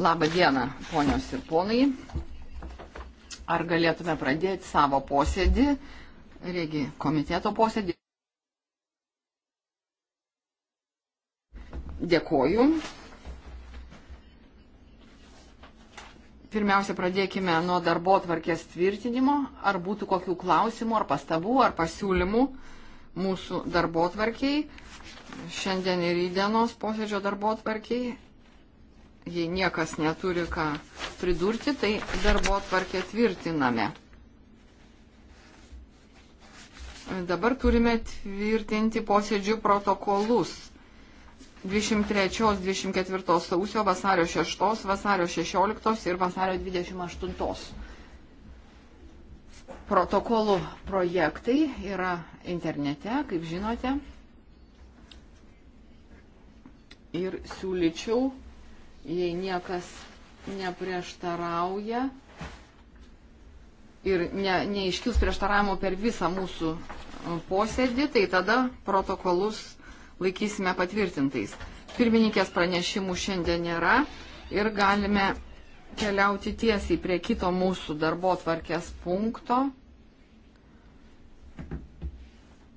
Labą dieną, ponios ir ponai. Ar galėtume pradėti savo posėdį, regi komiteto posėdį? Dėkoju. Pirmiausia, pradėkime nuo darbo tvarkės tvirtinimo. Ar būtų kokių klausimų, ar pastabų, ar pasiūlymų? mūsų darbo tvarkiai, šiandien ir įdienos posėdžio darbo tvarkiai. Jei niekas neturi ką pridurti, tai darbo tvarkė tvirtiname. Dabar turime tvirtinti posėdžių protokolus. 23, 24 sausio, vasario 6, vasario 16 ir vasario 28 protokolų projektai yra internete, kaip žinote. Ir siūlyčiau, jei niekas neprieštarauja ir ne, neiškils prieštaravimo per visą mūsų e, posėdį, tai tada protokolus laikysime patvirtintais. Pirmininkės pranešimų šiandien nėra ir galime keliauti tiesiai prie kito mūsų darbo tvarkės punkto.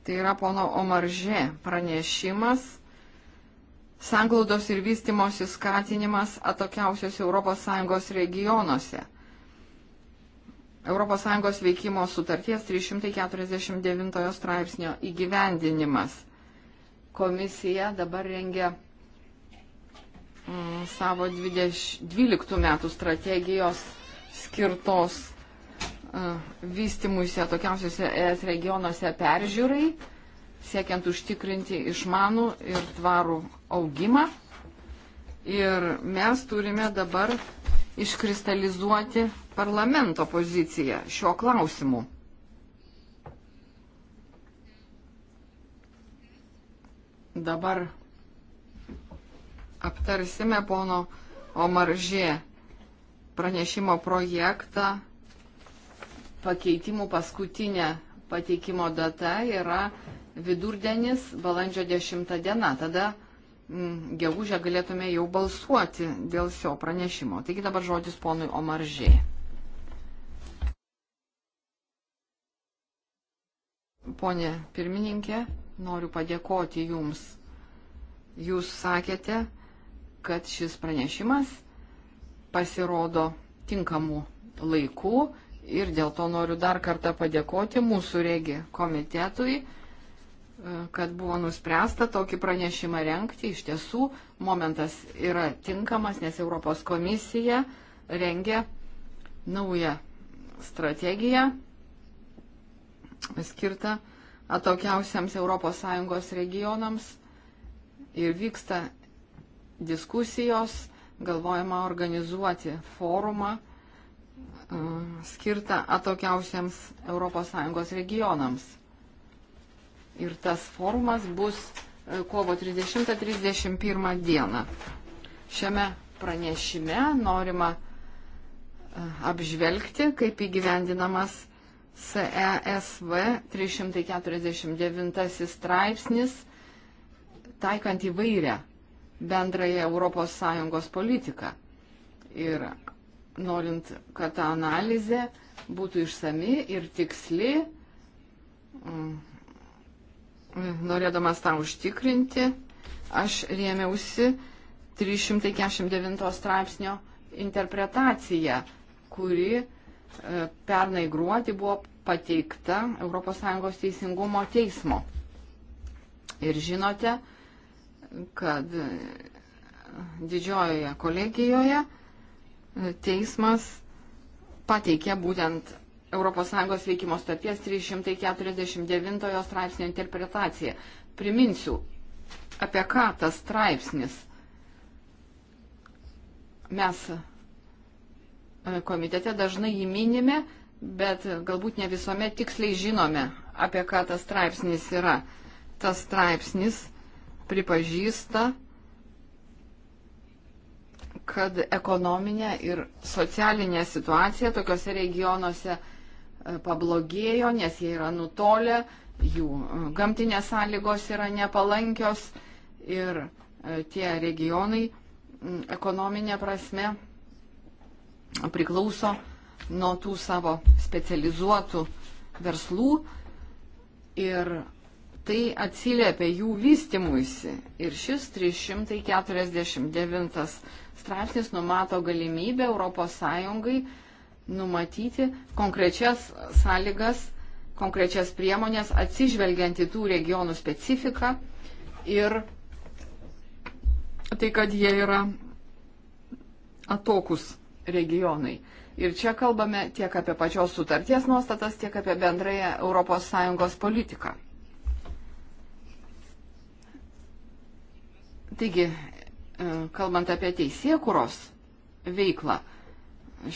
Tai yra pono Omaržė pranešimas. Sanglaudos ir vystimosi skatinimas atokiausios ES regionuose. ES veikimo sutarties 349 straipsnio įgyvendinimas. Komisija dabar rengia Mm, savo 2012 metų strategijos skirtos e, vystimuose tokiausiuose ES regionuose peržiūrai, siekiant užtikrinti išmanų ir tvarų augimą. Ir mes turime dabar iškristalizuoti parlamento poziciją šiuo klausimu. Dabar aptarsime pono Omaržė pranešimo projektą. Pakeitimų paskutinė pateikimo data yra vidurdienis balandžio 10 diena. Tada m, mm, gegužę galėtume jau balsuoti dėl šio pranešimo. Taigi dabar žodis ponui Omaržiai. Pone pirmininkė, noriu padėkoti Jums. Jūs sakėte, kad šis pranešimas pasirodo tinkamų laikų ir dėl to noriu dar kartą padėkoti mūsų regi komitetui, e, kad buvo nuspręsta tokį pranešimą renkti. Iš tiesų, momentas yra tinkamas, nes Europos komisija rengia naują strategiją skirtą atokiausiams ES regionams ir vyksta diskusijos, galvojama organizuoti forumą e, skirtą atokiausiems ES regionams. Ir tas forumas bus e, kovo 30-31 dieną. Šiame pranešime norima e, apžvelgti, kaip įgyvendinamas CESV 349 straipsnis, taikant įvairią bendrąją ES politiką. Ir norint, kad ta analizė būtų išsami ir tiksli, mm, norėdamas tą užtikrinti, aš rėmiausi 349 straipsnio interpretacija, kuri e, pernai gruodį buvo pateikta ES teisingumo teismo. Ir žinote, kad didžiojoje kolegijoje teismas pateikė būtent ES veikimo staties 349 straipsnio interpretaciją. Priminsiu, apie ką tas straipsnis. Mes e, komitete dažnai jį minime, bet galbūt ne visuomet tiksliai žinome, apie ką tas straipsnis yra. Tas straipsnis pripažįsta, kad ekonominė ir socialinė situacija tokiuose regionuose e, pablogėjo, nes jie yra nutolę, jų e, gamtinės sąlygos yra nepalankios ir e, tie regionai ekonominė prasme priklauso nuo tų savo specializuotų verslų ir tai atsiliepia jų vystimuisi. Ir šis 349 straipsnis numato galimybę ES numatyti konkrečias sąlygas, konkrečias priemonės atsižvelgiant į tų regionų specifiką ir tai, kad jie yra atokus regionai. Ir čia kalbame tiek apie pačios sutarties nuostatas, tiek apie bendrąją ES politiką. Taigi, e, kalbant apie teisėkuros veiklą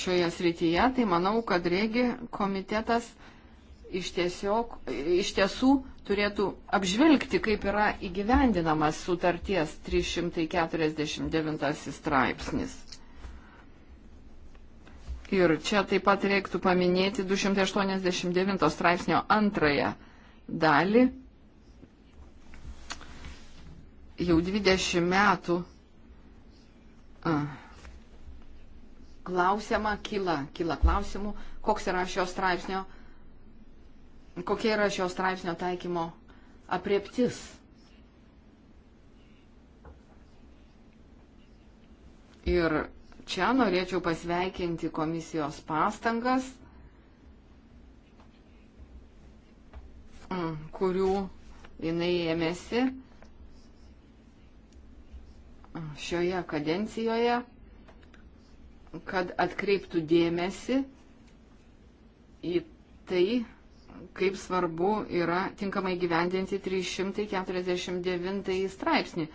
šioje srityje, tai manau, kad regi komitetas iš, tiesiog, iš tiesų turėtų apžvelgti, kaip yra įgyvendinamas sutarties 349 straipsnis. Ir čia taip pat reiktų paminėti 289 straipsnio antrąją dalį jau 20 metų klausiama, kyla, kyla klausimų, koks yra šio straipsnio, kokia yra šio straipsnio taikymo apreptis. Ir čia norėčiau pasveikinti komisijos pastangas, kurių jinai ėmėsi šioje kadencijoje, kad atkreiptų dėmesį į tai, kaip svarbu yra tinkamai gyvendinti 349 straipsnį,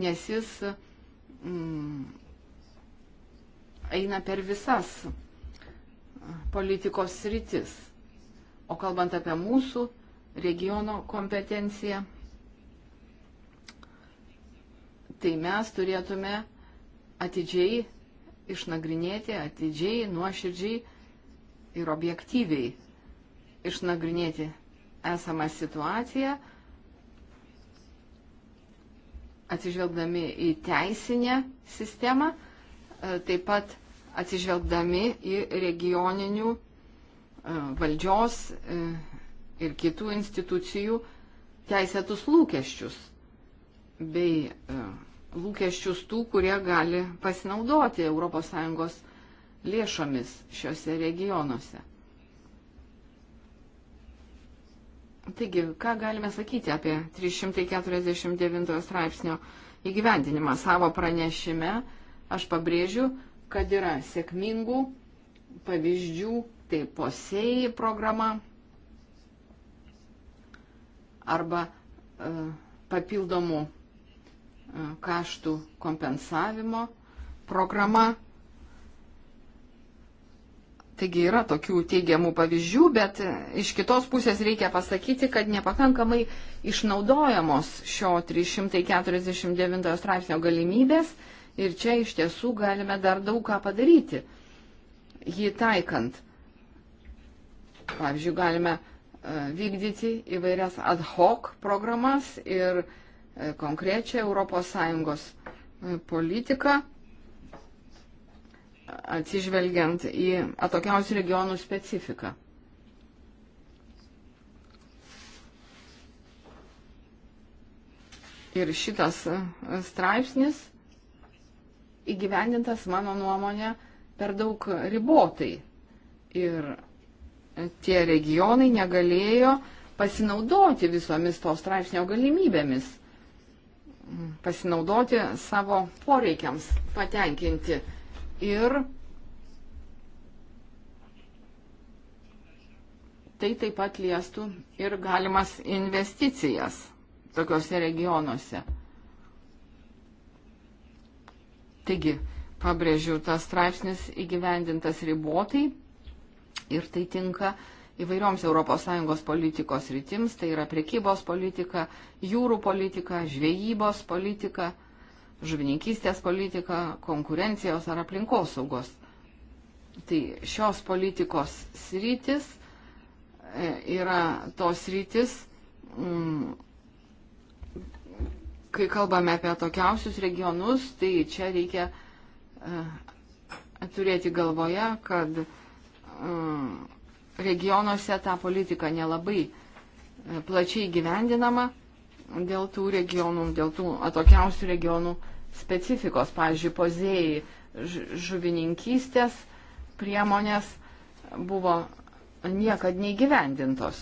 nes jis mm, eina per visas politikos sritis. O kalbant apie mūsų regiono kompetenciją, tai mes turėtume atidžiai išnagrinėti, atidžiai, nuoširdžiai ir objektyviai išnagrinėti esamą situaciją, atsižvelgdami į teisinę sistemą, e, taip pat atsižvelgdami į regioninių e, valdžios e, ir kitų institucijų teisėtus lūkesčius bei e, lūkesčius tų, kurie gali pasinaudoti ES lėšomis šiuose regionuose. Taigi, ką galime sakyti apie 349 straipsnio įgyvendinimą savo pranešime? Aš pabrėžiu, kad yra sėkmingų pavyzdžių, tai posėjai programa arba e, papildomų E, kaštų kompensavimo programa. Taigi yra tokių teigiamų pavyzdžių, bet e, iš kitos pusės reikia pasakyti, kad nepakankamai išnaudojamos šio 349 straipsnio galimybės ir čia iš tiesų galime dar daug ką padaryti, jį taikant. Pavyzdžiui, galime e, vykdyti įvairias ad hoc programas ir uh, konkrečią ES e, politiką, atsižvelgiant į atokiausių regionų specifiką. Ir šitas e, straipsnis įgyvendintas, mano nuomonė, per daug ribotai. Ir e, tie regionai negalėjo pasinaudoti visomis to straipsnio galimybėmis pasinaudoti savo poreikiams patenkinti. Ir tai taip pat liestų ir galimas investicijas tokiuose regionuose. Taigi, pabrėžiu, tas straipsnis įgyvendintas ribotai ir tai tinka uh, įvairioms ES politikos rytims, tai yra prekybos politika, jūrų politika, žvejybos politika, žuvininkystės politika, konkurencijos ar aplinkosaugos. Tai šios politikos sritis e, yra tos rytis, mm, kai kalbame apie tokiausius regionus, tai čia reikia e, turėti galvoje, kad e, regionuose ta politika nelabai e, plačiai gyvendinama dėl tų regionų, dėl tų atokiausių regionų specifikos, pavyzdžiui, pozėjai žuvininkystės priemonės buvo niekad neįgyvendintos.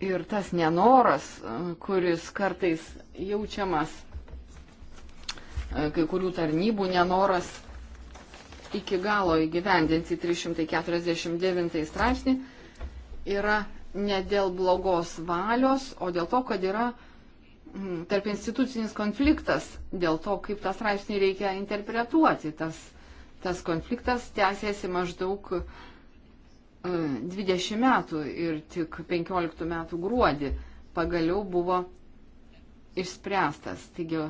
Ir tas nenoras, e, kuris kartais jaučiamas, e, kai kurių tarnybų nenoras iki galo įgyvendinti 349 straipsnį yra ne dėl blogos valios, o dėl to, kad yra mm, tarp institucinis konfliktas, dėl to, kaip tą straipsnį reikia interpretuoti. Tas, tas konfliktas tęsėsi maždaug 20 e, metų ir tik 15 metų gruodį pagaliau buvo išspręstas. Taigi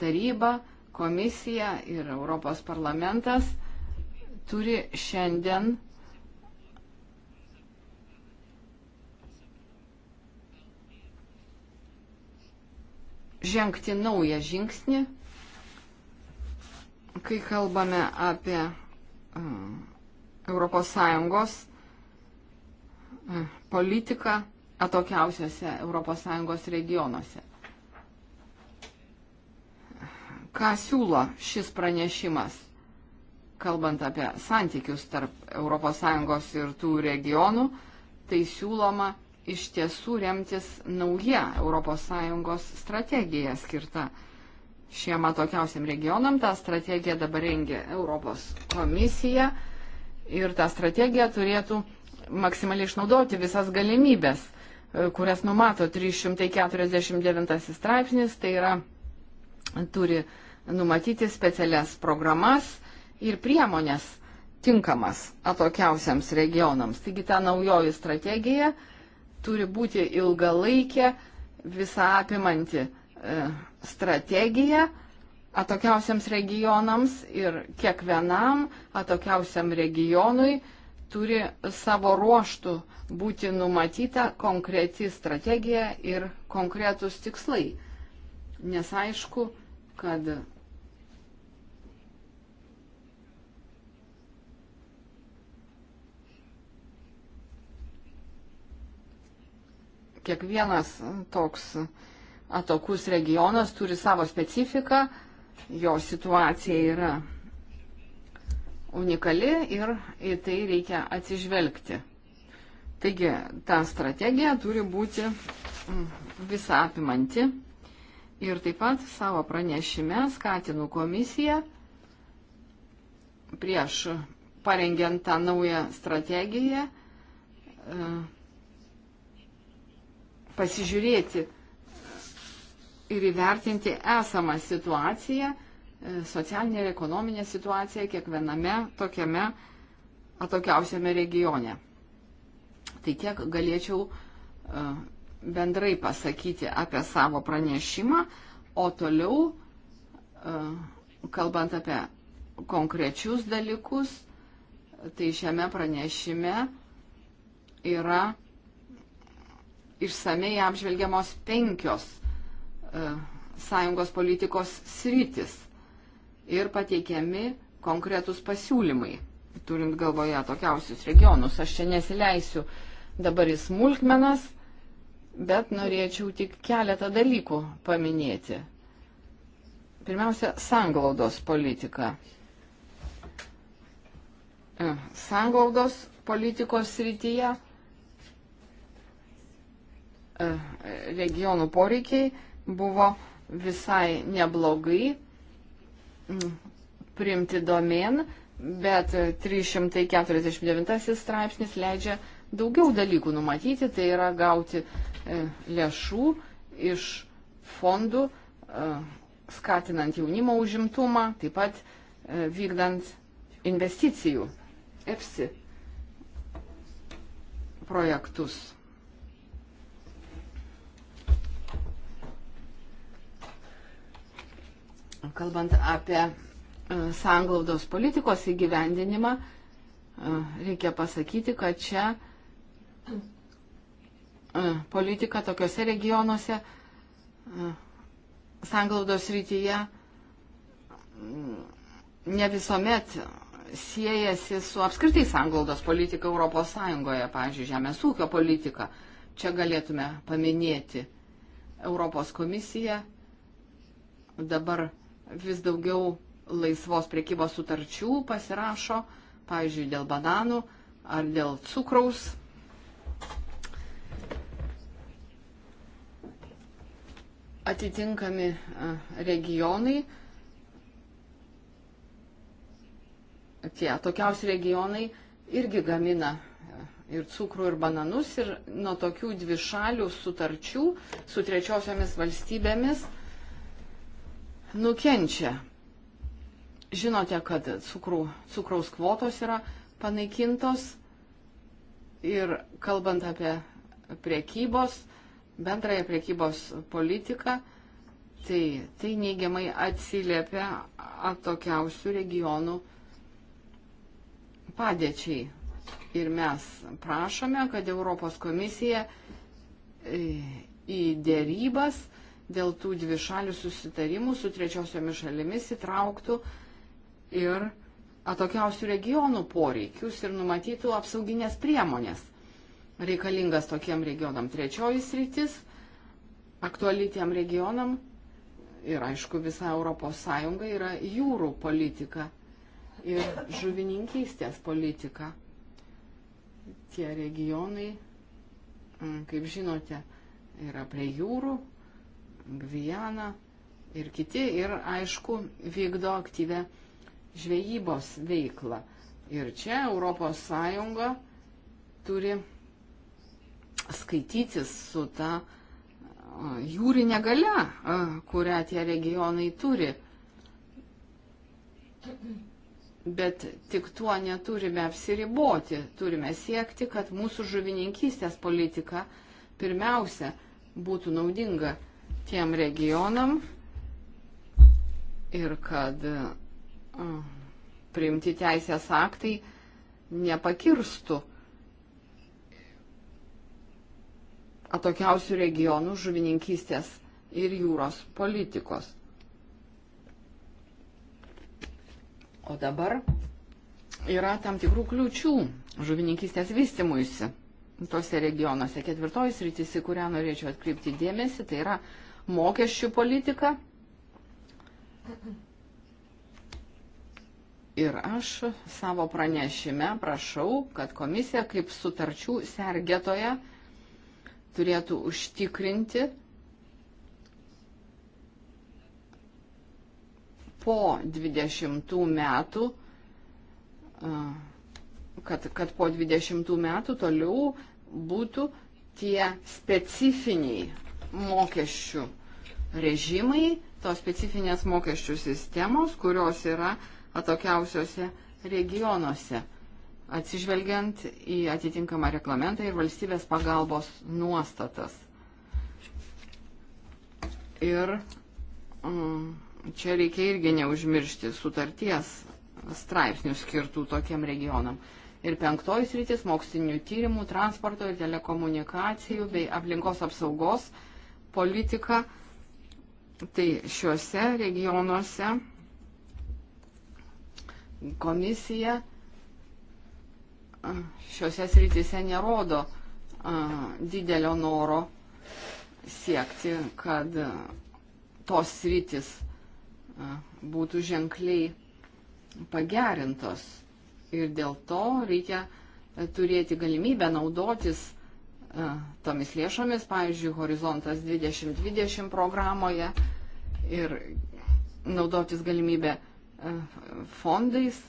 taryba, komisija ir Europos parlamentas – turi šiandien žengti naują žingsnį, kai kalbame apie um, ES um, politiką atokiausiose ES regionuose. Ką siūlo šis pranešimas? kalbant apie santykius tarp ES ir tų regionų, tai siūloma iš tiesų remtis nauja ES strategija skirta šiem atokiausiam regionam. Ta strategija dabar rengia Europos komisija ir ta strategija turėtų maksimaliai išnaudoti visas galimybės, kurias numato 349 straipsnis, tai yra turi numatyti specialias programas, ir priemonės tinkamas atokiausiams regionams. Taigi ta naujoji strategija turi būti ilgalaikė, visą apimanti e, strategija atokiausiams regionams ir kiekvienam atokiausiam regionui turi savo ruoštų būti numatyta konkreti strategija ir konkretus tikslai. Nes aišku, kad kiekvienas toks atokus regionas turi savo specifiką, jo situacija yra unikali ir į tai reikia atsižvelgti. Taigi ta strategija turi būti mm, visą apimanti ir taip pat savo pranešime skatinu komisiją prieš parengiant tą naują strategiją e, pasižiūrėti ir įvertinti esamą situaciją, e, socialinę ir ekonominę situaciją kiekviename tokiame atokiausiame regione. Tai tiek galėčiau e, bendrai pasakyti apie savo pranešimą, o toliau, e, kalbant apie konkrečius dalykus, tai šiame pranešime yra išsamei apžvelgiamos penkios e, sąjungos politikos sritis ir pateikiami konkretus pasiūlymai, turint galvoje tokiausius regionus. Aš čia nesileisiu dabar į smulkmenas, bet norėčiau tik keletą dalykų paminėti. Pirmiausia, sanglaudos politika. E, sanglaudos politikos srityje E, regionų poreikiai buvo visai neblogai priimti domen, bet 349 straipsnis leidžia daugiau dalykų numatyti, tai yra gauti e, lėšų iš fondų, e, skatinant jaunimo užimtumą, taip pat vykdant investicijų EPSI projektus. Kalbant apie e, sanglaudos politikos įgyvendinimą, e, reikia pasakyti, kad čia e, politika tokiuose regionuose sanglaudos rytyje mm, ne visuomet siejasi su apskritai sanglaudos politika Europos Sąjungoje, pavyzdžiui, žemės ūkio politika. Čia galėtume paminėti Europos komisiją dabar vis daugiau laisvos priekybos sutarčių pasirašo, pavyzdžiui, dėl bananų ar dėl cukraus. Atitinkami regionai, tie tokiausi regionai irgi gamina ir cukrų, ir bananus, ir nuo tokių dvišalių sutarčių su trečiosiomis valstybėmis nukenčia. Žinote, kad cukrų, cukraus kvotos yra panaikintos ir kalbant apie priekybos, bendrąją priekybos politiką, tai, tai neigiamai atsiliepia atokiausių regionų padėčiai. Ir mes prašome, kad Europos komisija e, į dėrybas dėl tų dvi šalių susitarimų su trečiosiomis šalimis įtrauktų ir atokiausių regionų poreikius ir numatytų apsauginės priemonės. Reikalingas tokiem regionam trečioji sritis, aktuali tiem regionam ir aišku visa ES yra jūrų politika ir žuvininkystės politika. Tie regionai, mm, kaip žinote, yra prie jūrų, Gvijana ir kiti ir, aišku, vykdo aktyvę žvejybos veiklą. Ir čia ES turi skaitytis su ta jūrinė gale, kurią tie regionai turi. Bet tik tuo neturime apsiriboti. Turime siekti, kad mūsų žuvininkystės politika pirmiausia būtų naudinga tiem regionam ir kad priimti teisės aktai nepakirstų atokiausių regionų žuvininkystės ir jūros politikos. O dabar yra tam tikrų kliučių žuvininkystės vystimuisi tose regionuose. Ketvirtoji sritis, į kurią norėčiau atkreipti dėmesį, tai yra mokesčių politiką. Ir aš savo pranešime prašau, kad komisija kaip sutarčių sergėtoja turėtų užtikrinti po 20 metų, kad, kad po 20 metų toliau būtų tie specifiniai mokesčių režimai, tos specifinės mokesčių sistemos, kurios yra atokiausiose regionuose, atsižvelgiant į atitinkamą reglamentą ir valstybės pagalbos nuostatas. Ir mm, čia reikia irgi neužmiršti sutarties straipsnių skirtų tokiem regionam. Ir penktoji sritis - mokslinių tyrimų, transporto ir telekomunikacijų bei aplinkos apsaugos politiką, tai šiuose regionuose komisija šiuose srityse nerodo didelio noro siekti, kad tos sritis būtų ženkliai pagerintos. Ir dėl to reikia turėti galimybę naudotis E, tomis lėšomis, pavyzdžiui, Horizontas 2020 programoje ir naudotis galimybę e, fondais,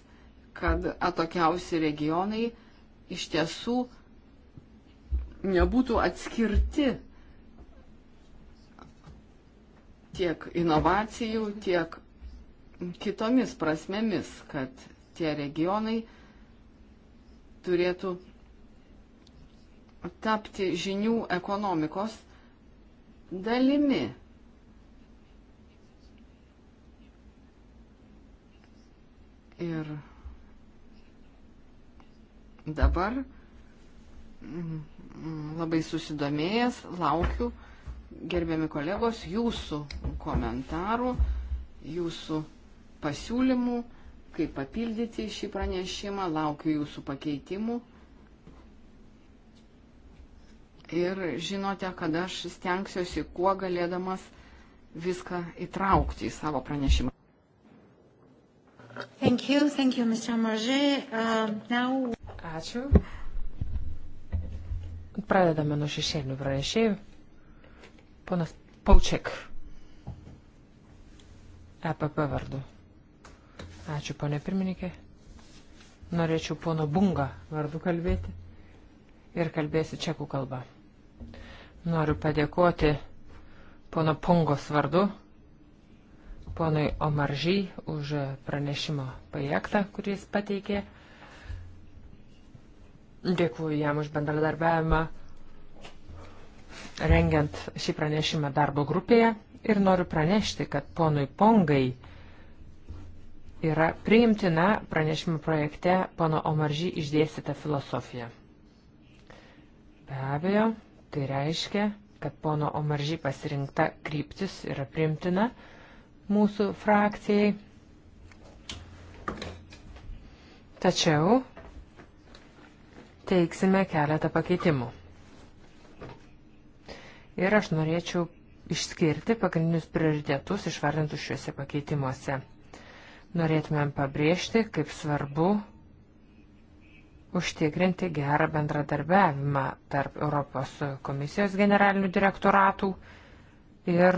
kad atokiausi regionai iš tiesų nebūtų atskirti tiek inovacijų, tiek kitomis prasmėmis, kad tie regionai turėtų tapti žinių ekonomikos dalimi. Ir dabar labai susidomėjęs laukiu, gerbiami kolegos, jūsų komentarų, jūsų pasiūlymų, kaip papildyti šį pranešimą, laukiu jūsų pakeitimų ir žinote, kad aš stengsiuosi kuo galėdamas viską įtraukti į savo pranešimą. Thank you, thank you, Mr. Marže. Uh, now... Ačiū. Pradedame nuo šešėlių pranešėjų. Ponas Paučiak. EPP vardu. Ačiū, ponė pirmininkė. Norėčiau pono Bunga vardu kalbėti. Ir kalbėsiu čekų kalbą. Noriu padėkoti pono Pungos vardu, ponui Omaržy už pranešimo projektą, kurį jis pateikė. Dėkuoju jam už bendradarbiavimą rengiant šį pranešimą darbo grupėje ir noriu pranešti, kad ponui Pongai yra priimtina pranešimo projekte pono Omaržy išdėstyta filosofija. Be abejo, Tai reiškia, kad pono Omaržy pasirinkta kryptis yra primtina mūsų frakcijai. Tačiau teiksime keletą pakeitimų. Ir aš norėčiau išskirti pagrindinius prioritetus išvardintus šiuose pakeitimuose. Norėtumėm pabrėžti, kaip svarbu užtikrinti gerą bendradarbiavimą tarp Europos komisijos generalinių direktoratų ir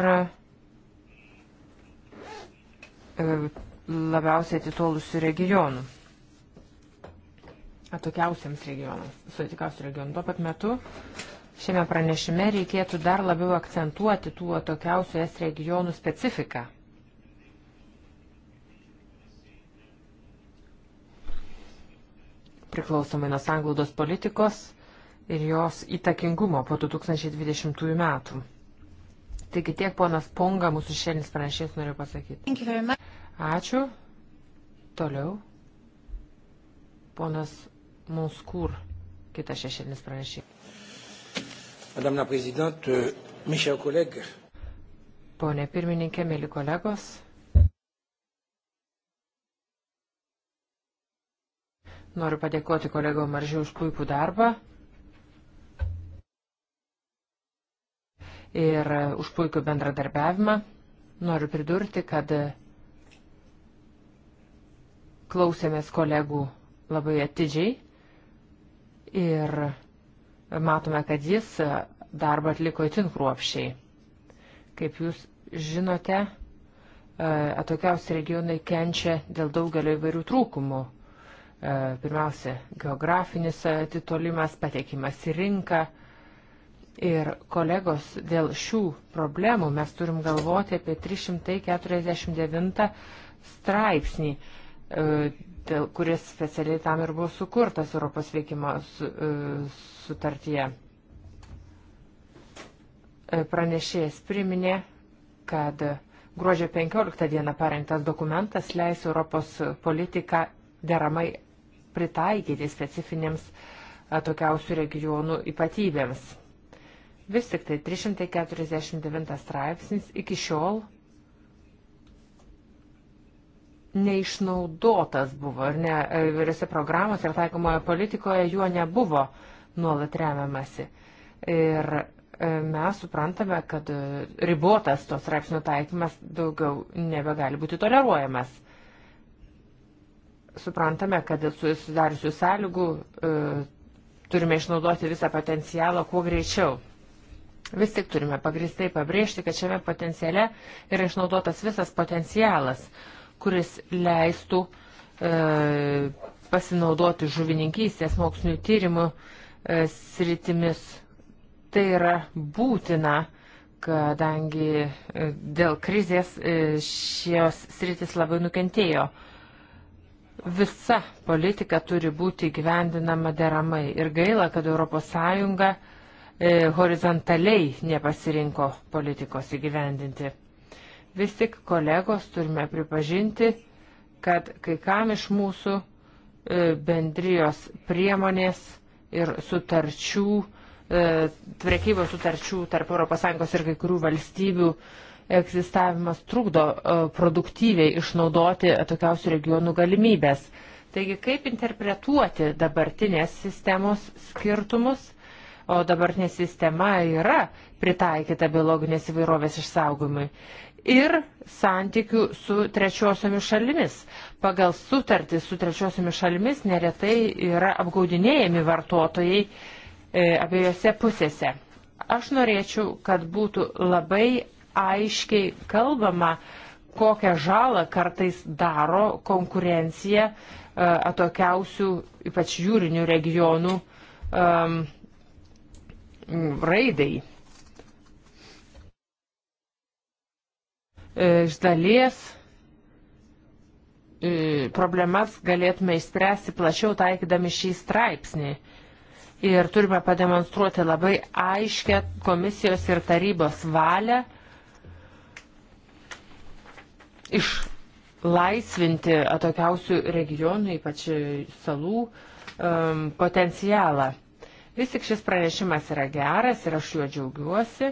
e, labiausiai atitolusių regionų. Atokiausiams regionams, sudėtikiausių regionų. Tuo pat metu šiame pranešime reikėtų dar labiau akcentuoti tų atokiausių es regionų specifiką. priklausomai nuo sanglaudos politikos ir jos įtakingumo po 2020 metų. Taigi tiek ponas Ponga, mūsų šiandienis pranešėjas, noriu pasakyti. Ačiū. Toliau. Ponas Monskur, kitas šešėlinis pranešėjas. Madame la Présidente, mes chers collègues. Pone pirmininkė, mėly kolegos. Noriu padėkoti kolegom Maržiai už puikų darbą ir e, už puikų bendradarbiavimą. Noriu pridurti, kad e, klausėmės kolegų labai atidžiai ir matome, kad jis e, darbą atliko itin kruopščiai. Kaip jūs žinote, atokiausi regionai kenčia dėl daugelio įvairių trūkumų E, pirmiausia, geografinis atitolimas, patekimas į rinką. Ir kolegos, dėl šių problemų mes turim galvoti apie 349 straipsnį, e, dėl, kuris specialiai tam ir buvo sukurtas Europos veikimo e, sutartyje. Pranešėjas priminė, kad gruodžio 15 dieną parengtas dokumentas leis Europos politiką deramai pritaikyti specifinėms atokiausių regionų ypatybėms. Vis tik tai 349 straipsnis iki šiol neišnaudotas buvo ir ne, e, įvairiose programose ir taikomoje politikoje juo nebuvo nuolat remiamasi. Ir e, mes suprantame, kad e, ribotas tos straipsnio taikymas daugiau nebegali būti toleruojamas suprantame, kad su susidariusių sąlygų e, turime išnaudoti visą potencialą kuo greičiau. Vis tik turime pagristai pabrėžti, kad šiame potenciale yra išnaudotas visas potencialas, kuris leistų e, pasinaudoti žuvininkystės mokslinių tyrimų e, sritimis. Tai yra būtina, kadangi e, dėl krizės e, šios sritis labai nukentėjo. E, visa politika turi būti gyvendinama deramai. Ir gaila, kad ES e, horizontaliai nepasirinko politikos įgyvendinti. Vis tik kolegos turime pripažinti, kad kai kam iš mūsų e, bendrijos priemonės ir sutarčių, e, prekybos sutarčių tarp ES ir kai kurių valstybių e, egzistavimas trukdo e, produktyviai išnaudoti atokiausių regionų galimybės. Taigi, kaip interpretuoti dabartinės sistemos skirtumus, o dabartinė sistema yra pritaikyta biologinės įvairovės išsaugojimui, ir santykių su trečiosiomis šalimis. Pagal sutartį su trečiosiomis šalimis neretai yra apgaudinėjami vartotojai e, abiejose pusėse. Aš norėčiau, kad būtų labai aiškiai kalbama, kokią žalą kartais daro konkurencija e, atokiausių, ypač jūrinių regionų um, raidai. E, iš dalies e, problemas galėtume išspręsti plačiau taikydami šį straipsnį. Ir turime pademonstruoti labai aiškę komisijos ir tarybos valią išlaisvinti atokiausių regionų, ypač salų, um, potencialą. Vis tik šis pranešimas yra geras ir aš juo džiaugiuosi.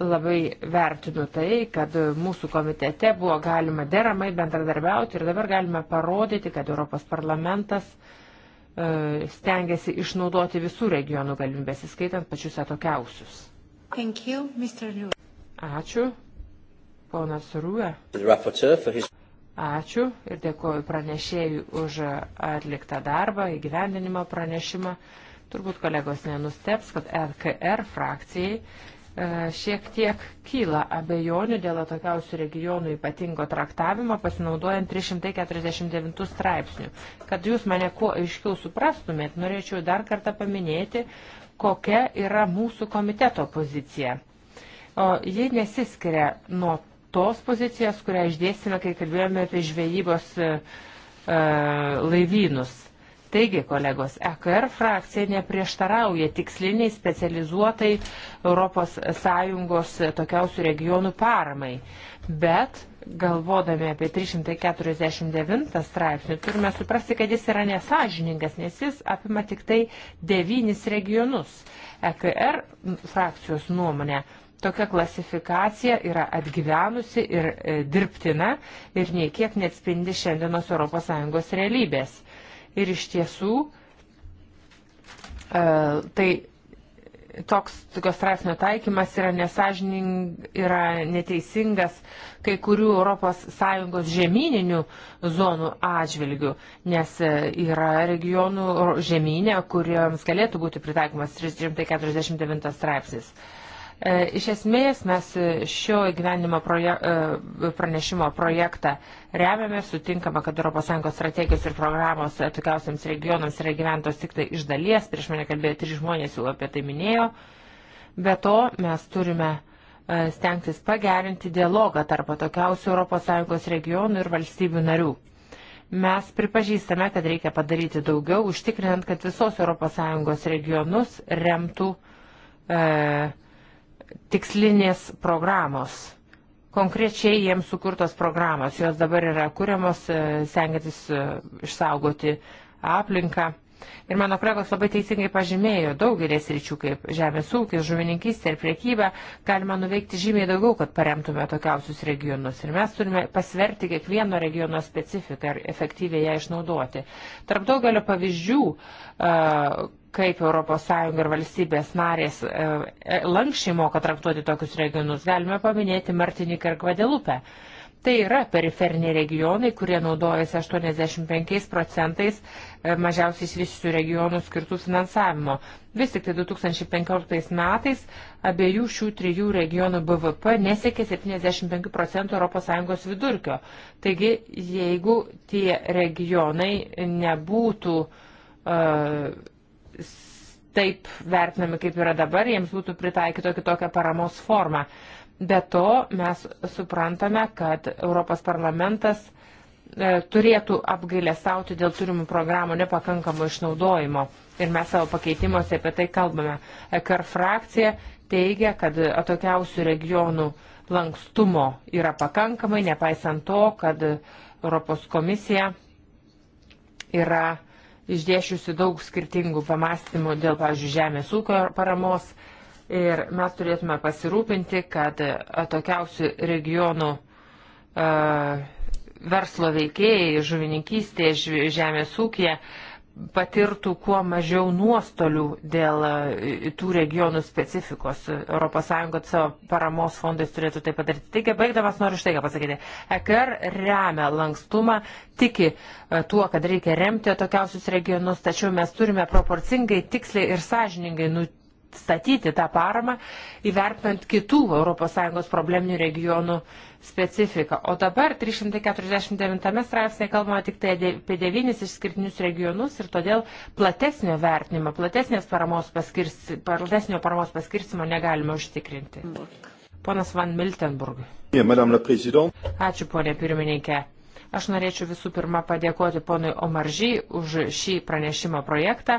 Labai vertinu tai, kad mūsų komitete buvo galima deramai bendradarbiauti ir dabar galime parodyti, kad Europos parlamentas uh, stengiasi išnaudoti visų regionų galimybės, įskaitant pačius atokiausius. Thank you, Ačiū, Ponas Rūė. Ačiū ir dėkoju pranešėjui už atliktą darbą, įgyvendinimo pranešimą. Turbūt kolegos nenusteps, kad LKR frakcijai e, šiek tiek kyla abejonių dėl atokiausių regionų ypatingo traktavimo pasinaudojant 349 straipsnių. Kad jūs mane kuo aiškiau suprastumėt, norėčiau dar kartą paminėti, kokia yra mūsų komiteto pozicija. O ji nesiskiria nuo tos pozicijos, kurią išdėsime, kai kalbėjome apie žvejybos e, e, laivynus. Taigi, kolegos, EKR frakcija neprieštarauja tiksliniai specializuotai ES tokiausių regionų paramai, bet galvodami apie 349 straipsnį, turime suprasti, kad jis yra nesažiningas, nes jis apima tik tai devynis regionus. EKR frakcijos nuomonė Tokia klasifikacija yra atgyvenusi ir e, dirbtina ir nei kiek neatspindi šiandienos ES realybės. Ir iš tiesų, e, tai toks tokios straipsnio taikymas yra nesažining, yra neteisingas kai kurių ES žemyninių zonų atžvilgių, nes e, yra regionų žemynė, kuriems galėtų būti pritaikomas 349 straipsnis. E, iš esmės mes šio gyvenimo proje, e, pranešimo projektą remiame, sutinkame, kad ES strategijos ir programos atokiausiams regionams yra gyventos tik tai iš dalies, prieš mane kalbėjo trys žmonės jau apie tai minėjo. Be to mes turime e, stengtis pagerinti dialogą tarp atokiausių ES regionų ir valstybių narių. Mes pripažįstame, kad reikia padaryti daugiau, užtikrinant, kad visos ES regionus remtų. E, tikslinės programos. Konkrečiai jiems sukurtos programos, jos dabar yra kuriamos, e, stengiantis e, išsaugoti aplinką. Ir mano kolegos labai teisingai pažymėjo, daugelės ryčių kaip žemės ūkis, žuvininkystė ir priekyba galima nuveikti žymiai daugiau, kad paremtume tokiausius regionus. Ir mes turime pasverti kiekvieno regiono specifiką ir efektyviai ją išnaudoti. Tarp daugelio pavyzdžių, e, kaip ES ir valstybės narės e, e, lankščiai moka traktuoti tokius regionus. Galime paminėti Martiniką ir Gvadelupę. Tai yra periferiniai regionai, kurie naudojasi 85 procentais e, mažiausiai išvyščių regionų skirtų finansavimo. Vis tik tai 2015 metais abiejų šių trijų regionų BVP nesiekė 75 procentų ES vidurkio. Taigi, jeigu tie regionai nebūtų uh, taip vertinami, kaip yra dabar, jiems būtų pritaikyto kitokią paramos formą. Be to, mes suprantame, kad Europos parlamentas e, turėtų apgailestauti dėl turimų programų nepakankamo išnaudojimo. Ir mes savo pakeitimuose apie tai kalbame. Ekar frakcija teigia, kad atokiausių regionų lankstumo yra pakankamai, nepaisant to, kad Europos komisija yra išdėšiusi daug skirtingų pamastymų dėl, pavyzdžiui, žemės ūkio paramos ir mes turėtume pasirūpinti, kad e, atokiausių regionų e, verslo veikėjai žuvininkystėje, žemės ūkėje patirtų kuo mažiau nuostolių dėl e, tų regionų specifikos. ES savo paramos fondais turėtų tai padaryti. Taigi, baigdamas noriu štai ką pasakyti. EKR remia lankstumą, tiki e, tuo, kad reikia remti tokiausius regionus, tačiau mes turime proporcingai, tiksliai ir sąžiningai nutikti nustatyti tą paramą, įvertinant kitų ES probleminių regionų specifiką. O dabar 349 straipsnėje kalbama tik tai apie devynis išskirtinius regionus ir todėl platesnio vertinimo, platesnės paramos paskirsti, platesnio paramos paskirstimo negalime užtikrinti. Ponas Van Miltenburg. Ačiū, ponė pirmininkė. Aš norėčiau visų pirma padėkoti ponui Omaržiai už šį pranešimo projektą,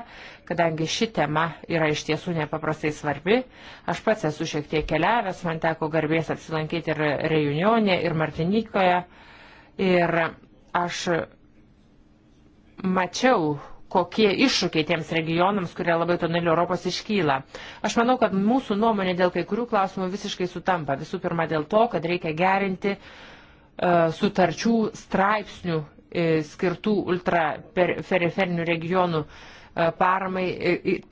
kadangi ši tema yra iš tiesų nepaprastai svarbi. Aš pats esu šiek tiek keliavęs, man teko garbės apsilankyti ir Reunionė, ir Martinikoje. Ir aš mačiau kokie iššūkiai tiems regionams, kurie labai toneliu Europos iškyla. Aš manau, kad mūsų nuomonė dėl kai kurių klausimų visiškai sutampa. Visų pirma, dėl to, kad reikia gerinti uh, E, sutarčių straipsnių e, skirtų ultraperiferinių regionų e, paramai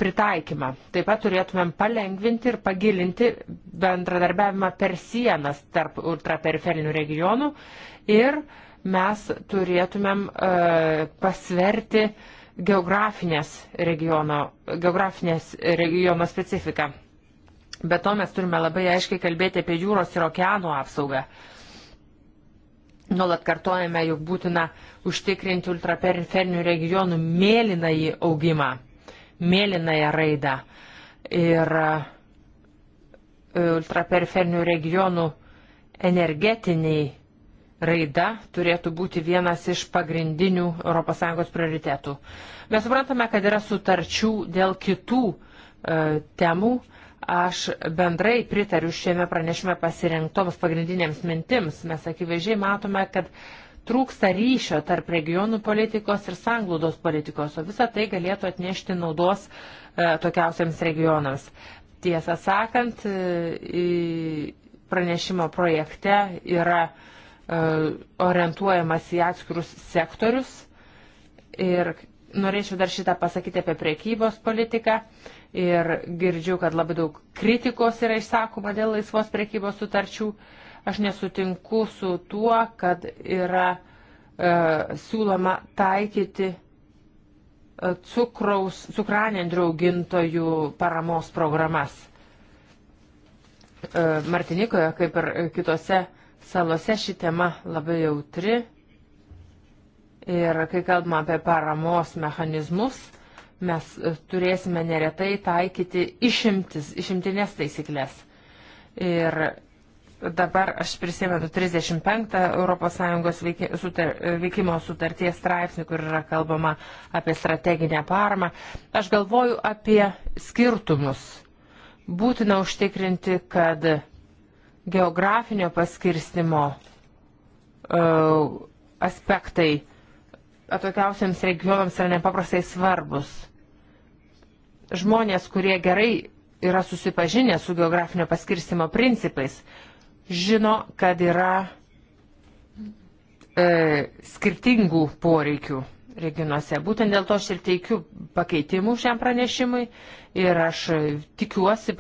pritaikymą. Taip pat turėtumėm palengvinti ir pagilinti bendradarbiavimą per sienas tarp ultraperiferinių regionų ir mes turėtumėm pasverti geografinės regiono, geografinės regiono specifiką. Be to mes turime labai aiškiai kalbėti apie jūros ir okeanų apsaugą. Uh, Nuolat kartojame, jog būtina užtikrinti ultraperiferinių regionų mėlynąjį augimą, mėlynąją raidą. Ir e, ultraperiferinių regionų energetiniai raida turėtų būti vienas iš pagrindinių ES prioritetų. Mes suprantame, kad yra sutarčių dėl kitų e, temų, Aš bendrai pritariu šiame pranešime pasirinktoms pagrindinėms mintims. Mes akivaizdžiai matome, kad trūksta ryšio tarp regionų politikos ir sanglaudos politikos, o visa tai galėtų atnešti naudos e, tokiausiams regionams. Tiesą sakant, e, pranešimo projekte yra e, orientuojamas į atskirus sektorius ir norėčiau dar šitą pasakyti apie priekybos politiką. E, ir girdžiu, kad labai daug kritikos yra išsakoma dėl laisvos prekybos sutarčių. Aš nesutinku su tuo, kad yra e, siūloma taikyti e, cukraus, cukranendrių augintojų paramos programas. E, Martinikoje, kaip ir kitose salose, ši tema labai jautri. Ir kai kalbame apie paramos mechanizmus, mes e, turėsime neretai taikyti išimtis, išimtinės taisyklės. Ir dabar aš prisimenu 35 ES veikimo sutarties straipsnį, kur yra kalbama apie strateginę paramą. Aš galvoju apie skirtumus. Būtina užtikrinti, kad geografinio paskirstimo e, aspektai atokiausiams regionams yra nepaprastai svarbus žmonės, kurie gerai yra susipažinę su geografinio paskirstimo principais, žino, kad yra e, skirtingų poreikių regionuose. Būtent dėl to aš ir teikiu pakeitimų šiam pranešimui ir aš tikiuosi,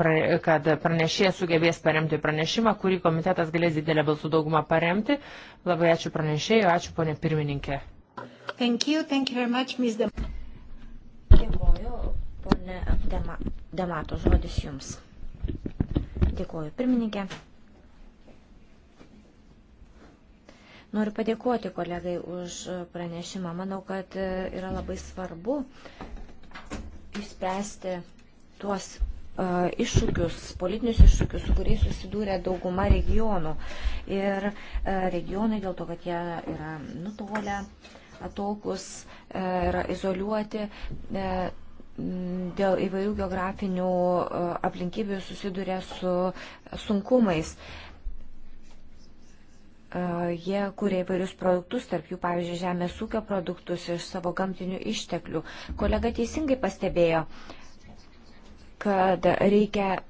kad pranešėjas sugebės paremti pranešimą, kurį komitetas galės didelę balsų daugumą paremti. Labai ačiū pranešėjui, ačiū ponė pirmininkė. Thank you, thank you very much, Ms. Dėkoju, Pone Dema, Demato, žodis Jums. Dėkuoju, pirmininkė. Noriu padėkoti kolegai už pranešimą. Manau, kad yra labai svarbu išspręsti tuos e, iššūkius, politinius iššūkius, su kuriais susidūrė dauguma regionų. Ir e, regionai dėl to, kad jie yra nutolę, atokus, e, yra izoliuoti, dėl įvairių geografinių e, aplinkybių susiduria su sunkumais. E, jie kūrė įvairius produktus, tarp jų, pavyzdžiui, žemės ūkio produktus iš savo gamtinių išteklių. Kolega teisingai pastebėjo, kad reikia e,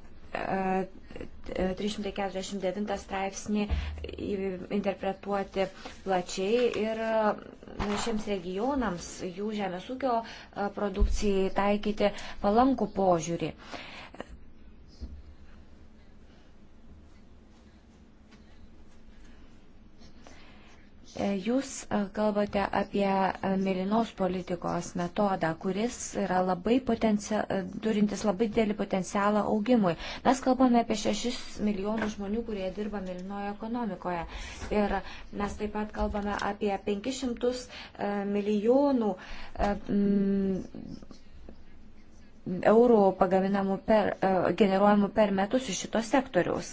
349 straipsnį interpretuoti plačiai ir e, šiems regionams jų žemės ūkio e, produkcijai taikyti palankų požiūrį. E, jūs e, kalbate apie e, mėlynos politikos metodą, kuris yra labai turintis labai didelį potencialą augimui. Mes kalbame apie 6 milijonus žmonių, kurie dirba mėlynoje ekonomikoje. Ir mes taip pat kalbame apie 500 milijonų eurų pagaminamų per, generuojamų per metus iš šito sektoriaus.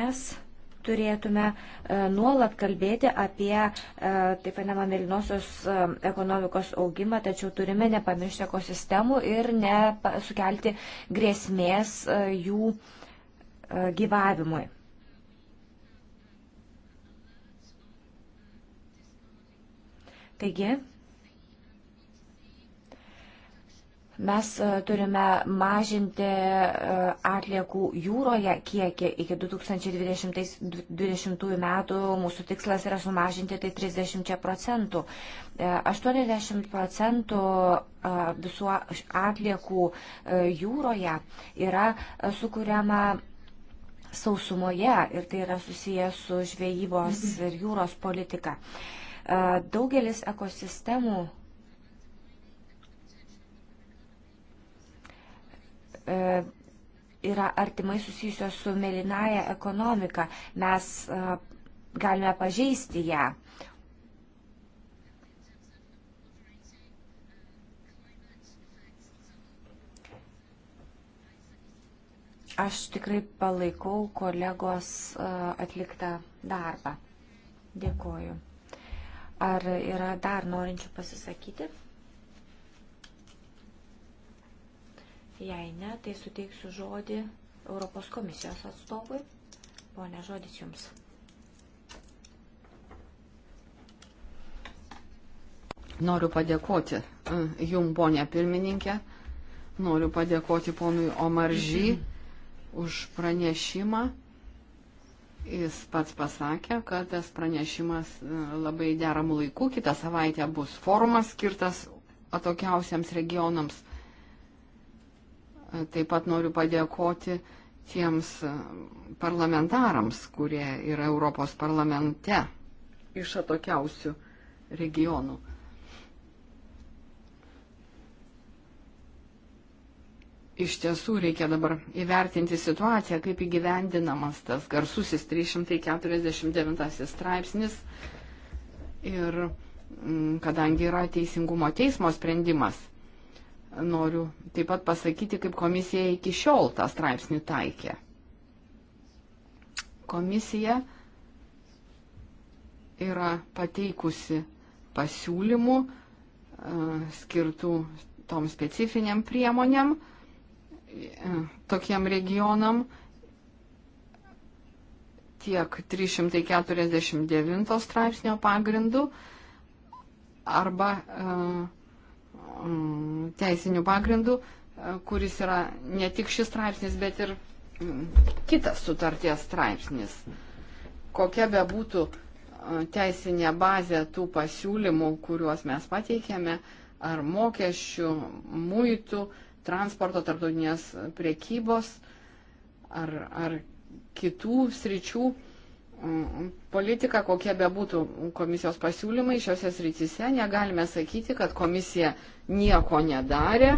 Mes turėtume e, nuolat kalbėti apie e, taip vadinamą mėlynosios e, ekonomikos augimą, tačiau turime nepamiršti ekosistemų ir nesukelti grėsmės jų gyvavimui. Taigi, Mes e, turime mažinti e, atliekų jūroje kiekį iki 2020 metų. Mūsų tikslas yra sumažinti tai 30 procentų. 80 e, procentų visų atliekų jūroje yra sukuriama sausumoje ir tai yra susijęs su žvejybos mhm. ir jūros politika. Daugelis ekosistemų E, yra artimai susijusios su melinaja ekonomika. Mes e, galime pažeisti ją. Aš tikrai palaikau kolegos e, atliktą darbą. Dėkoju. Ar yra dar norinčių pasisakyti? Jei ne, tai suteiksiu žodį Europos komisijos atstovui. Pone, žodis jums. Noriu padėkoti e, jum, ponė pirmininkė. Noriu padėkoti ponui Omaržy už pranešimą. Jis pats pasakė, kad tas pranešimas e, labai deramų laikų, kitą savaitę bus forumas skirtas atokiausiams regionams. Taip pat noriu padėkoti tiems e, parlamentarams, kurie yra Europos parlamente iš atokiausių regionų. Iš tiesų reikia dabar įvertinti situaciją, kaip įgyvendinamas tas garsusis 349 straipsnis. Ir mm, kadangi yra teisingumo teismo sprendimas, noriu taip pat pasakyti, kaip komisija iki šiol tą straipsnį taikė. Komisija yra pateikusi pasiūlymų e, skirtų tom specifiniam priemonėm, e, tokiam regionam tiek 349 straipsnio pagrindu arba uh, Mm, teisinių pagrindų, e, kuris yra ne tik šis straipsnis, bet ir mm, kitas sutarties straipsnis. Kokia be būtų e, teisinė bazė tų pasiūlymų, kuriuos mes pateikėme, ar mokesčių, muitų, transporto, tarptautinės priekybos, ar, ar kitų sričių politika, kokie bebūtų komisijos pasiūlymai šiuose srityse, negalime sakyti, kad komisija nieko nedarė.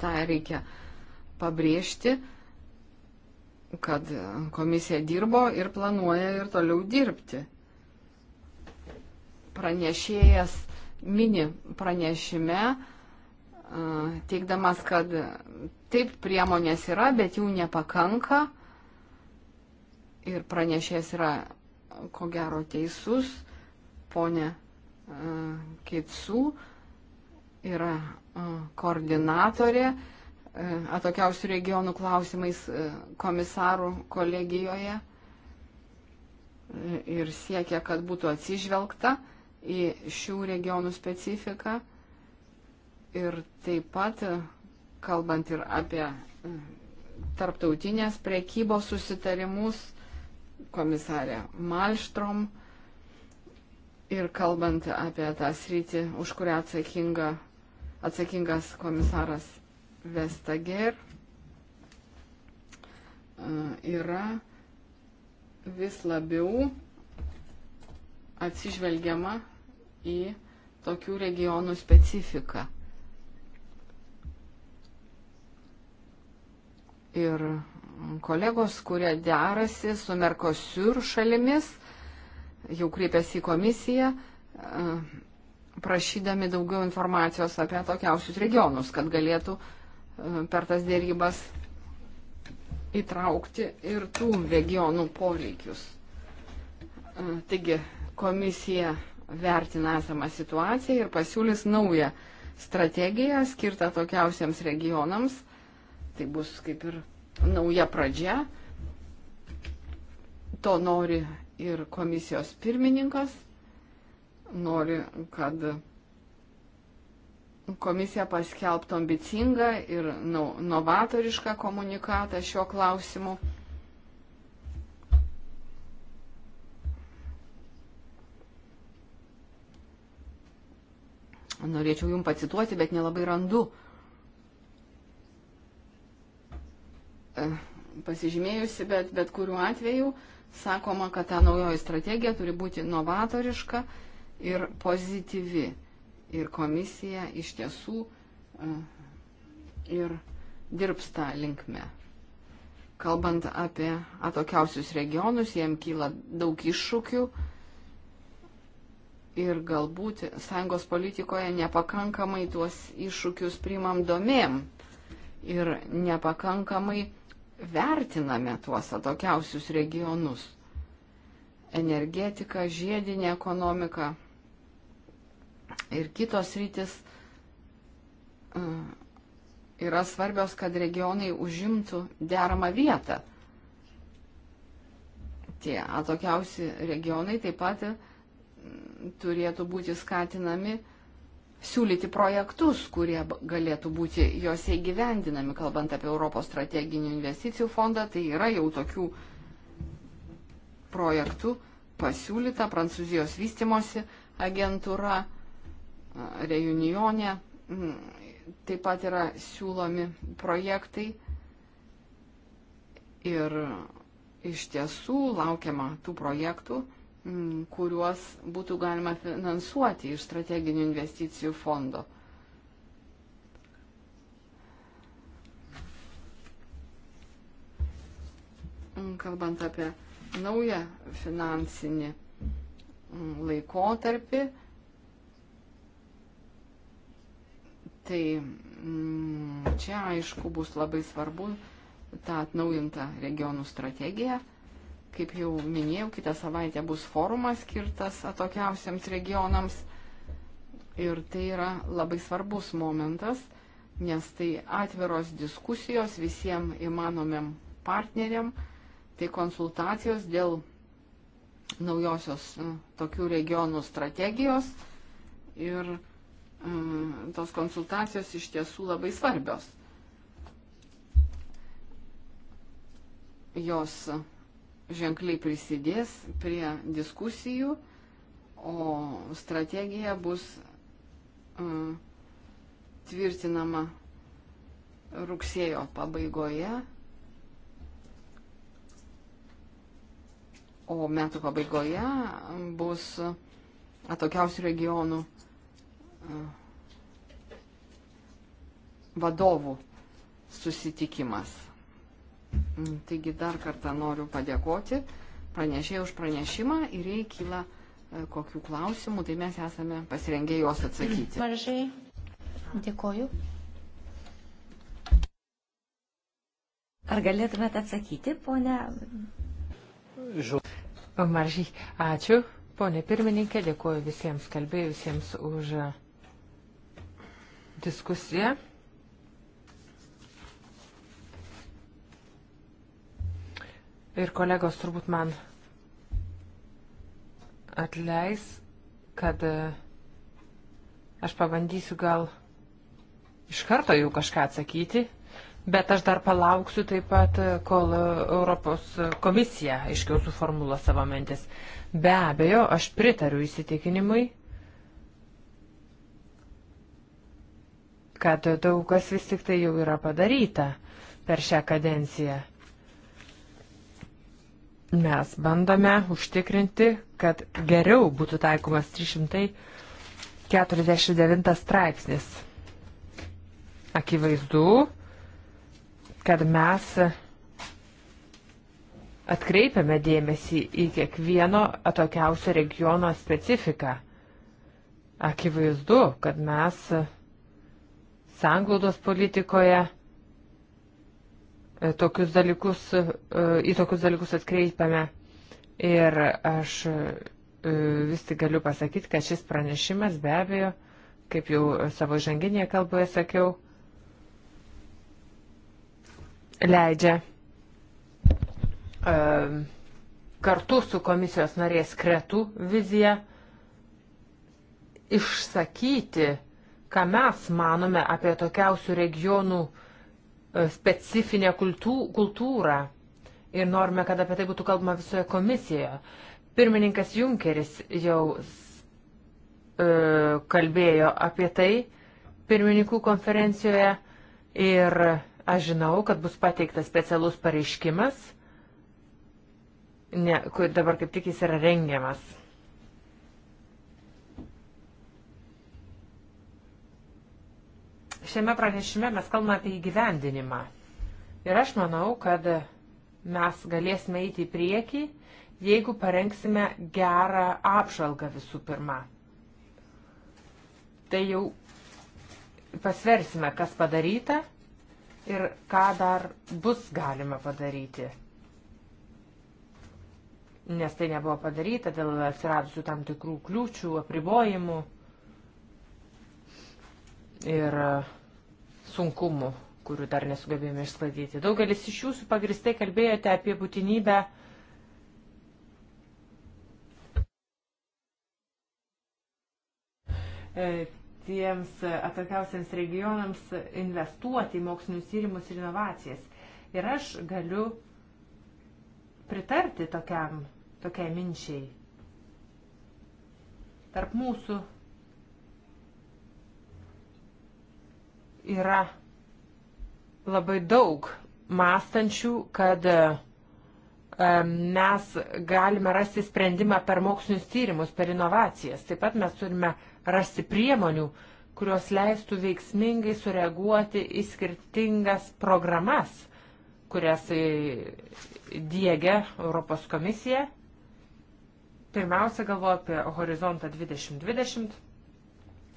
Ta reikia pabrėžti, kad komisija dirbo ir planuoja ir toliau dirbti. Pranešėjas mini pranešime, teikdamas, kad taip priemonės yra, bet jų nepakanka ir pranešės yra ko gero teisus, ponė e, Kitsu yra e, koordinatorė e, atokiausių regionų klausimais komisarų kolegijoje ir siekia, kad būtų atsižvelgta į šių regionų specifiką ir taip pat, kalbant ir apie tarptautinės prekybos susitarimus, komisarę Malštrom ir kalbant apie tą sritį, už kurią atsakinga, atsakingas komisaras Vestager, e, yra vis labiau atsižvelgiama į tokių regionų specifiką. Ir kolegos, kurie derasi su Merkosiur šalimis, jau kreipėsi į komisiją, e, prašydami daugiau informacijos apie tokiausius regionus, kad galėtų e, per tas dėrybas įtraukti ir tų regionų poreikius. E, taigi komisija vertina esamą situaciją ir pasiūlys naują strategiją skirtą tokiausiems regionams. Tai bus kaip ir nauja pradžia. To nori ir komisijos pirmininkas. Nori, kad komisija paskelbtų ambicingą ir novatorišką komunikatą šiuo klausimu. Norėčiau jum pacituoti, bet nelabai randu pasižymėjusi, bet bet kuriuo atveju sakoma, kad ta naujoji strategija turi būti novatoriška ir pozityvi. Ir komisija iš tiesų e, ir dirbs tą linkmę. Kalbant apie atokiausius regionus, jiem kyla daug iššūkių ir galbūt sąjungos politikoje nepakankamai tuos iššūkius primam domėm ir nepakankamai vertiname tuos atokiausius regionus. Energetika, žiedinė ekonomika ir kitos rytis e, yra svarbios, kad regionai užimtų deramą vietą. Tie atokiausi regionai taip pat turėtų būti skatinami uh, siūlyti projektus, kurie galėtų būti jose įgyvendinami, kalbant apie Europos strateginių investicijų fondą, tai yra jau tokių projektų pasiūlyta Prancūzijos vystimosi agentūra, Reunionė, taip pat yra siūlomi projektai ir iš tiesų laukiama tų projektų kuriuos būtų galima finansuoti iš strateginių investicijų fondo. Kalbant apie naują finansinį laikotarpį, tai čia aišku bus labai svarbu tą atnaujintą regionų strategiją Kaip jau minėjau, kitą savaitę bus forumas skirtas atokiausiams regionams. Ir tai yra labai svarbus momentas, nes tai atviros diskusijos visiems įmanomiam partneriam, tai konsultacijos dėl naujosios e, tokių regionų strategijos ir mm, tos konsultacijos iš tiesų labai svarbios. Jos ženkliai prisidės prie diskusijų, o strategija bus uh, tvirtinama rugsėjo pabaigoje. O metų pabaigoje bus atokiausių regionų e, vadovų susitikimas. Mm, taigi dar kartą noriu padėkoti pranešėjai už pranešimą ir jei kyla e, kokių klausimų, tai mes esame pasirengę juos atsakyti. Maržai, mm, dėkoju. Ar galėtumėte atsakyti, ponė? Maržai, ačiū. Pone pirmininkė, dėkoju visiems kalbėjusiems už diskusiją. ir kolegos turbūt man atleis, kad e, aš pabandysiu gal iš karto jau kažką atsakyti, bet aš dar palauksiu taip pat, e, kol e, Europos komisija aiškiau suformula savo mintis. Be abejo, aš pritariu įsitikinimui, kad daug kas vis tik tai jau yra padaryta per šią kadenciją. Mes bandome užtikrinti, kad geriau būtų taikomas 349 straipsnis. Akivaizdu, kad mes atkreipiame dėmesį į kiekvieno atokiausio regiono specifiką. Akivaizdu, kad mes sanglaudos politikoje tokius dalykus, e, į tokius dalykus atkreipiame. Ir aš e, vis tik galiu pasakyti, kad šis pranešimas be abejo, kaip jau savo žanginėje kalboje sakiau, leidžia e, kartu su komisijos narės kretų vizija išsakyti, ką mes manome apie tokiausių regionų uh, E, specifinę kultūrą ir norime, kad apie tai būtų kalbama visoje komisijoje. Pirmininkas Junkeris jau e, kalbėjo apie tai pirmininkų konferencijoje ir aš žinau, kad bus pateiktas specialus pareiškimas, ne, dabar kaip tik jis yra rengiamas. šiame pranešime mes kalbame apie įgyvendinimą. Ir aš manau, kad mes galėsime eiti į priekį, jeigu parengsime gerą apžalgą visų pirma. Tai jau pasversime, kas padaryta ir ką dar bus galima padaryti. Nes tai nebuvo padaryta dėl atsiradusių tam tikrų kliūčių, apribojimų. Ir uh, sunkumų, kurių dar nesugebėjome išsklaidyti. Daugelis iš jūsų pagristai kalbėjote apie būtinybę e, tiems atokiausiams regionams investuoti į mokslinius tyrimus ir inovacijas. Ir aš galiu pritarti tokiam, tokiai minčiai. Tarp mūsų yra labai daug mąstančių, kad mes galime rasti sprendimą per mokslinius tyrimus, per inovacijas. Taip pat mes turime rasti priemonių, kurios leistų veiksmingai sureaguoti į skirtingas programas, kurias diegia Europos komisija. Pirmiausia, galvoju apie Horizontą 2020.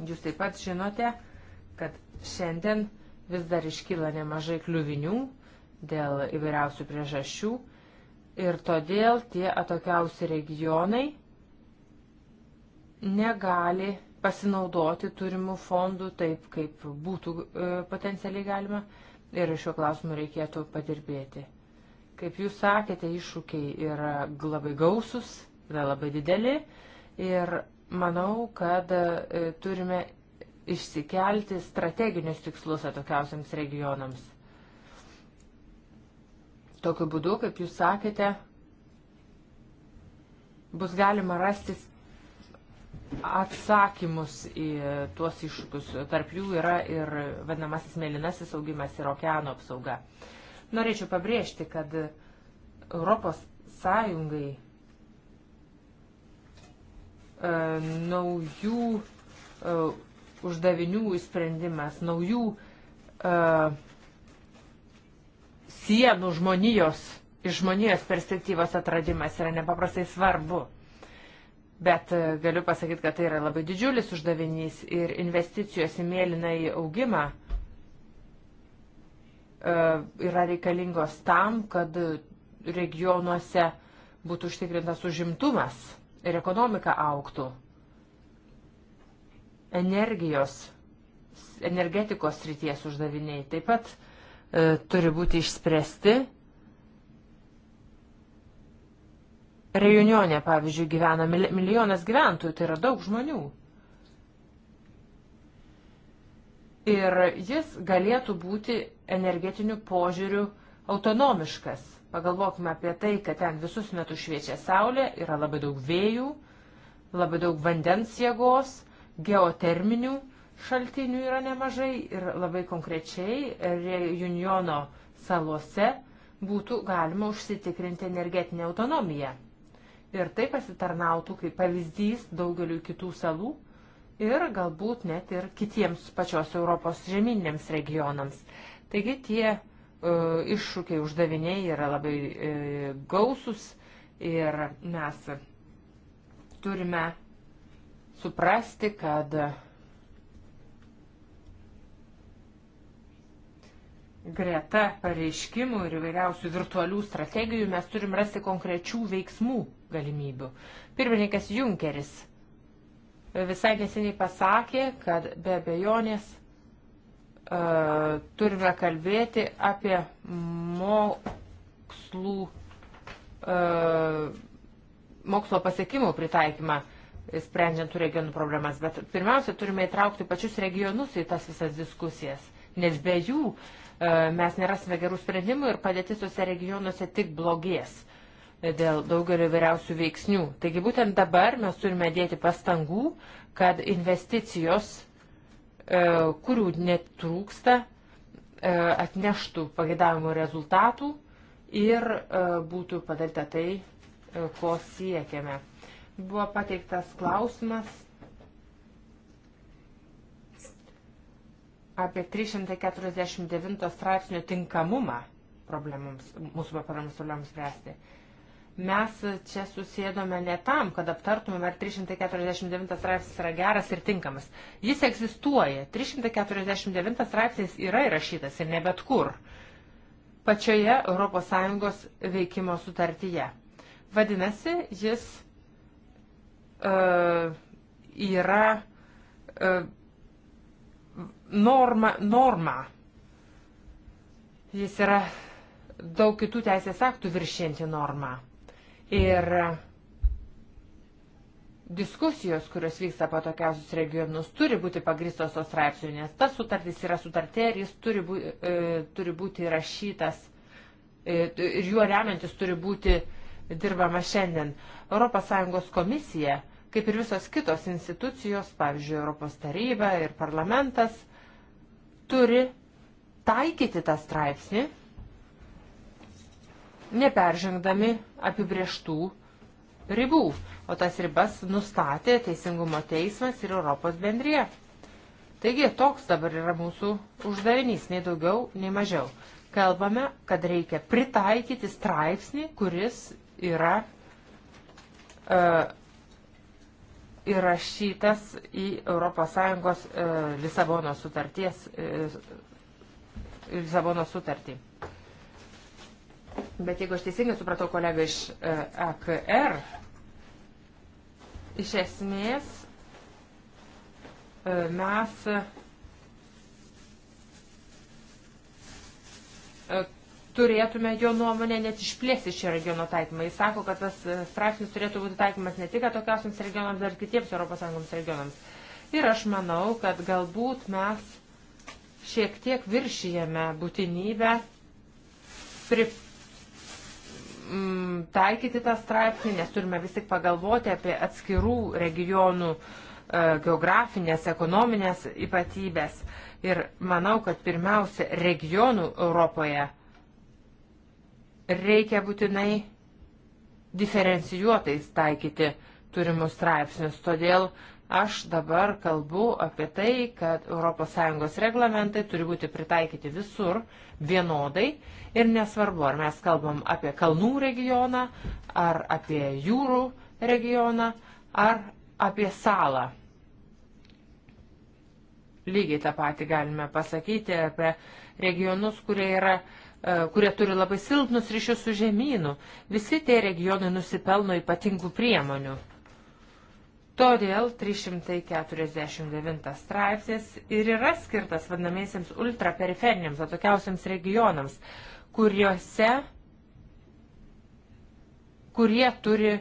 Jūs taip pat žinote, kad šiandien vis dar iškyla nemažai kliuvinių dėl įvairiausių priežasčių ir todėl tie atokiausi regionai negali pasinaudoti turimų fondų taip, kaip būtų e, potencialiai galima ir šiuo klausimu reikėtų padirbėti. Kaip jūs sakėte, iššūkiai yra labai gausus, yra labai dideli ir manau, kad e, turime išsikelti strateginius tikslus atokiausiams regionams. Tokiu būdu, kaip jūs sakėte, bus galima rasti atsakymus į tuos iššūkius. Tarp jų yra ir vadinamasis mėlynasis augimas ir okeano apsauga. Norėčiau pabrėžti, kad Europos Sąjungai e, naujų e, uždavinių įsprendimas, naujų uh, sienų žmonijos, iš žmonijos perspektyvos atradimas yra nepaprastai svarbu. Bet e, galiu pasakyti, kad tai yra labai didžiulis uždavinys ir investicijos į mėlyną į augimą e, yra reikalingos tam, kad regionuose būtų užtikrintas užimtumas ir ekonomika auktų. Energijos, energetikos srities uždaviniai taip pat e, turi būti išspręsti. Reunionė, pavyzdžiui, gyvena milijonas gyventojų, tai yra daug žmonių. Ir jis galėtų būti energetiniu požiūriu autonomiškas. Pagalvokime apie tai, kad ten visus metus šviečia saulė, yra labai daug vėjų, labai daug vandens jėgos, geoterminių šaltinių yra nemažai ir labai konkrečiai Reunijono salose būtų galima užsitikrinti energetinę autonomiją. Ir tai pasitarnautų kaip pavyzdys daugeliu kitų salų ir galbūt net ir kitiems pačios Europos žemyniniams regionams. Taigi tie e, iššūkiai uždaviniai yra labai e, gausus ir mes turime suprasti, kad greta pareiškimų ir įvairiausių virtualių strategijų mes turim rasti konkrečių veiksmų galimybių. Pirmininkas Junkeris visai neseniai pasakė, kad be abejonės uh, turime kalbėti apie mokslų, uh, mokslo pasiekimų pritaikymą sprendžiant tų regionų problemas. Bet pirmiausia, turime įtraukti pačius regionus į tas visas diskusijas, nes be jų e, mes nerasime gerų sprendimų ir padėtis tuose regionuose tik blogės dėl daugelio vyriausių veiksnių. Taigi būtent dabar mes turime dėti pastangų, kad investicijos, e, kurių netrūksta, e, atneštų pagėdavimų rezultatų ir būtų padaryta tai, ko siekiame. Buvo pateiktas klausimas apie 349 straipsnio tinkamumą problemams, mūsų problemams problemams spręsti. Mes čia susėdome ne tam, kad aptartumėm, ar 349 straipsnis yra geras ir tinkamas. Jis egzistuoja. 349 straipsnis yra įrašytas ir ne bet kur. Pačioje ES veikimo sutartyje. Vadinasi, jis E, yra e, norma, norma. Jis yra daug kitų teisės aktų viršinti normą. Ir diskusijos, kurios vyksta po tokiausius regionus, turi būti pagristos tos straipsnių, nes tas sutartis yra sutartė ir jis turi, bū, e, turi būti rašytas e, ir juo remiantis turi būti dirbama šiandien. ES komisija Kaip ir visos kitos institucijos, pavyzdžiui, Europos taryba ir parlamentas, turi taikyti tą straipsnį, neperžengdami apibrieštų ribų, o tas ribas nustatė Teisingumo teismas ir Europos bendrija. Taigi toks dabar yra mūsų uždavinys, nei daugiau, nei mažiau. Kalbame, kad reikia pritaikyti straipsnį, kuris yra uh, įrašytas į ES e, Lisabono sutarties, e, Lisabono sutartį. Bet jeigu aš teisingai supratau kolegą iš e, AKR, iš esmės e, mes e, turėtume jo nuomonę net išplėsti šį regiono taikymą. Jis sako, kad tas e, straipsnis turėtų būti taikymas ne tik atokiausiams regionams, bet ir kitiems ES regionams. Ir aš manau, kad galbūt mes šiek tiek viršijame būtinybę pri, mm, taikyti tą straipsnį, nes turime vis tik pagalvoti apie atskirų regionų e, geografinės, ekonominės ypatybės. Ir manau, kad pirmiausia, regionų Europoje reikia būtinai diferencijuotais taikyti turimus straipsnius. Todėl aš dabar kalbu apie tai, kad ES reglamentai turi būti pritaikyti visur vienodai ir nesvarbu, ar mes kalbam apie kalnų regioną, ar apie jūrų regioną, ar apie salą. Lygiai tą patį galime pasakyti apie regionus, kurie yra uh, E, kurie turi labai silpnus ryšius su žemynu. Visi tie regionai nusipelno ypatingų priemonių. Todėl 349 straipsnis ir yra skirtas vadinamiesiems ultraperiferiniams, atokiausiams regionams, kuriuose, kurie turi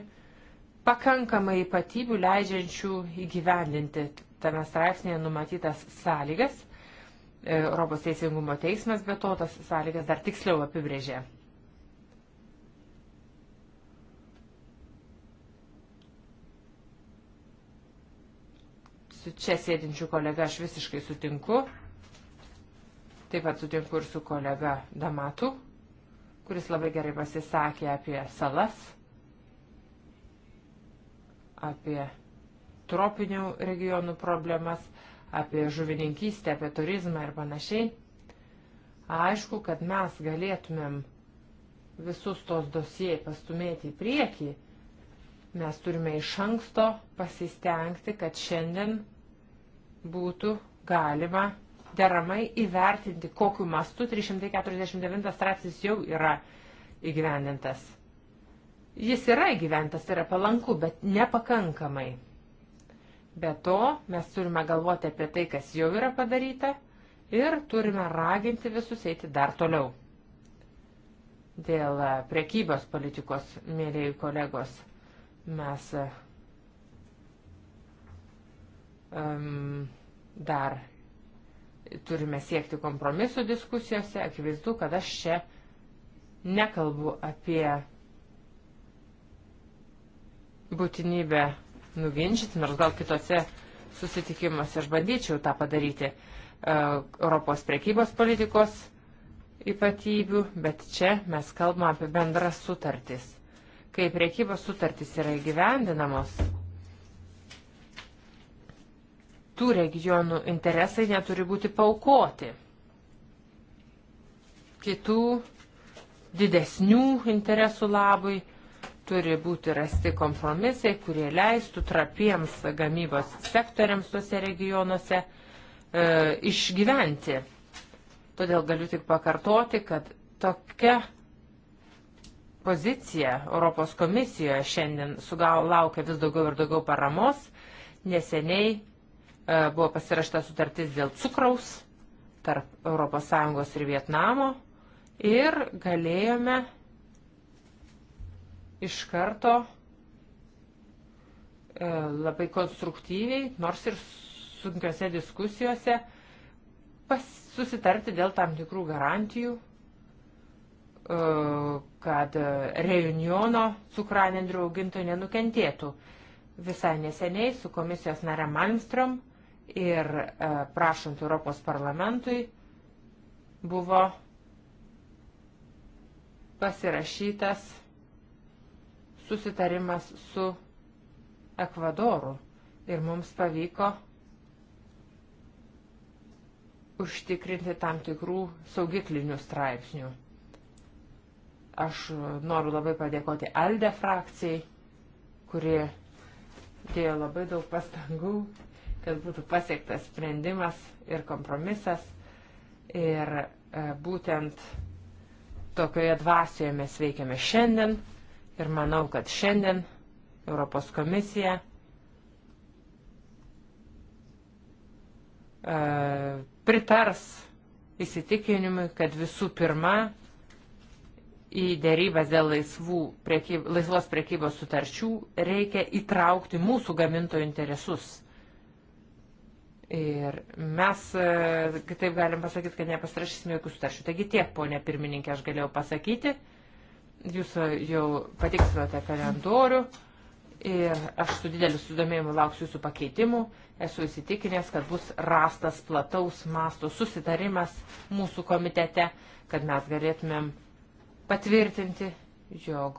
pakankamai ypatybių leidžiančių įgyvendinti tame straipsnėje numatytas sąlygas E, Europos teisingumo teismas be to tas sąlygas dar tiksliau apibrėžė. Su čia sėdinčiu kolega aš visiškai sutinku. Taip pat sutinku ir su kolega Damatu, kuris labai gerai pasisakė apie salas, apie tropinių regionų problemas apie žuvininkystę, apie turizmą ir panašiai. Aišku, kad mes galėtumėm visus tos dosijai pastumėti į priekį, mes turime iš anksto pasistengti, kad šiandien būtų galima deramai įvertinti, kokiu mastu 349 straipsnis jau yra įgyvendintas. Jis yra įgyventas, tai yra palanku, bet nepakankamai. Be to, mes turime galvoti apie tai, kas jau yra padaryta ir turime raginti visus eiti dar toliau. Dėl e, priekybos politikos, mėlyjei kolegos, mes um, dar turime siekti kompromisų diskusijose. Akivaizdu, kad aš čia nekalbu apie būtinybę nuginčyti, nors gal kitose susitikimuose aš bandyčiau tą padaryti e, Europos prekybos politikos ypatybių, bet čia mes kalbame apie bendras sutartis. Kai prekybos sutartis yra įgyvendinamos, tų regionų interesai neturi būti paukoti. Kitų didesnių interesų labui Turi būti rasti kompromisai, kurie leistų trapiems gamybos sektoriams tuose regionuose e, išgyventi. Todėl galiu tik pakartoti, kad tokia pozicija Europos komisijoje šiandien sulaukia vis daugiau ir daugiau paramos. Neseniai e, buvo pasirašta sutartis dėl cukraus tarp ES ir Vietnamo ir galėjome iš karto e, labai konstruktyviai, nors ir sunkiose diskusijose, susitarti dėl tam tikrų garantijų, e, kad reuniono cukranendrių augintojai nenukentėtų. Visai neseniai su komisijos nare Malmström ir e, prašant Europos parlamentui buvo pasirašytas susitarimas su Ekvadoru ir mums pavyko užtikrinti tam tikrų saugiklinių straipsnių. Aš noriu labai padėkoti Alde frakcijai, kurie dėjo labai daug pastangų, kad būtų pasiektas sprendimas ir kompromisas. Ir e, būtent tokioje dvasioje mes veikiame šiandien. Ir manau, kad šiandien Europos komisija e, pritars įsitikinimui, kad visų pirma į dėrybas dėl priekyb, laisvos priekybos sutarčių reikia įtraukti mūsų gamintojų interesus. Ir mes e, kitaip galim pasakyti, kad nepasirašysime jokių sutarčių. Taigi tiek, ponė pirmininkė, aš galėjau pasakyti. Jūs e, jau patikslote kalendorių ir aš su dideliu sudomėjimu lauksiu jūsų pakeitimų. Esu įsitikinęs, kad bus rastas plataus masto susitarimas mūsų komitete, kad mes galėtumėm patvirtinti, jog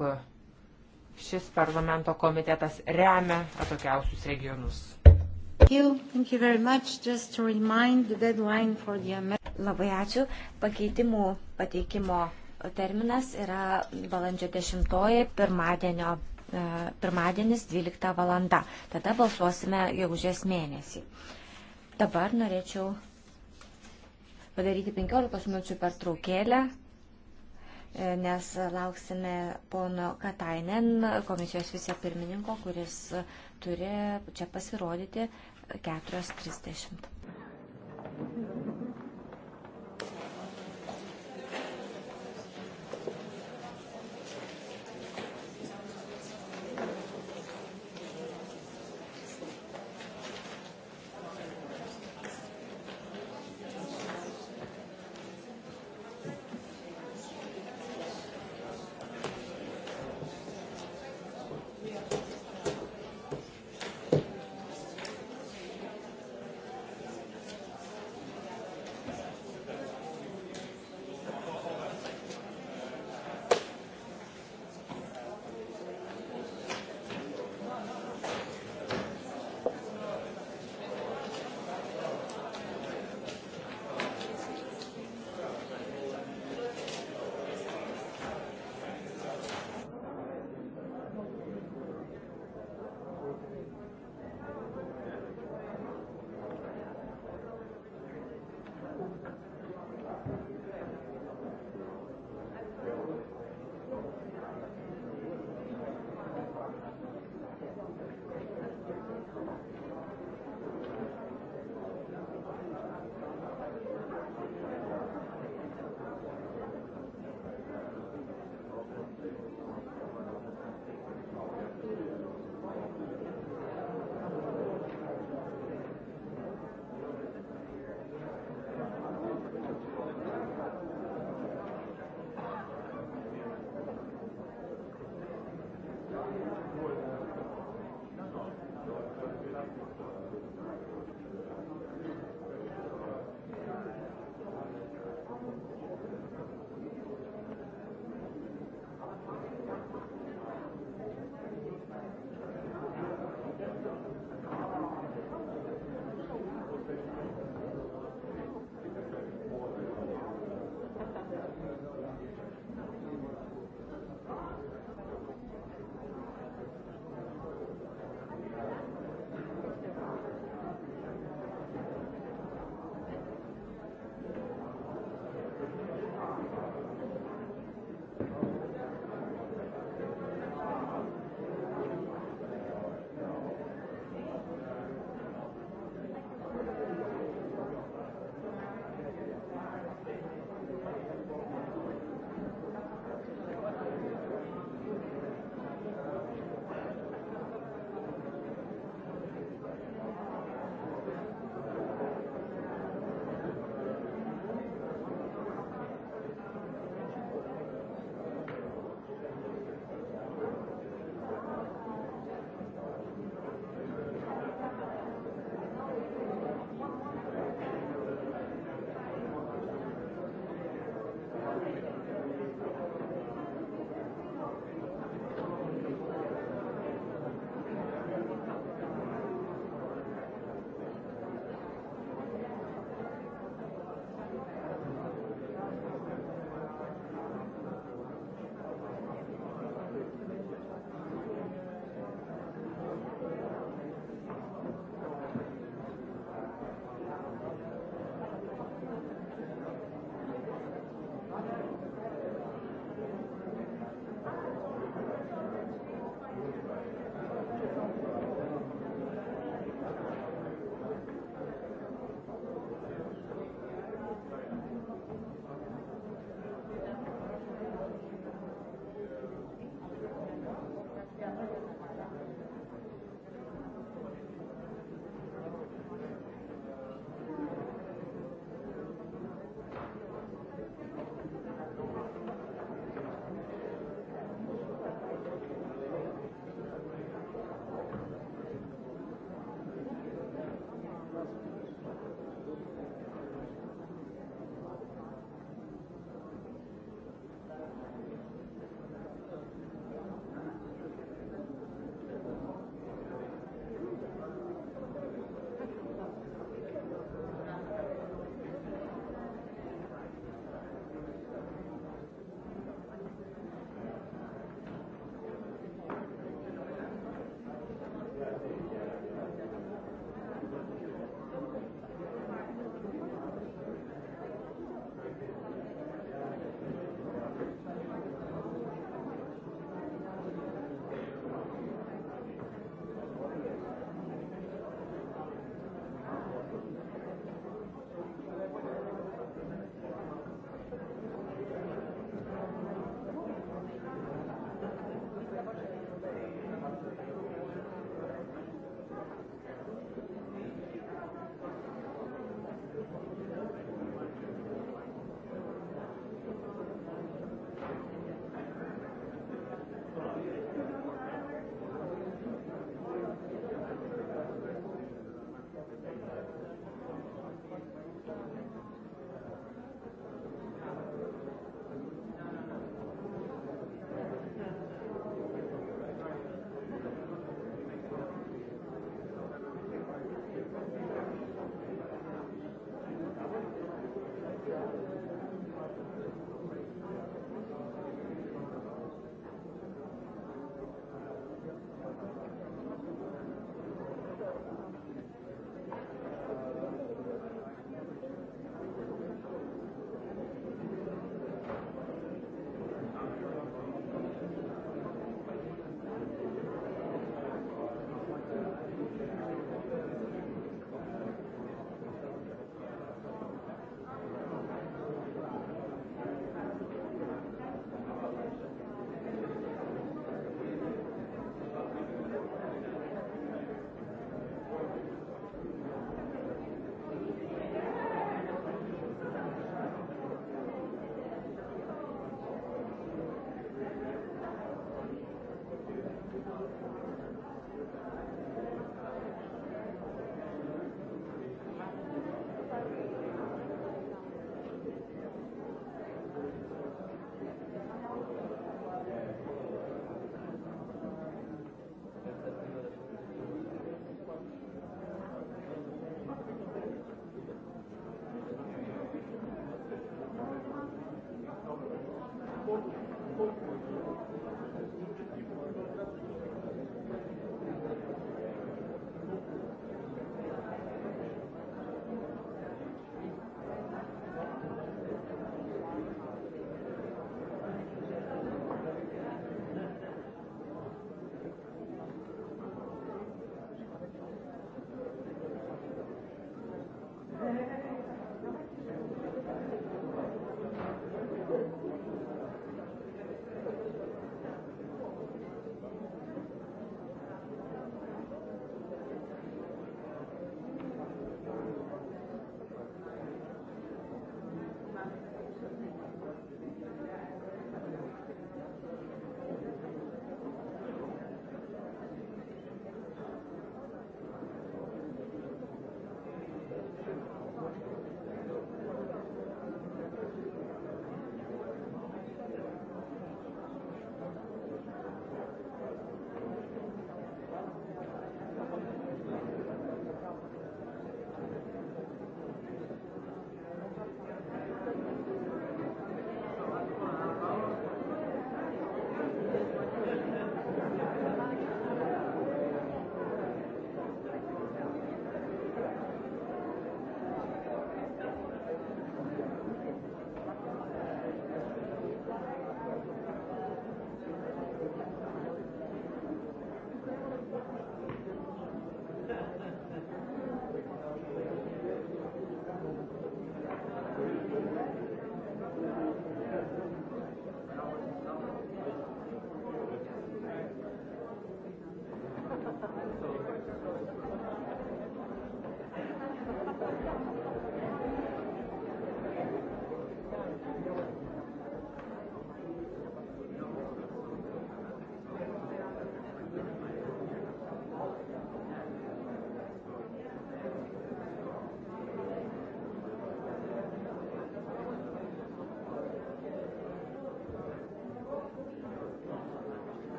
šis parlamento komitetas remia atokiausius regionus. Labai ačiū. Pakeitimų pateikimo terminas yra balandžio 10 pirmadienio, e, pirmadienis 12 valanda. Tada balsuosime gegužės mėnesį. Dabar norėčiau padaryti 15 minučių per traukėlę, e, nes lauksime pono Katainen, komisijos vicepirmininko, kuris turi čia pasirodyti 4.30.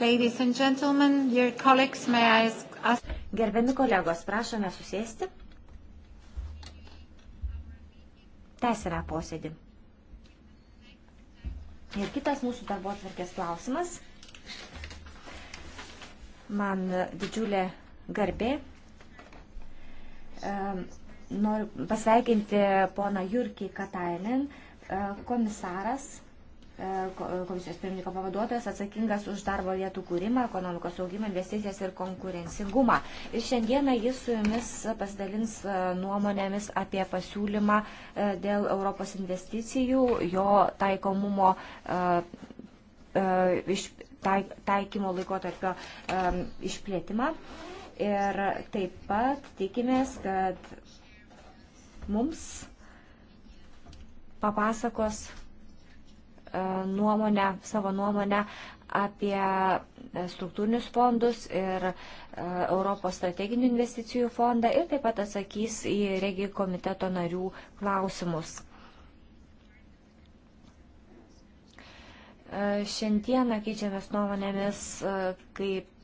Ladies and gentlemen, dear colleagues, may I ask... Gerbiami kolegos, prašome susėsti. Tęsime posėdį. Ir kitas mūsų darbo atvarkės klausimas. Man didžiulė garbė. Noriu pasveikinti poną Jurkį Katainen, komisaras E, komisijos pirmininko pavaduotojas atsakingas už darbo vietų kūrimą, ekonomikos augimą, investicijas ir konkurencingumą. Ir šiandieną jis su jumis pasidalins e, nuomonėmis apie pasiūlymą e, dėl Europos investicijų, jo taikomumo iš tai-, taikymo laikotarpio išplėtimą. Ir taip pat tikimės, kad mums papasakos E, nuomonę, savo nuomonę apie struktūrinius fondus ir e, Europos strateginių investicijų fondą ir taip pat atsakys į regijų komiteto narių klausimus. E, šiandieną keičiamės nuomonėmis, kaip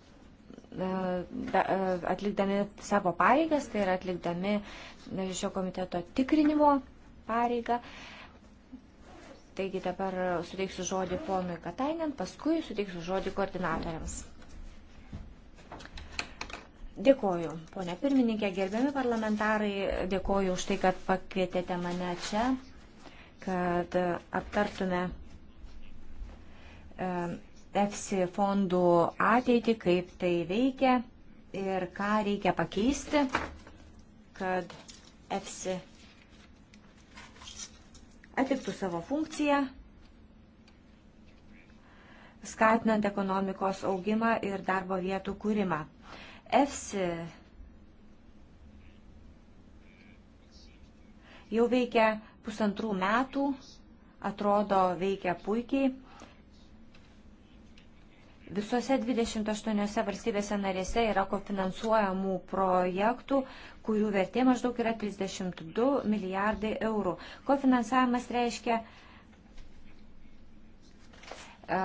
atlikdami savo pareigas, tai yra atlikdami šio komiteto tikrinimo pareigą. Uh, Taigi dabar suteiksiu žodį ponui Katainen, paskui suteiksiu žodį koordinatoriams. Dėkoju, ponia pirmininkė, gerbiami parlamentarai, dėkoju už tai, kad pakvietėte mane čia, kad aptartume EFSI fondų ateitį, kaip tai veikia ir ką reikia pakeisti, kad EFSI atliktų savo funkciją, skatinant ekonomikos augimą ir darbo vietų kūrimą. EFSI jau veikia pusantrų metų, atrodo veikia puikiai. Visose 28 valstybėse narėse yra kofinansuojamų projektų, kurių vertė maždaug yra 32 milijardai eurų. Kofinansavimas reiškia e,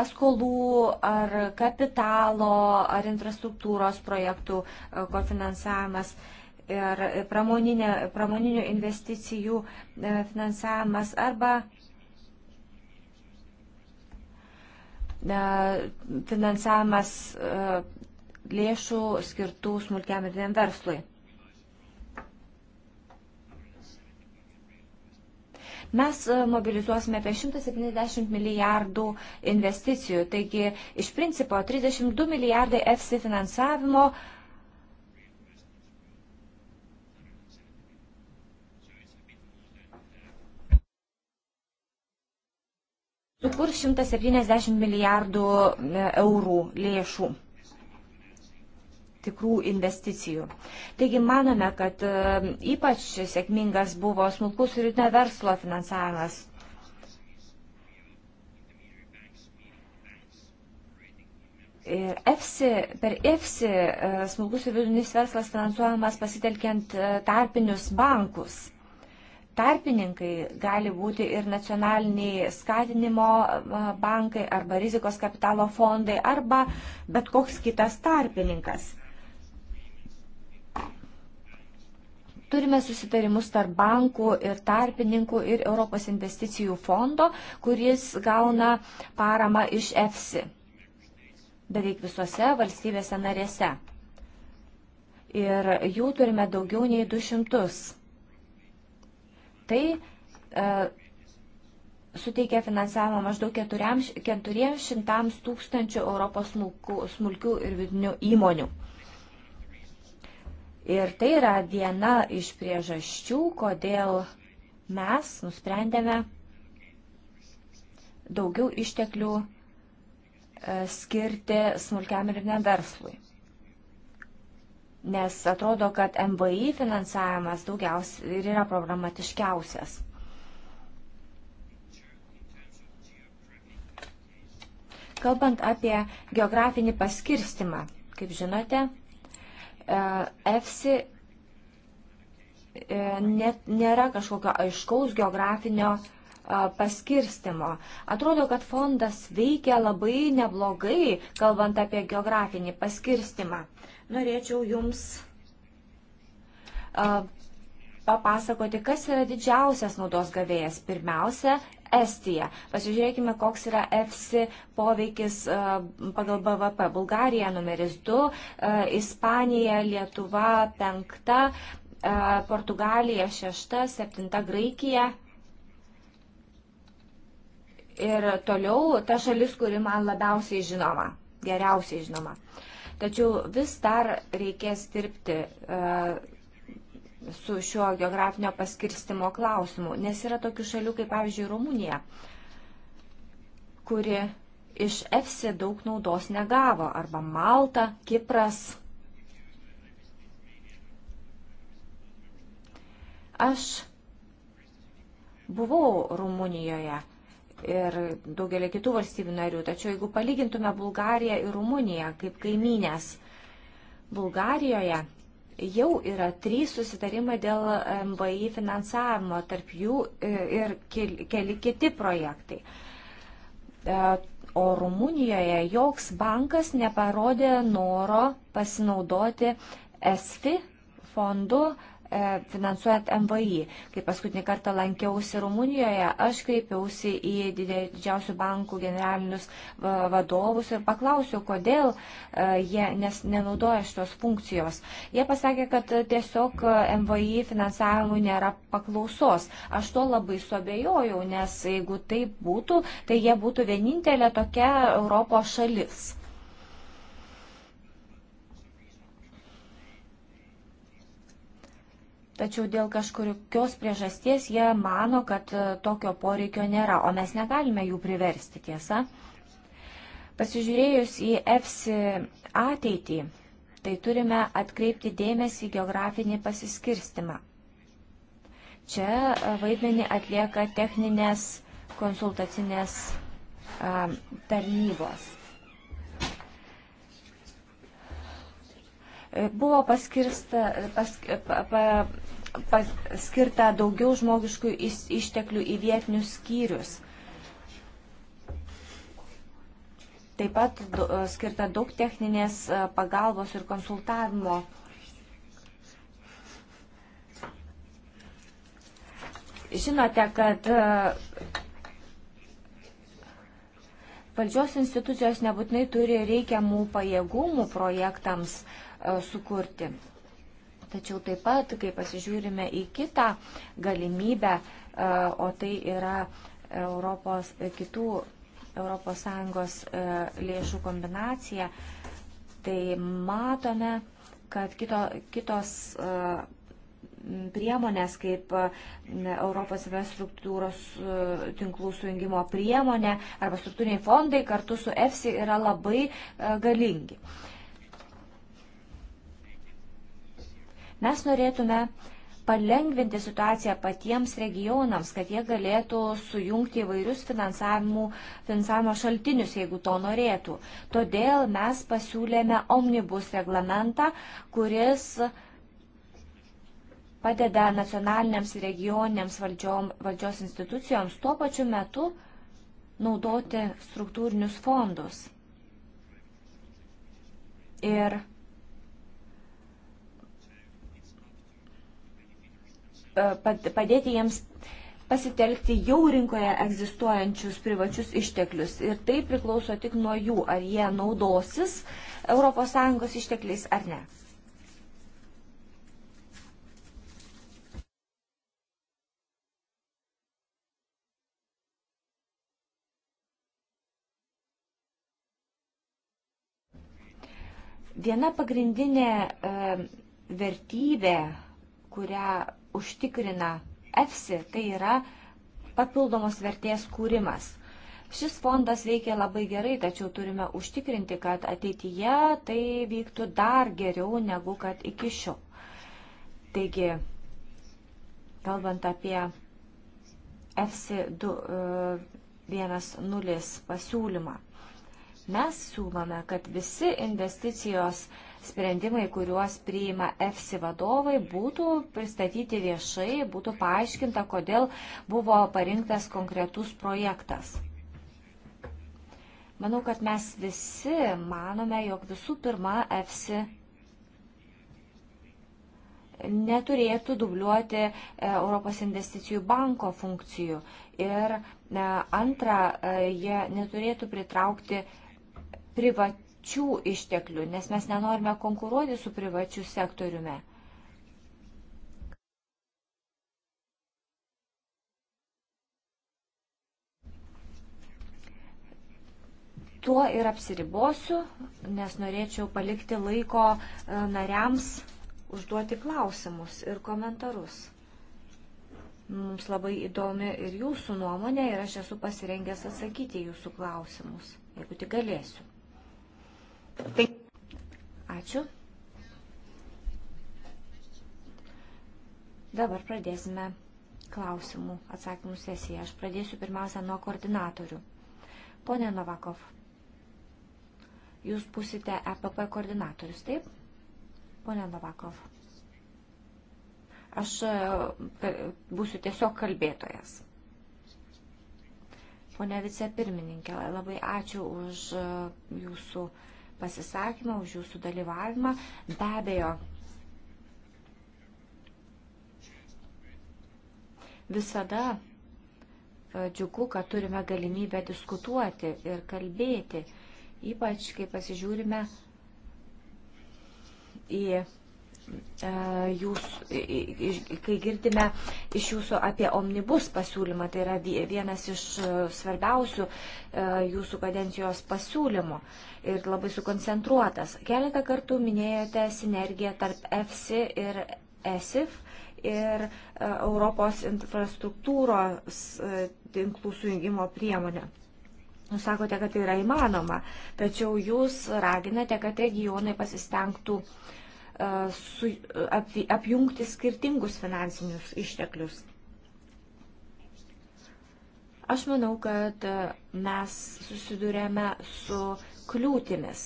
paskolų ar kapitalo ar infrastruktūros projektų e, kofinansavimas ir pramoninių investicijų e, finansavimas arba E, finansavimas e, lėšų skirtų smulkiam ir dviem verslui. Mes e, mobilizuosime apie 170 milijardų investicijų, taigi iš principo 32 milijardai EFSI finansavimo uh, sukurs 170 milijardų e, eurų lėšų tikrų investicijų. Taigi manome, kad e, ypač sėkmingas buvo smulkus ir rytinio verslo finansavimas. Ir EFSI, per EFSI e, smulkus ir vidutinis verslas finansuojamas pasitelkiant tarpinius bankus tarpininkai gali būti ir nacionaliniai skatinimo bankai arba rizikos kapitalo fondai arba bet koks kitas tarpininkas. Turime susitarimus tarp bankų ir tarpininkų ir Europos investicijų fondo, kuris gauna paramą iš EFSI beveik visose valstybėse narėse. Ir jų turime daugiau nei 200. Tai e, suteikė finansavimą maždaug 400 tūkstančių Europos smulkių, smulkių ir vidinių įmonių. Ir tai yra viena iš priežasčių, kodėl mes nusprendėme daugiau išteklių e, skirti smulkiam ir vidiniam verslui nes atrodo, kad MVI finansavimas daugiausiai ir yra problematiškiausias. Kalbant apie geografinį paskirstimą, kaip žinote, EFSI e, net nėra kažkokio aiškaus geografinio e, paskirstimo. Atrodo, kad fondas veikia labai neblogai, kalbant apie geografinį paskirstimą norėčiau Jums uh, papasakoti, kas yra didžiausias naudos gavėjas. Pirmiausia, Estija. Pasižiūrėkime, koks yra EFSI poveikis uh, pagal BVP. Bulgarija numeris 2, uh, Ispanija, Lietuva 5, Portugalija 6, 7 Graikija. Ir toliau ta šalis, kuri man labiausiai žinoma, geriausiai žinoma. Uh, Tačiau vis dar reikės dirbti e, su šiuo geografinio paskirstimo klausimu, nes yra tokių šalių kaip, pavyzdžiui, Rumunija, kuri iš EFSI daug naudos negavo, arba Malta, Kipras. Aš buvau Rumunijoje ir daugelį kitų valstybių narių. Tačiau jeigu palygintume Bulgariją ir Rumuniją kaip kaimynės, Bulgarijoje jau yra trys susitarimai dėl MBI finansavimo, tarp jų e, ir keli kiti projektai. E, o Rumunijoje joks bankas neparodė noro pasinaudoti ESFI fondu E, finansuojant MVI. Kai paskutinį kartą lankiausi Rumunijoje, aš kreipiausi į didžiausių bankų generalinius vadovus ir paklausiau, kodėl e, jie nenaudoja šitos funkcijos. Jie pasakė, kad tiesiog MVI finansavimui nėra paklausos. Aš to labai sobėjojau, nes jeigu taip būtų, tai jie būtų vienintelė tokia Europos šalis. tačiau dėl kažkokios priežasties jie mano, kad e, tokio poreikio nėra, o mes negalime jų priversti, tiesa. Pasižiūrėjus į EFSI ateitį, tai turime atkreipti dėmesį geografinį pasiskirstimą. Čia e, vaidmenį atlieka techninės konsultacinės e, tarnybos. Buvo paskirsta, pask, pa, pa, paskirta daugiau žmogiškų išteklių į vietinius skyrius. Taip pat e, skirta daug techninės e, pagalbos ir konsultavimo. Žinote, kad e, valdžios institucijos nebūtinai turi reikiamų pajėgumų projektams, E, sukurti. Tačiau taip pat, kai pasižiūrime į kitą galimybę, e, o tai yra Europos, e, kitų ES lėšų kombinacija, tai matome, kad kito, kitos priemonės kaip Europos infrastruktūros tinklų sujungimo priemonė arba struktūriniai fondai kartu su EFSI yra labai galingi. Uh, Mes norėtume palengvinti situaciją patiems regionams, kad jie galėtų sujungti įvairius finansavimo šaltinius, jeigu to norėtų. Todėl mes pasiūlėme omnibus reglamentą, kuris padeda nacionaliniams ir regioniniams valdžiom, valdžios institucijoms tuo pačiu metu naudoti struktūrinius fondus. Ir padėti jiems pasitelkti jau rinkoje egzistuojančius privačius išteklius. Ir tai priklauso tik nuo jų, ar jie naudosis ES ištekliais ar ne. Viena pagrindinė e, vertybė kurią užtikrina EFSI, tai yra papildomos vertės kūrimas. Šis fondas veikia labai gerai, tačiau turime užtikrinti, kad ateityje tai vyktų dar geriau negu kad iki šiol. Taigi, kalbant apie FC 210 e, pasiūlymą, mes siūlome, kad visi investicijos uh, sprendimai, kuriuos priima EFSI vadovai, būtų pristatyti viešai, būtų paaiškinta, kodėl buvo parinktas konkretus projektas. Manau, kad mes visi manome, jog visų pirma EFSI neturėtų dubliuoti e, Europos investicijų banko funkcijų. Ir e, antra, e, jie neturėtų pritraukti privat, privačių išteklių, nes mes nenorime konkuruoti su privačiu sektoriumi. Tuo ir apsiribosiu, nes norėčiau palikti laiko e, nariams užduoti klausimus ir komentarus. Mums labai įdomi ir jūsų nuomonė ir aš esu pasirengęs atsakyti jūsų klausimus, jeigu tik galėsiu. Taip. Ačiū. Dabar pradėsime klausimų atsakymų sesiją. Aš pradėsiu pirmiausia nuo koordinatorių. Pone Novakov, jūs būsite EPP koordinatorius, taip? Pone Novakov, aš e, būsiu tiesiog kalbėtojas. Pone vicepirmininkė, labai ačiū už e, jūsų kalbėtoją pasisakymą, už jūsų dalyvavimą. Be abejo, visada e, džiugu, kad turime galimybę diskutuoti ir kalbėti, ypač kai pasižiūrime į E, jūs, kai girdime iš jūsų apie omnibus pasiūlymą, tai yra vienas iš e, svarbiausių e, jūsų kadencijos pasiūlymų ir labai sukoncentruotas. Keletą kartų minėjote sinergiją tarp EFSI ir ESIF ir Europos infrastruktūros tinklų sujungimo priemonę. Jūs sakote, kad tai yra įmanoma, tačiau jūs raginate, kad regionai pasistengtų uh, su, ap, tai apjungti skirtingus finansinius išteklius. Aš manau, kad mes susidurėme su kliūtimis.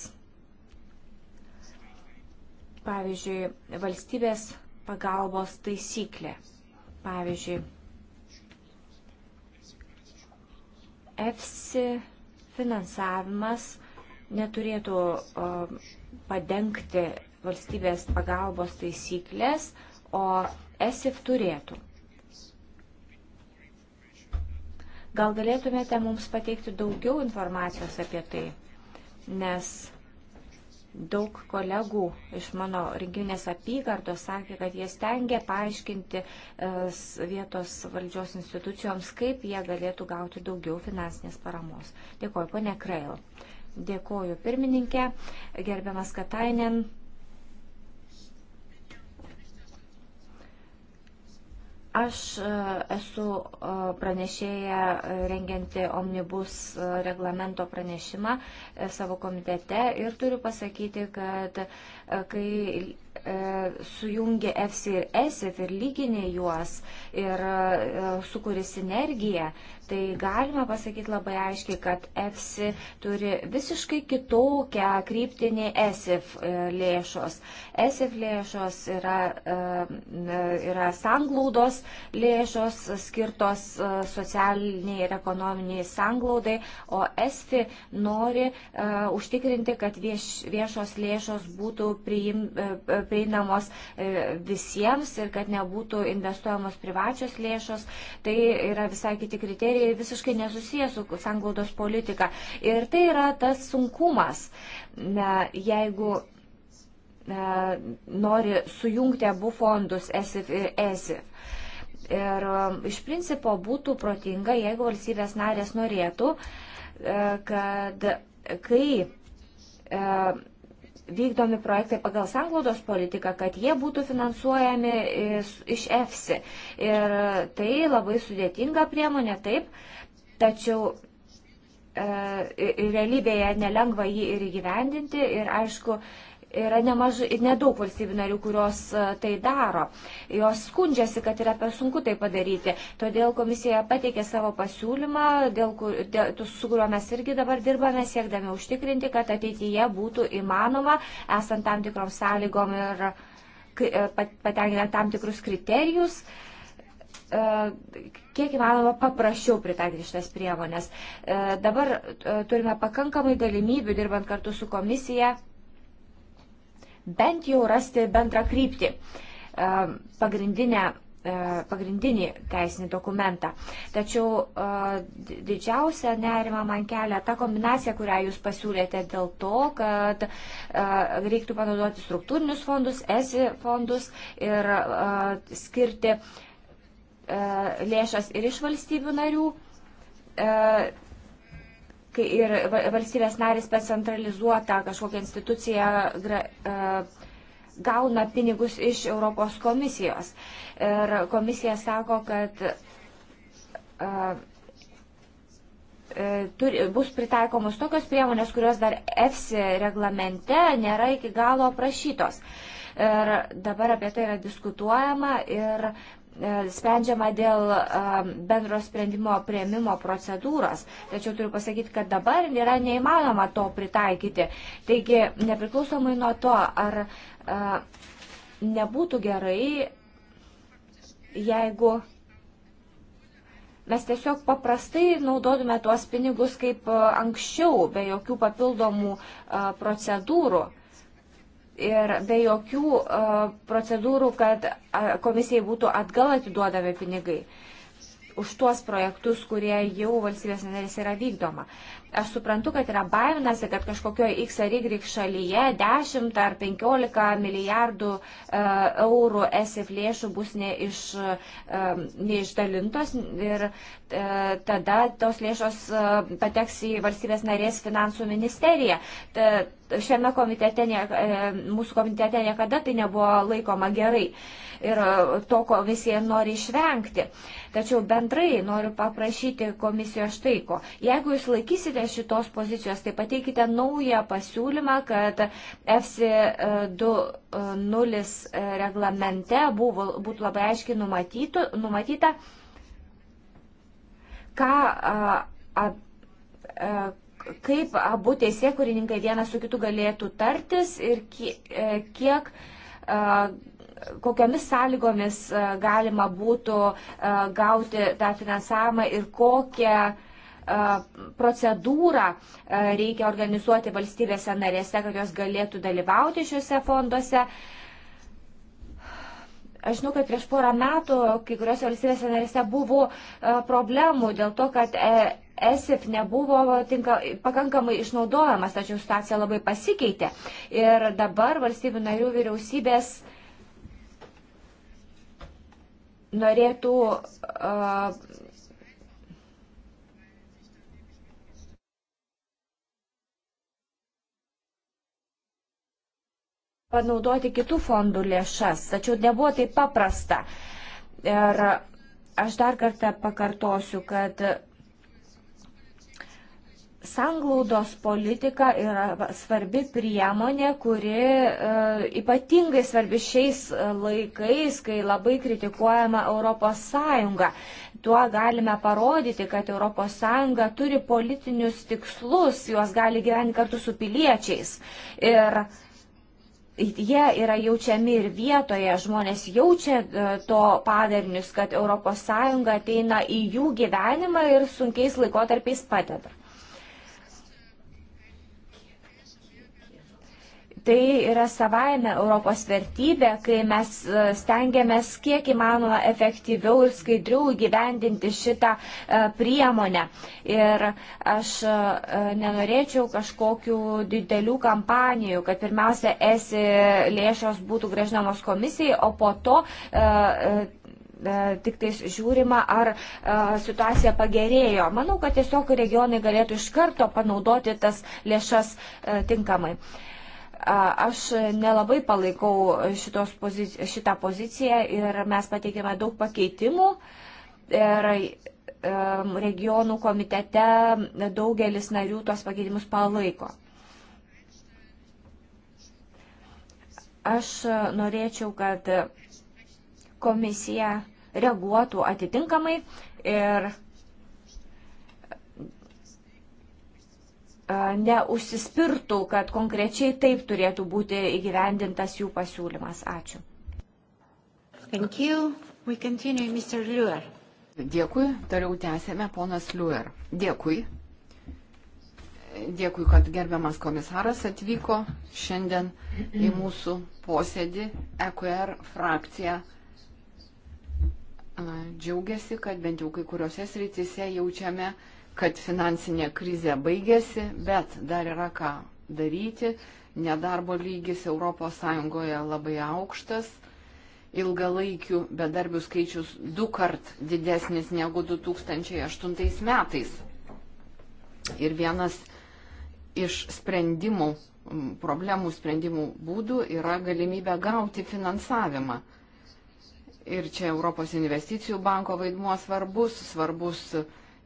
Pavyzdžiui, valstybės pagalbos taisyklė. Pavyzdžiui, EFSI finansavimas neturėtų padengti valstybės pagalbos taisyklės, o ESIF turėtų. Gal galėtumėte mums pateikti daugiau informacijos apie tai, nes daug kolegų iš mano rinkiminės apygardos sakė, kad jie stengia paaiškinti e, vietos valdžios institucijoms, kaip jie galėtų gauti daugiau finansinės paramos. Dėkoju, ponė Krail. Dėkoju, pirmininkė, gerbiamas Katainen. Aš e, esu e, pranešėja e, rengianti omnibus reglamento pranešimą savo komitete ir turiu pasakyti, kad E, kai e, sujungi EFSI ir ESIF ir lyginė juos ir e, sukūri sinergiją, tai galima pasakyti labai aiškiai, kad EFSI turi visiškai kitokią kryptį nei ESIF lėšos. ESIF lėšos yra, yra sanglaudos lėšos skirtos socialiniai ir ekonominiai sanglaudai, o ESFI nori užtikrinti, kad vieš, viešos lėšos būtų priim, e, e, prieinamos e, visiems ir kad nebūtų investuojamos privačios lėšos. Tai yra visai kiti kriterijai, visiškai nesusijęs su sanglaudos politika. Ir tai yra tas sunkumas. Na, jeigu na, nori sujungti abu fondus ESIF ir ESIF. Ir iš principo būtų protinga, jeigu valstybės narės norėtų, kad kai vykdomi projektai pagal sanglaudos politiką, kad jie būtų finansuojami iš EFSI. Ir tai labai sudėtinga priemonė, taip, tačiau e, realybėje nelengva jį ir įgyvendinti. Ir aišku, e, Yra nemažai, nedaug valstybių narių, kurios e, tai daro. Jos skundžiasi, kad yra per sunku tai padaryti. Todėl komisija pateikė savo pasiūlymą, dėl, dėl, su kuriuo mes irgi dabar dirbame, siekdami užtikrinti, kad ateityje būtų įmanoma, esant tam tikrom sąlygom ir e, patenkinant tam tikrus kriterijus, e, kiek įmanoma paprasčiau pritaikyti šitas priemonės. Dabar turime pakankamai galimybių, dirbant kartu su komisija bent jau rasti bendrą kryptį, e, pagrindinę e, pagrindinį teisinį dokumentą. Tačiau e, didžiausia nerima man kelia ta kombinacija, kurią jūs pasiūlėte dėl to, kad reiktų panaudoti struktūrinius fondus, esi fondus ir skirti lėšas ir iš valstybių narių ir valstybės narės per centralizuotą kažkokią instituciją e, gauna pinigus iš Europos komisijos. Ir komisija sako, kad e, e, turi, bus pritaikomos tokios priemonės, kurios dar EFSI reglamente nėra iki galo aprašytos. Ir dabar apie tai yra diskutuojama ir E, sprendžiama dėl e, bendro sprendimo prieimimo procedūros. Tačiau turiu pasakyti, kad dabar yra neįmanoma to pritaikyti. Taigi, nepriklausomai nuo to, ar e, nebūtų gerai, jeigu mes tiesiog paprastai naudotume tuos pinigus kaip anksčiau, be jokių papildomų procedūrų ir be jokių procedūrų, kad komisijai būtų atgal atiduodami pinigai už tuos projektus, kurie jau valstybės narės yra vykdoma. Aš suprantu, kad yra baiminasi, kad kažkokioje X ar Y šalyje 10 ar 15 milijardų eurų SF lėšų bus neiš, neišdalintos ir tada tos lėšos pateks į valstybės narės finansų ministeriją. Ta, šiame komitete, nie, e, mūsų komitete niekada tai nebuvo laikoma gerai ir e, to komisija nori išvengti. Tačiau bendrai noriu paprašyti komisijos štai ko. Jeigu jūs laikysite šitos pozicijos, tai pateikite naują pasiūlymą, kad FC 2.0 reglamente buvo, būtų labai aiškiai numatytų, numatyta, ką, a, a, kaip abu teisėkurininkai vienas su kitu galėtų tartis ir e, kiek, kokiamis sąlygomis galima būtų gauti tą finansavimą ir kokią procedūrą reikia organizuoti valstybėse narėse, kad jos galėtų dalyvauti šiuose fonduose. Aš žinau, kad prieš porą metų kai kuriuose valstybėse narėse buvo problemų dėl to, kad e, ESIF nebuvo tinka, pakankamai išnaudojamas, tačiau situacija labai pasikeitė. Ir dabar valstybių narių vyriausybės norėtų. Uh, panaudoti kitų fondų lėšas, tačiau nebuvo taip paprasta. Ir aš dar kartą pakartosiu, kad sanglaudos politika yra svarbi priemonė, kuri e, ypatingai svarbi šiais e, laikais, kai labai kritikuojama Europos Sąjunga. Tuo galime parodyti, kad Europos Sąjunga turi politinius tikslus, juos gali gyventi kartu su piliečiais. Ir jie yra jaučiami ir vietoje, žmonės jaučia e, to padarinius, kad ES ateina į jų gyvenimą ir sunkiais laikotarpiais padeda. Tai yra savaime Europos vertybė, kai mes e, stengiamės kiek įmanoma efektyviau ir skaidriau gyvendinti šitą e, priemonę. Ir aš e, nenorėčiau kažkokių didelių kampanijų, kad pirmiausia esi lėšos būtų gražinamos komisijai, o po to tik tais žiūrima, ar situacija pagerėjo. Manau, kad tiesiog regionai galėtų iš karto panaudoti tas lėšas tinkamai. Uh, Aš nelabai palaikau pozici šitą poziciją ir mes pateikėme daug pakeitimų. Ir regionų komitete daugelis narių tuos pakeitimus palaiko. Aš norėčiau, kad komisija reaguotų atitinkamai ir E, neužsispirtų, kad konkrečiai taip turėtų būti įgyvendintas jų pasiūlymas. Ačiū. Continue, Dėkui, toliau tęsėme, ponas Liuer. Dėkui. Dėkui, kad gerbiamas komisaras atvyko šiandien į mūsų posėdį. EQR er frakcija džiaugiasi, kad bent jau kai kuriuose srityse jaučiame uh, kad finansinė krizė baigėsi, bet dar yra ką daryti. Nedarbo lygis ES labai aukštas, ilgalaikių bedarbių skaičius du kart didesnis negu 2008 metais. Ir vienas iš sprendimų, problemų sprendimų būdų yra galimybė gauti finansavimą ir čia Europos investicijų banko vaidmuo svarbus, svarbus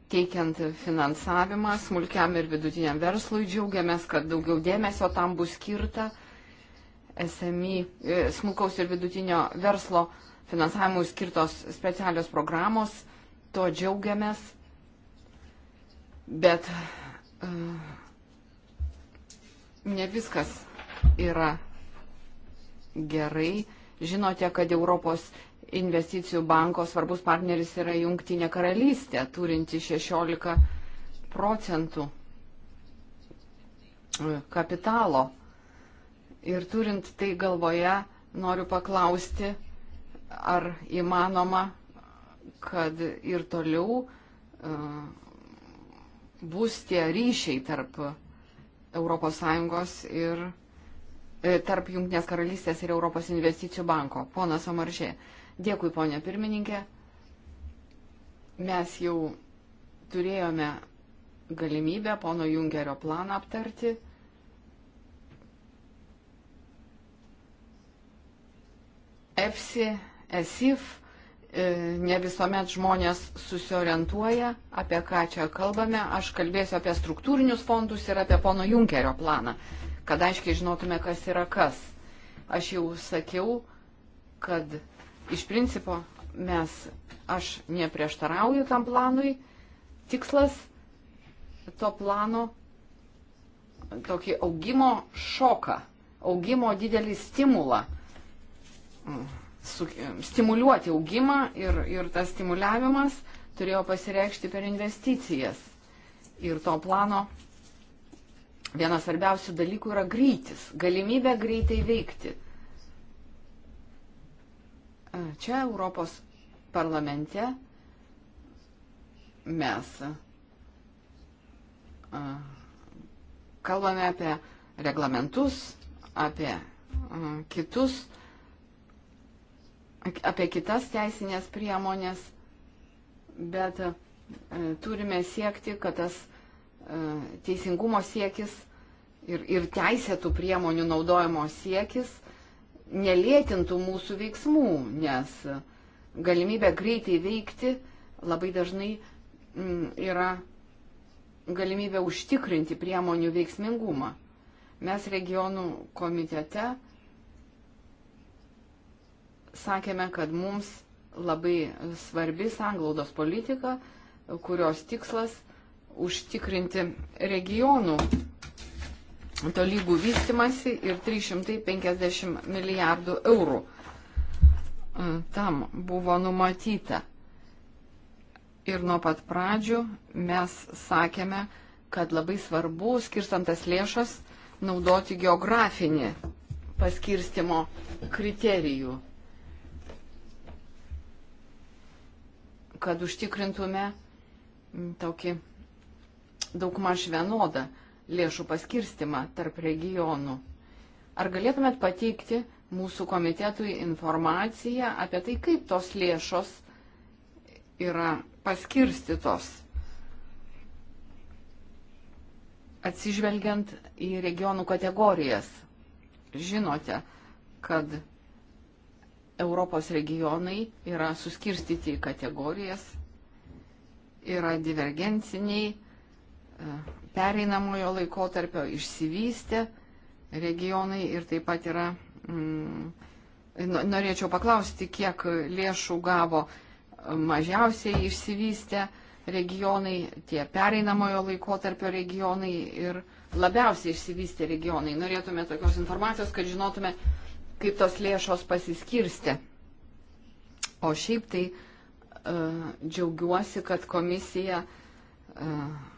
teikiant finansavimą smulkiam ir vidutiniam verslui. Džiaugiamės, kad daugiau dėmesio tam bus skirta SMI, e, smulkaus ir vidutinio verslo finansavimui skirtos specialios programos. To džiaugiamės. Bet e, ne viskas yra gerai. Žinote, kad Europos investicijų banko svarbus partneris yra Jungtinė karalystė, turinti 16 procentų e, kapitalo. Ir turint tai galvoje, noriu paklausti, ar įmanoma, kad ir toliau uh, bus tie ryšiai tarp ES ir e, tarp Junktinės karalystės ir Europos investicijų banko. Ponas Omaržė. Uh, Dėkui, ponė pirmininkė. Mes jau turėjome galimybę pono Jungerio planą aptarti. EFSI, ESIF, e, ne visuomet žmonės susiorientuoja, apie ką čia kalbame. Aš kalbėsiu apie struktūrinius fondus ir apie pono Junkerio planą, kad aiškiai žinotume, kas yra kas. Aš jau sakiau, kad iš principo mes, aš neprieštarauju tam planui. Tikslas to plano tokį augimo šoką, augimo didelį stimulą, mm. su, stimuliuoti augimą ir, ir tas stimuliavimas turėjo pasireikšti per investicijas. Ir to plano vienas svarbiausių dalykų yra greitis, galimybė greitai veikti čia Europos parlamente mes kalbame apie reglamentus, apie kitus, apie kitas teisinės priemonės, bet turime siekti, kad tas teisingumo siekis ir, ir teisėtų priemonių naudojimo siekis nelėtintų mūsų veiksmų, nes galimybė greitai veikti labai dažnai mm, yra galimybė užtikrinti priemonių veiksmingumą. Mes regionų komitete sakėme, kad mums labai svarbi sanglaudos politika, kurios tikslas užtikrinti regionų tolygų vystimasi ir 350 milijardų eurų e, tam buvo numatyta. Ir nuo pat pradžių mes sakėme, kad labai svarbu skirstantas lėšas naudoti geografinį paskirstimo kriterijų, kad užtikrintume tokį daugmaž vienodą lėšų paskirstimą tarp regionų. Ar galėtumėt pateikti mūsų komitetui informaciją apie tai, kaip tos lėšos yra paskirstytos, atsižvelgiant į regionų kategorijas? Žinote, kad Europos regionai yra suskirstyti į kategorijas, yra divergenciniai, pereinamojo laikotarpio išsivystė regionai ir taip pat yra. Mm, norėčiau paklausti, kiek lėšų gavo mažiausiai išsivystę regionai, tie pereinamojo laikotarpio regionai ir labiausiai išsivystę regionai. Norėtume tokios informacijos, kad žinotume, kaip tos lėšos pasiskirsti. O šiaip tai uh, džiaugiuosi, kad komisija uh,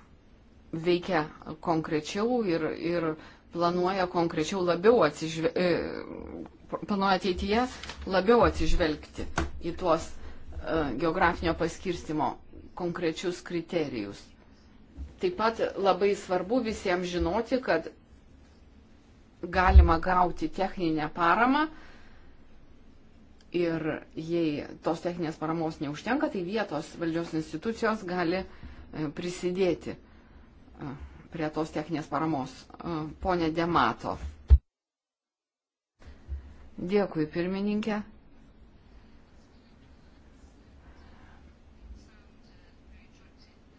veikia konkrečiau ir, ir planuoja konkrečiau labiau atsižvelgti, e, planuoja ateityje labiau atsižvelgti į tuos e, geografinio paskirstimo konkrečius kriterijus. Taip pat labai svarbu visiems žinoti, kad galima gauti techninę paramą ir jei tos techninės paramos neužtenka, tai vietos valdžios institucijos gali e, prisidėti prie tos techninės paramos. E, Pone Demato. Dėkui, pirmininkė.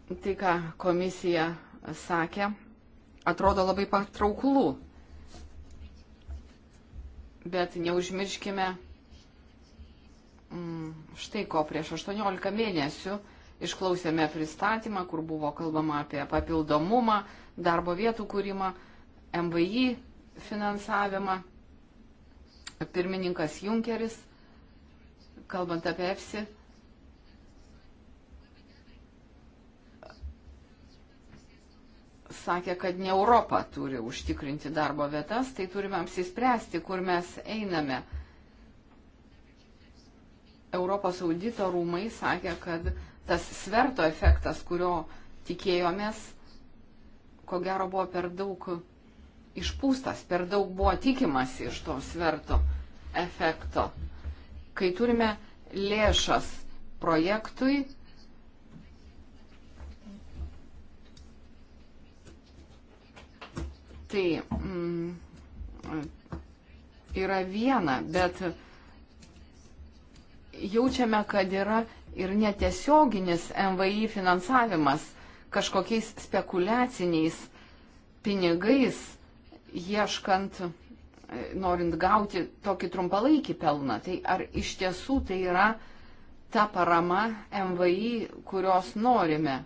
Tai, ką komisija sakė, atrodo labai patrauklų. Bet neužmirškime mm, štai ko prieš 18 mėnesių Išklausėme pristatymą, kur buvo kalbama apie papildomumą, darbo vietų kūrimą, MVI finansavimą. Pirmininkas Junkeris, kalbant apie EFSI, sakė, kad ne Europa turi užtikrinti darbo vietas, tai turime apsispręsti, kur mes einame. Europos audito rūmai sakė, kad tas sverto efektas, kurio tikėjomės, ko gero buvo per daug išpūstas, per daug buvo tikimasi iš to sverto efekto. Kai turime lėšas projektui, tai mm, yra viena, bet jaučiame, kad yra ir netiesioginis MVI finansavimas kažkokiais spekuliaciniais pinigais, ieškant, norint gauti tokį trumpalaikį pelną. Tai ar iš tiesų tai yra ta parama MVI, kurios norime?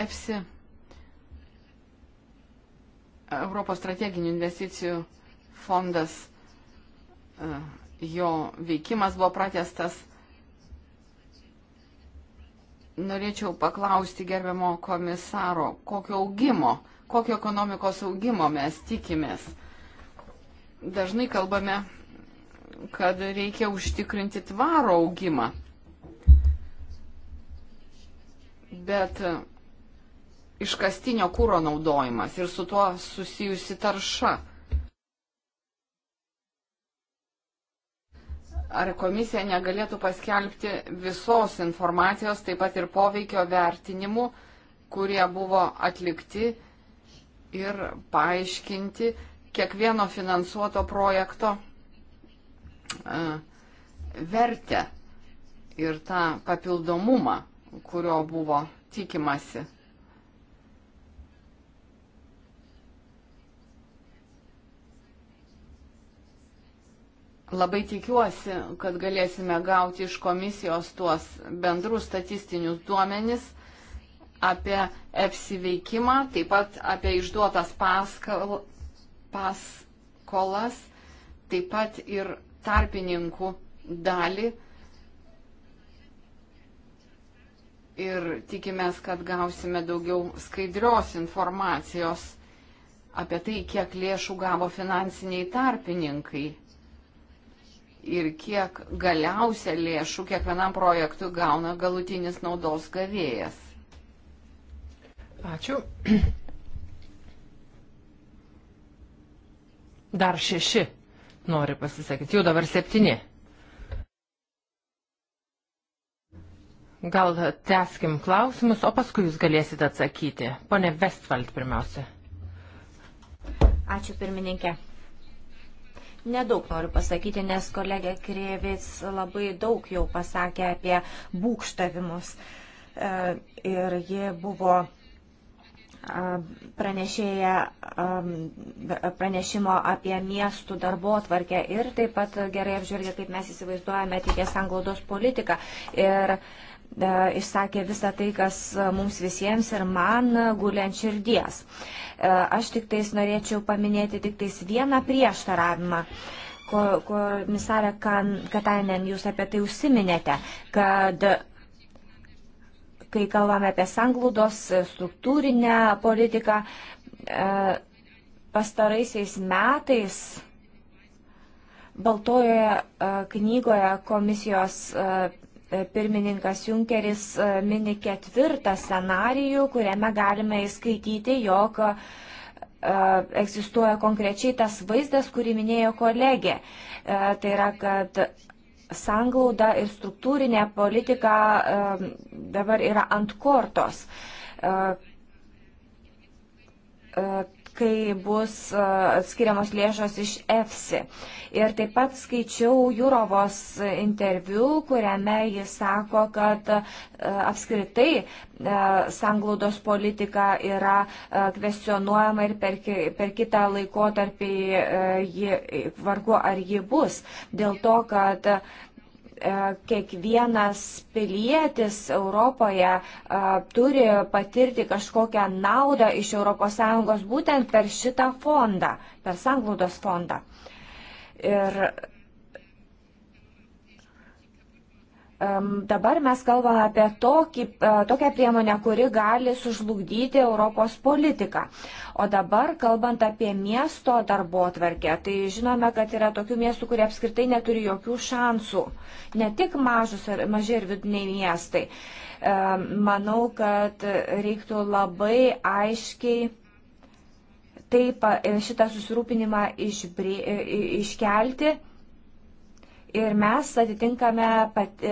EFSI Europos strateginių investicijų fondas, e, jo veikimas buvo pratestas. Norėčiau paklausti gerbiamo komisaro, kokio augimo, kokio ekonomikos augimo mes tikimės. Dažnai kalbame, kad reikia užtikrinti tvarų augimą. Bet iškastinio kūro naudojimas ir su tuo susijusi tarša. Ar komisija negalėtų paskelbti visos informacijos, taip pat ir poveikio vertinimų, kurie buvo atlikti ir paaiškinti kiekvieno finansuoto projekto e, vertę ir tą papildomumą, kurio buvo tikimasi. Labai tikiuosi, kad galėsime gauti iš komisijos tuos bendrus statistinius duomenis apie EPSI veikimą, taip pat apie išduotas paskal, paskolas, taip pat ir tarpininkų dalį. ir tikimės, kad gausime daugiau skaidrios informacijos apie tai, kiek lėšų gavo finansiniai tarpininkai ir kiek galiausia lėšų kiekvienam projektui gauna galutinis naudos gavėjas. Ačiū. Dar šeši nori pasisakyti, jau dabar septyni. Gal teskim klausimus, o paskui jūs galėsite atsakyti. Pone Westfald pirmiausia. Ačiū pirmininkė. Nedaug noriu pasakyti, nes kolegė Krievis labai daug jau pasakė apie būkštavimus. E, ir ji buvo pranešėja pranešimo apie miestų darbo atvarkę ir taip pat gerai apžvelgia, kaip mes įsivaizduojame ateities anglaudos politiką. Ir uh, E, išsakė visą tai, kas e, mums visiems ir man guliant širdies. E, aš tik tais norėčiau paminėti tik tais vieną prieštaravimą. Komisarė Katainen, jūs apie tai užsiminėte, kad kai kalbame apie sanglūdos struktūrinę politiką, pastaraisiais metais Baltojoje knygoje komisijos pirmininkas Junkeris e, mini ketvirtą scenarijų, kuriame galime įskaityti, jog e, egzistuoja konkrečiai tas vaizdas, kurį minėjo kolegė. E, tai yra, kad sanglauda ir struktūrinė politika dabar yra ant kortos kai bus skiriamos lėšos iš EFSI. Ir taip pat skaičiau Jūrovos interviu, kuriame jis sako, kad apskritai sanglaudos politika yra kvestionuojama ir per, per kitą laikotarpį vargu ar ji bus. Dėl to, kad E, kiekvienas pilietis Europoje e, turi patirti kažkokią naudą iš ES būtent per šitą fondą, per sanglaudos fondą. Ir Dabar mes kalbame apie tokį, e, tokią priemonę, kuri gali sužlugdyti Europos politiką. O dabar, kalbant apie miesto darbo tvarkę, tai žinome, kad yra tokių miestų, kurie apskritai neturi jokių šansų. Ne tik mažus, maži ir vidiniai miestai. Manau, kad reiktų labai aiškiai taip e, šitą susirūpinimą išbrė, e, iškelti Ir mes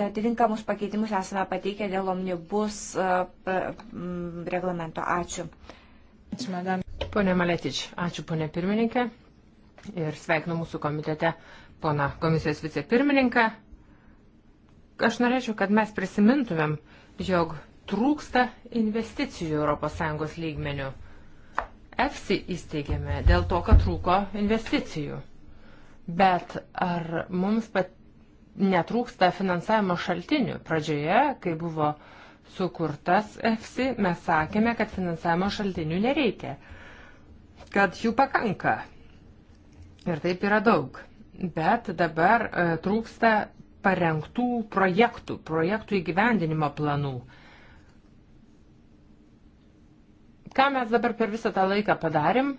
atitinkamus pakeitimus esame pateikę dėl omnibus e, reglamento. Ačiū. Pone Maletič, ačiū pone pirmininkė ir sveikinu mūsų komitete pona komisijos vicepirmininką. Aš norėčiau, kad mes prisimintumėm, jog trūksta investicijų ES lygmenių. EFSI įsteigėme dėl to, kad trūko investicijų. Bet ar mums pat netrūksta finansavimo šaltinių? Pradžioje, kai buvo sukurtas EFSI, mes sakėme, kad finansavimo šaltinių nereikia, kad jų pakanka. Ir taip yra daug. Bet dabar e, trūksta parengtų projektų, projektų įgyvendinimo planų. Ką mes dabar per visą tą laiką padarim?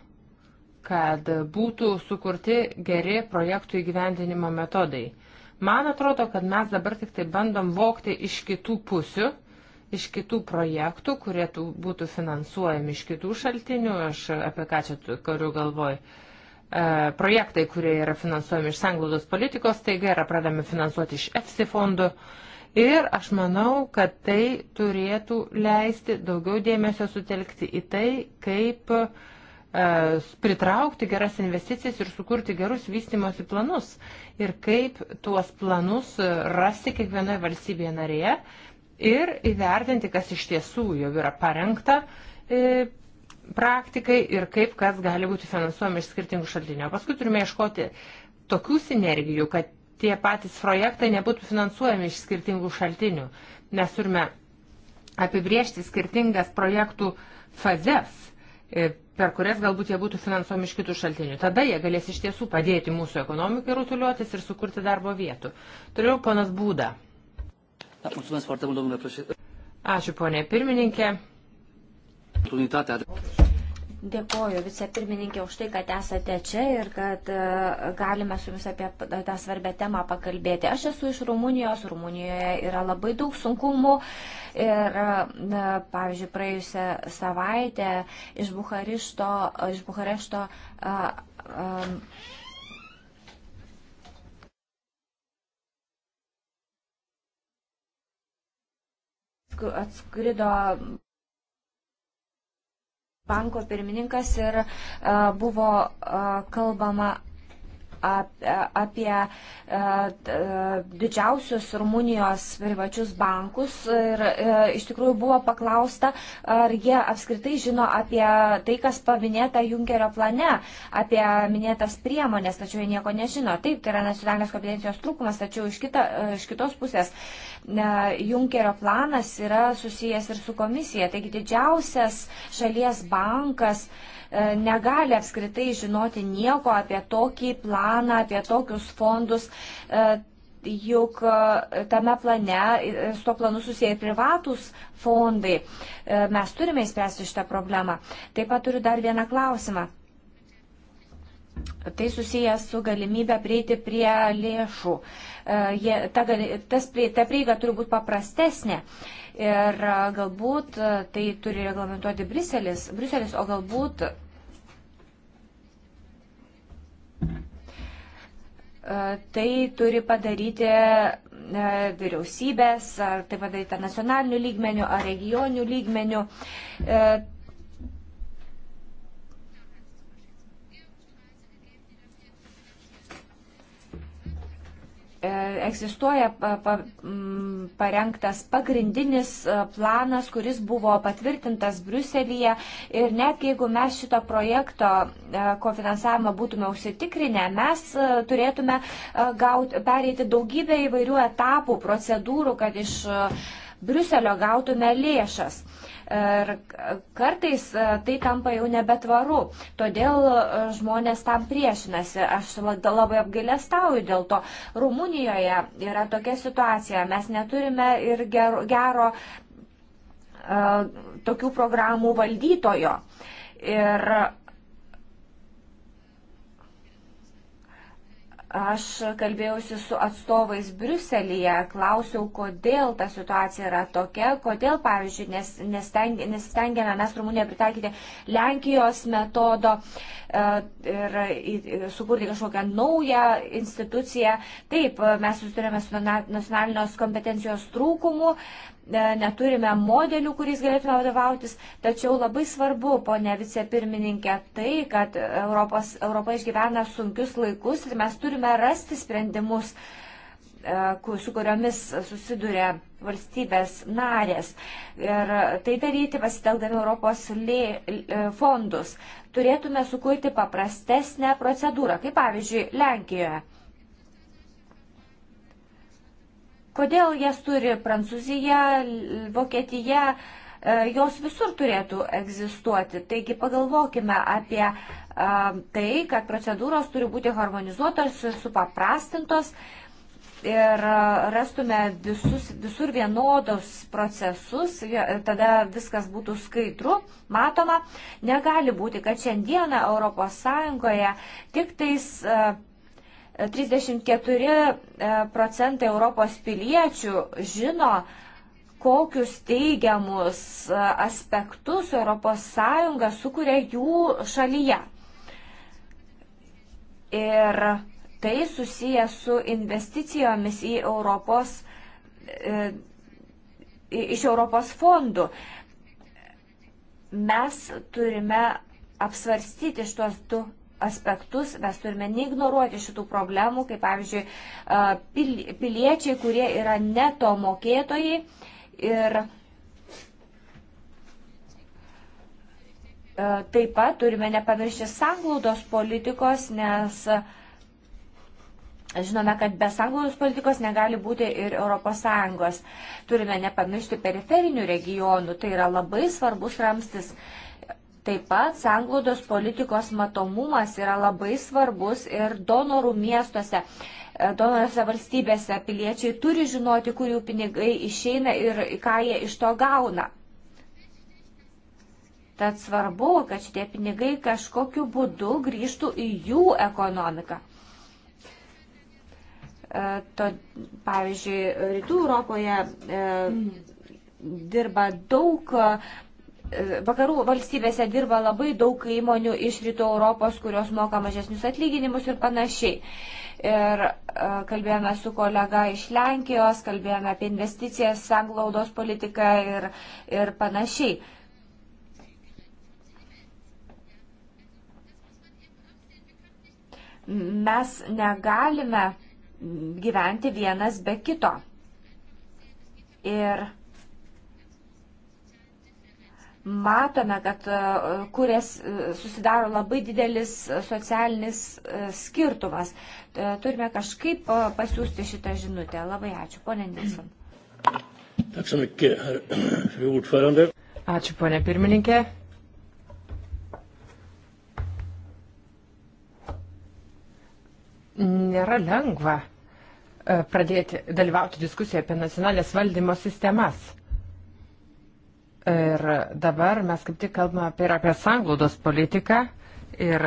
kad būtų sukurti geri projektų įgyvendinimo metodai. Man atrodo, kad mes dabar tik tai bandom vokti iš kitų pusių, iš kitų projektų, kurie būtų finansuojami iš kitų šaltinių, aš apie ką čia kariu galvoj, e, projektai, kurie yra finansuojami iš sanglaudos politikos, taiga yra pradami finansuoti iš EFSI fondų. Ir aš manau, kad tai turėtų leisti daugiau dėmesio sutelkti į tai, kaip uh, E, pritraukti geras investicijas ir sukurti gerus vystimosi planus. Ir kaip tuos planus e, rasti kiekvienoje valstybėje narėje ir įvertinti, kas iš tiesų jau yra parengta e, praktikai ir kaip kas gali būti finansuojama iš skirtingų šaltinių. Paskui turime ieškoti tokių sinergijų, kad tie patys projektai nebūtų finansuojami iš skirtingų šaltinių. Mes turime apibriežti skirtingas projektų fazes per kurias galbūt jie būtų finansuomi iš kitų šaltinių. Tada jie galės iš tiesų padėti mūsų ekonomikai rutuliuotis ir sukurti darbo vietų. Toliau ponas Būda. Ačiū ponė pirmininkė. Dėkoju vicepirmininkė už tai, kad esate čia ir kad e, galime su jumis apie tą svarbę temą pakalbėti. Aš esu iš Rumunijos, Rumunijoje yra labai daug sunkumų ir, e, pavyzdžiui, praėjusią savaitę iš, iš Bukarešto. A, e, a, atskrido banko pirmininkas ir e, buvo e, kalbama e, apie didžiausius Rumunijos privačius bankus ir iš tikrųjų buvo paklausta, ar jie apskritai žino apie tai, kas paminėta Junkerio plane, apie minėtas priemonės, tačiau jie nieko nežino. Taip, tai yra nacionalinės kompetencijos trūkumas, tačiau iš, kita, iš kitos pusės Junkerio planas yra susijęs ir su komisija. Taigi didžiausias šalies bankas e, negali apskritai žinoti nieko apie tokį planą, apie tokius fondus. E, juk e, tame plane, su to planu susiję privatus fondai. Mes turime įspręsti šitą problemą. Taip pat turiu dar vieną klausimą. Tai susijęs su galimybė prieiti prie lėšų. E, jie, ta, tas, ta prieiga turi būti paprastesnė. Ir e, galbūt e, tai turi reglamentuoti Briselis, Briselis o galbūt tai turi padaryti vyriausybės, ar tai padaryta nacionaliniu lygmeniu, ar regioniniu lygmeniu. E, egzistuoja parengtas pagrindinis e, planas, kuris buvo patvirtintas Bruselėje ir net jeigu mes šito projekto e, kofinansavimą būtume užsitikrinę, mes turėtume gaut, pereiti daugybę įvairių etapų, procedūrų, kad iš Briuselio gautume lėšas. Ir kartais e, tai tampa jau nebetvaru, todėl e, žmonės tam priešinasi. Aš labai apgailestauju dėl to. Rumunijoje yra tokia situacija, mes neturime ir gero, gero tokių programų valdytojo. Ir Aš kalbėjausi su atstovais Briuselėje, klausiau, kodėl ta situacija yra tokia, kodėl, pavyzdžiui, nes, nesistengiame mes Rumunijoje pritaikyti Lenkijos metodo e, ir, ir sukurti kažkokią naują instituciją. Taip, e, mes susidurėme su nacionalinios kompetencijos trūkumu, neturime modelių, kuriais galėtume vadovautis, tačiau labai svarbu, ponė vicepirmininkė, tai, kad Europos, Europa išgyvena sunkius laikus ir mes turime rasti sprendimus e, su kuriomis susiduria valstybės narės. Ir tai daryti pasitelkdami Europos lė, e, fondus. Turėtume sukurti paprastesnę procedūrą, kaip pavyzdžiui Lenkijoje. Kodėl jas turi Prancūzija, Vokietija, e, jos visur turėtų egzistuoti. Taigi pagalvokime apie e, tai, kad procedūros turi būti harmonizuotos ir supaprastintos ir e, rastume visus, visur vienodos procesus, tada viskas būtų skaidru, matoma. Negali būti, kad šiandieną ES tik tais 34 e, procentai Europos piliečių žino, kokius teigiamus e, aspektus ES sukuria jų šalyje. Ir tai susiję su investicijomis į Europos, e, iš Europos fondų. Mes turime apsvarstyti šitos du aspektus, mes turime neignoruoti šitų problemų, kaip pavyzdžiui, piliečiai, kurie yra neto mokėtojai ir taip pat turime nepamiršti sanglaudos politikos, nes Žinome, kad be sanglaudos politikos negali būti ir ES. Turime nepamiršti periferinių regionų, tai yra labai svarbus ramstis. Taip pat sanglaudos politikos matomumas yra labai svarbus ir donorų miestuose, e, donorose valstybėse piliečiai turi žinoti, kur jų pinigai išeina ir ką jie iš to gauna. Tad svarbu, kad šitie pinigai kažkokiu būdu grįžtų į jų ekonomiką. E, to, pavyzdžiui, Rytų Europoje e, mhm. dirba daug Vakarų valstybėse dirba labai daug įmonių iš rytų Europos, kurios moka mažesnius atlyginimus ir panašiai. Ir e, kalbėjome su kolega iš Lenkijos, kalbėjome apie investicijas, sanglaudos politiką ir, ir panašiai. Mes negalime gyventi vienas be kito. Ir matome, kad e, kurias e, susidaro labai didelis socialinis e, skirtumas. Turime kažkaip pasiūsti šitą žinutę. Labai ačiū, ponė Nilsson. Ačiū, ponė pirmininkė. Nėra lengva pradėti dalyvauti diskusijoje apie nacionalės valdymo sistemas Ir dabar mes kaip tik kalbame apie, apie sanglaudos politiką ir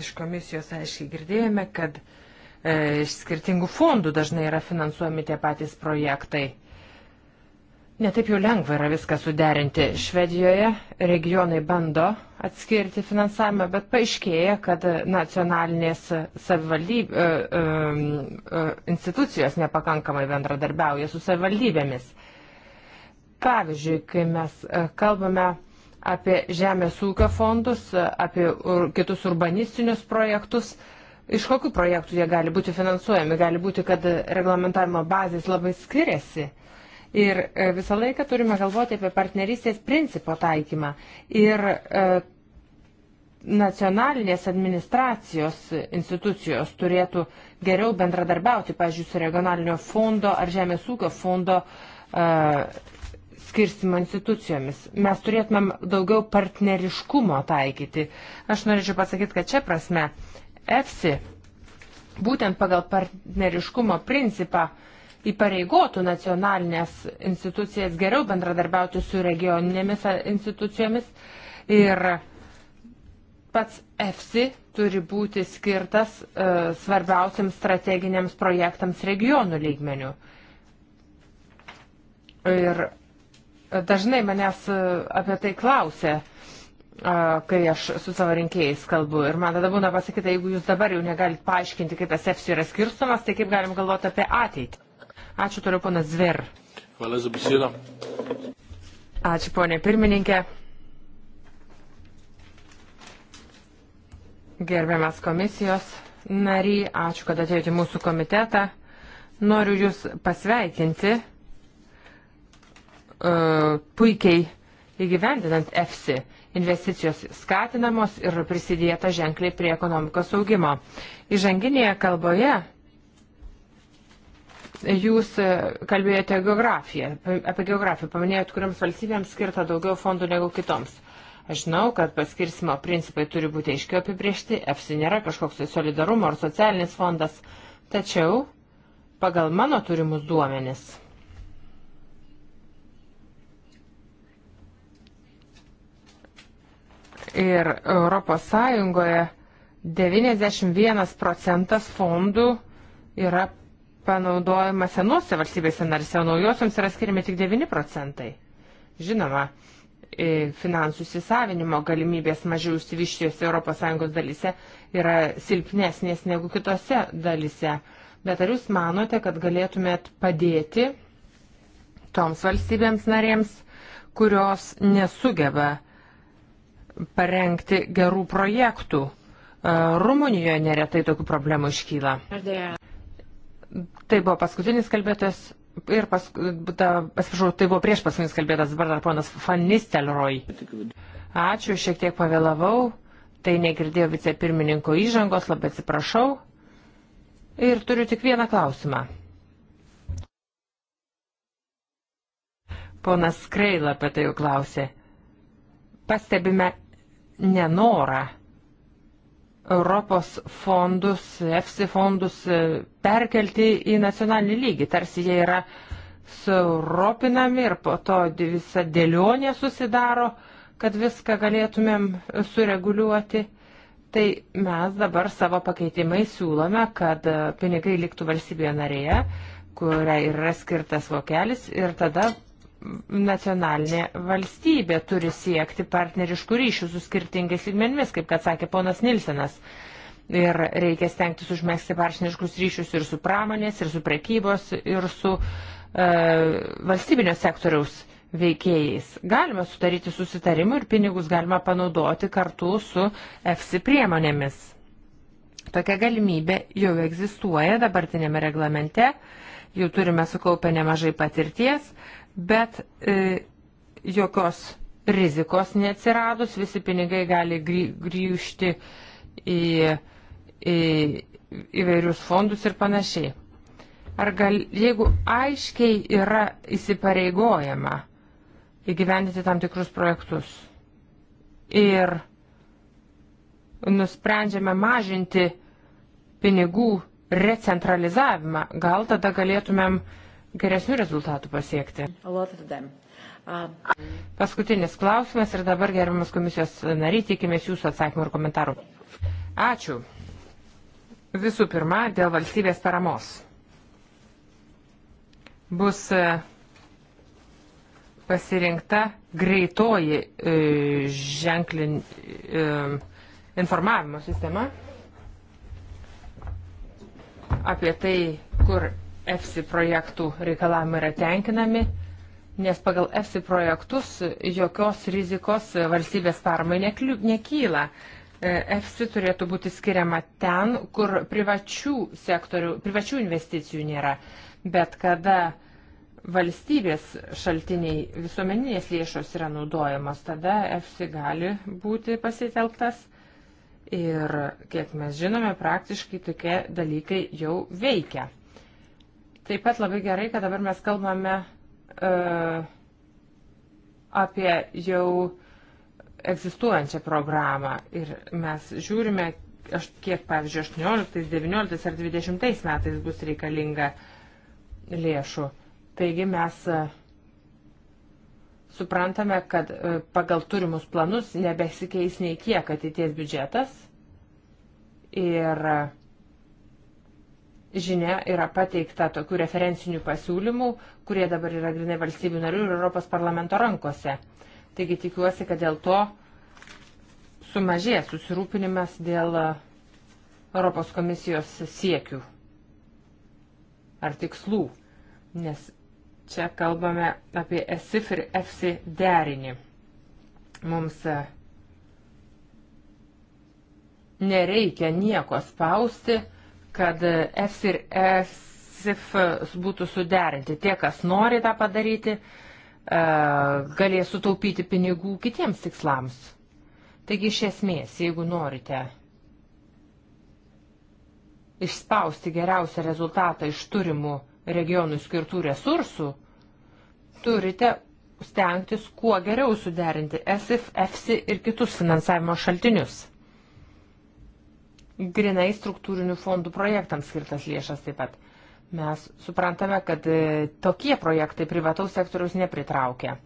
iš komisijos aiškiai girdėjome, kad e, iš skirtingų fondų dažnai yra finansuojami tie patys projektai. Netaip jau lengva yra viską suderinti. Švedijoje regionai bando atskirti finansavimą, bet paaiškėja, kad nacionalinės savivaldybės e, e, e, institucijos nepakankamai bendradarbiauja su savivaldybėmis. E, Pavyzdžiui, kai mes e, kalbame apie žemės ūkio fondus, e, apie kitus urbanistinius projektus, iš kokių projektų jie gali būti finansuojami, gali būti, kad reglamentavimo bazės labai skiriasi. Ir e, visą laiką turime galvoti apie partnerystės principo taikymą. Ir nacionalinės administracijos institucijos turėtų geriau bendradarbiauti, pažiūrėjus, regionalinio fondo ar žemės ūkio fondo skirstimo institucijomis. Mes turėtumėm daugiau partneriškumo taikyti. Aš norėčiau pasakyti, kad čia prasme EFSI būtent pagal partneriškumo principą įpareigotų nacionalinės institucijas geriau bendradarbiauti su regioninėmis institucijomis ir pats EFSI turi būti skirtas uh, e, svarbiausiams strateginiams projektams regionų lygmenių. Ir Dažnai manęs e, apie tai klausia, kai aš su savo rinkėjais kalbu. Ir man tada būna pasakyta, jeigu jūs dabar jau negalit paaiškinti, kaip tas EFSI yra skirstomas, tai kaip galim galvoti apie ateitį. Ačiū toliau, ponas Zver. Hvala za besedo. Ačiū, ponė pirmininkė. Gerbiamas komisijos nary, ačiū, kad atėjote į mūsų komitetą. Noriu Jūs pasveikinti E, puikiai įgyvendinant EFSI. Investicijos skatinamos ir prisidėta ženkliai prie ekonomikos augimo. Įžanginėje kalboje jūs e, kalbėjote geografiją, apie geografiją, paminėjot, kuriams valstybėms skirta daugiau fondų negu kitoms. Aš žinau, kad paskirsimo principai turi būti aiškiai apibriešti, EFSI nėra kažkoks tai solidarumo ar socialinis fondas, tačiau pagal mano turimus duomenis Ir Europos Sąjungoje 91 procentas fondų yra panaudojama senuose valstybėse narise, o naujosioms yra skiriami tik 9 procentai. Žinoma, e, finansų įsisavinimo galimybės mažiau įsivyščiuose ES dalise yra silpnesnės negu kitose dalise. Bet ar jūs manote, kad galėtumėt padėti toms valstybėms narėms, kurios nesugeba parengti gerų projektų. E, Rumunijoje neretai tokių problemų iškyla. Tai buvo paskutinis kalbėtojas ir pask... atsiprašau, tai buvo prieš paskutinis kalbėtas, dabar dar ponas Fanistelroj. Ačiū, šiek tiek pavėlavau, tai negirdėjau vicepirmininko įžangos, labai atsiprašau. Ir turiu tik vieną klausimą. Ponas Kreila apie tai jau klausė. Pastebime nenorą Europos fondus, EFSI fondus perkelti į nacionalinį lygį, tarsi jie yra suropinami ir po to visa dėlionė susidaro, kad viską galėtumėm sureguliuoti. Tai mes dabar savo pakeitimais siūlome, kad pinigai liktų valstybėje narėje, kuria yra skirtas vokelis ir tada nacionalinė valstybė turi siekti partneriškų ryšių su skirtingais lygmenimis, kaip kad sakė ponas Nilsenas. Ir reikia stengtis užmėgsti partneriškus ryšius ir su pramonės, ir su prekybos, ir su e, valstybinio sektoriaus veikėjais. Galima sudaryti susitarimų ir pinigus galima panaudoti kartu su EFSI priemonėmis. Tokia galimybė jau egzistuoja dabartinėme reglamente, jau turime sukaupę nemažai patirties, bet e, jokios rizikos neatsiradus, visi pinigai gali grįžti į, į įvairius fondus ir panašiai. Ar gal, jeigu aiškiai yra įsipareigojama įgyvendyti tam tikrus projektus ir nusprendžiame mažinti pinigų recentralizavimą, gal tada galėtumėm uh, geresnių rezultatų pasiekti. Paskutinis klausimas ir dabar gerbiamas komisijos nariai, tikimės jūsų atsakymų ir komentarų. Ačiū. Visų pirma, dėl valstybės paramos. Bus e, pasirinkta greitoji e, ženklin e, informavimo sistema apie tai, kur EFSI projektų reikalavimai yra tenkinami, nes pagal EFSI projektus jokios rizikos valstybės paramai nekyla. EFSI turėtų būti skiriama ten, kur privačių, sektorių, privačių investicijų nėra, bet kada valstybės šaltiniai visuomeninės lėšos yra naudojamos, tada EFSI gali būti pasitelktas. Ir, kiek mes žinome, praktiškai tokie dalykai jau veikia. Taip pat labai gerai, kad dabar mes kalbame uh, apie jau egzistuojančią programą ir mes žiūrime, aš, kiek, pavyzdžiui, 18, 19 ar 20 metais bus reikalinga lėšų. Taigi mes uh, suprantame, kad uh, pagal turimus planus nebesikeis nei kiek ateities biudžetas ir uh, žinia yra pateikta tokių referencinių pasiūlymų, kurie dabar yra grinai valstybių narių ir Europos parlamento rankose. Taigi tikiuosi, kad dėl to sumažės susirūpinimas dėl e, Europos komisijos siekių ar tikslų, nes čia kalbame apie ESIF ir EFSI derinį. Mums e, nereikia nieko spausti, kad EFS ir ESIF būtų suderinti. Tie, kas nori tą padaryti, e, galės sutaupyti pinigų kitiems tikslams. Taigi iš esmės, jeigu norite išspausti geriausią rezultatą iš turimų regionų skirtų resursų, turite stengtis kuo geriau suderinti ESIF, EFSI ir kitus finansavimo šaltinius grinai struktūrinių fondų projektams skirtas lėšas taip pat. Mes suprantame, kad e, tokie projektai privataus sektoriaus nepritraukia.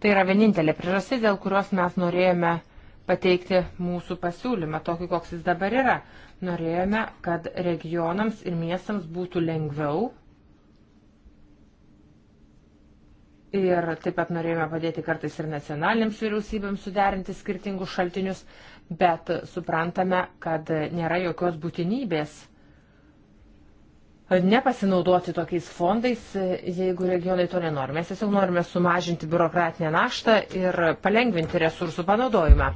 Tai yra vienintelė priežastis, dėl kurios mes norėjome pateikti mūsų pasiūlymą, tokį, koks jis dabar yra. Norėjome, kad regionams ir miestams būtų lengviau. Ir taip pat norėjome padėti kartais ir nacionaliniams vyriausybėms suderinti skirtingus šaltinius bet suprantame, kad nėra jokios būtinybės nepasinaudoti tokiais fondais, jeigu regionai to nenori. Mes tiesiog norime sumažinti biurokratinę naštą ir palengvinti resursų panaudojimą.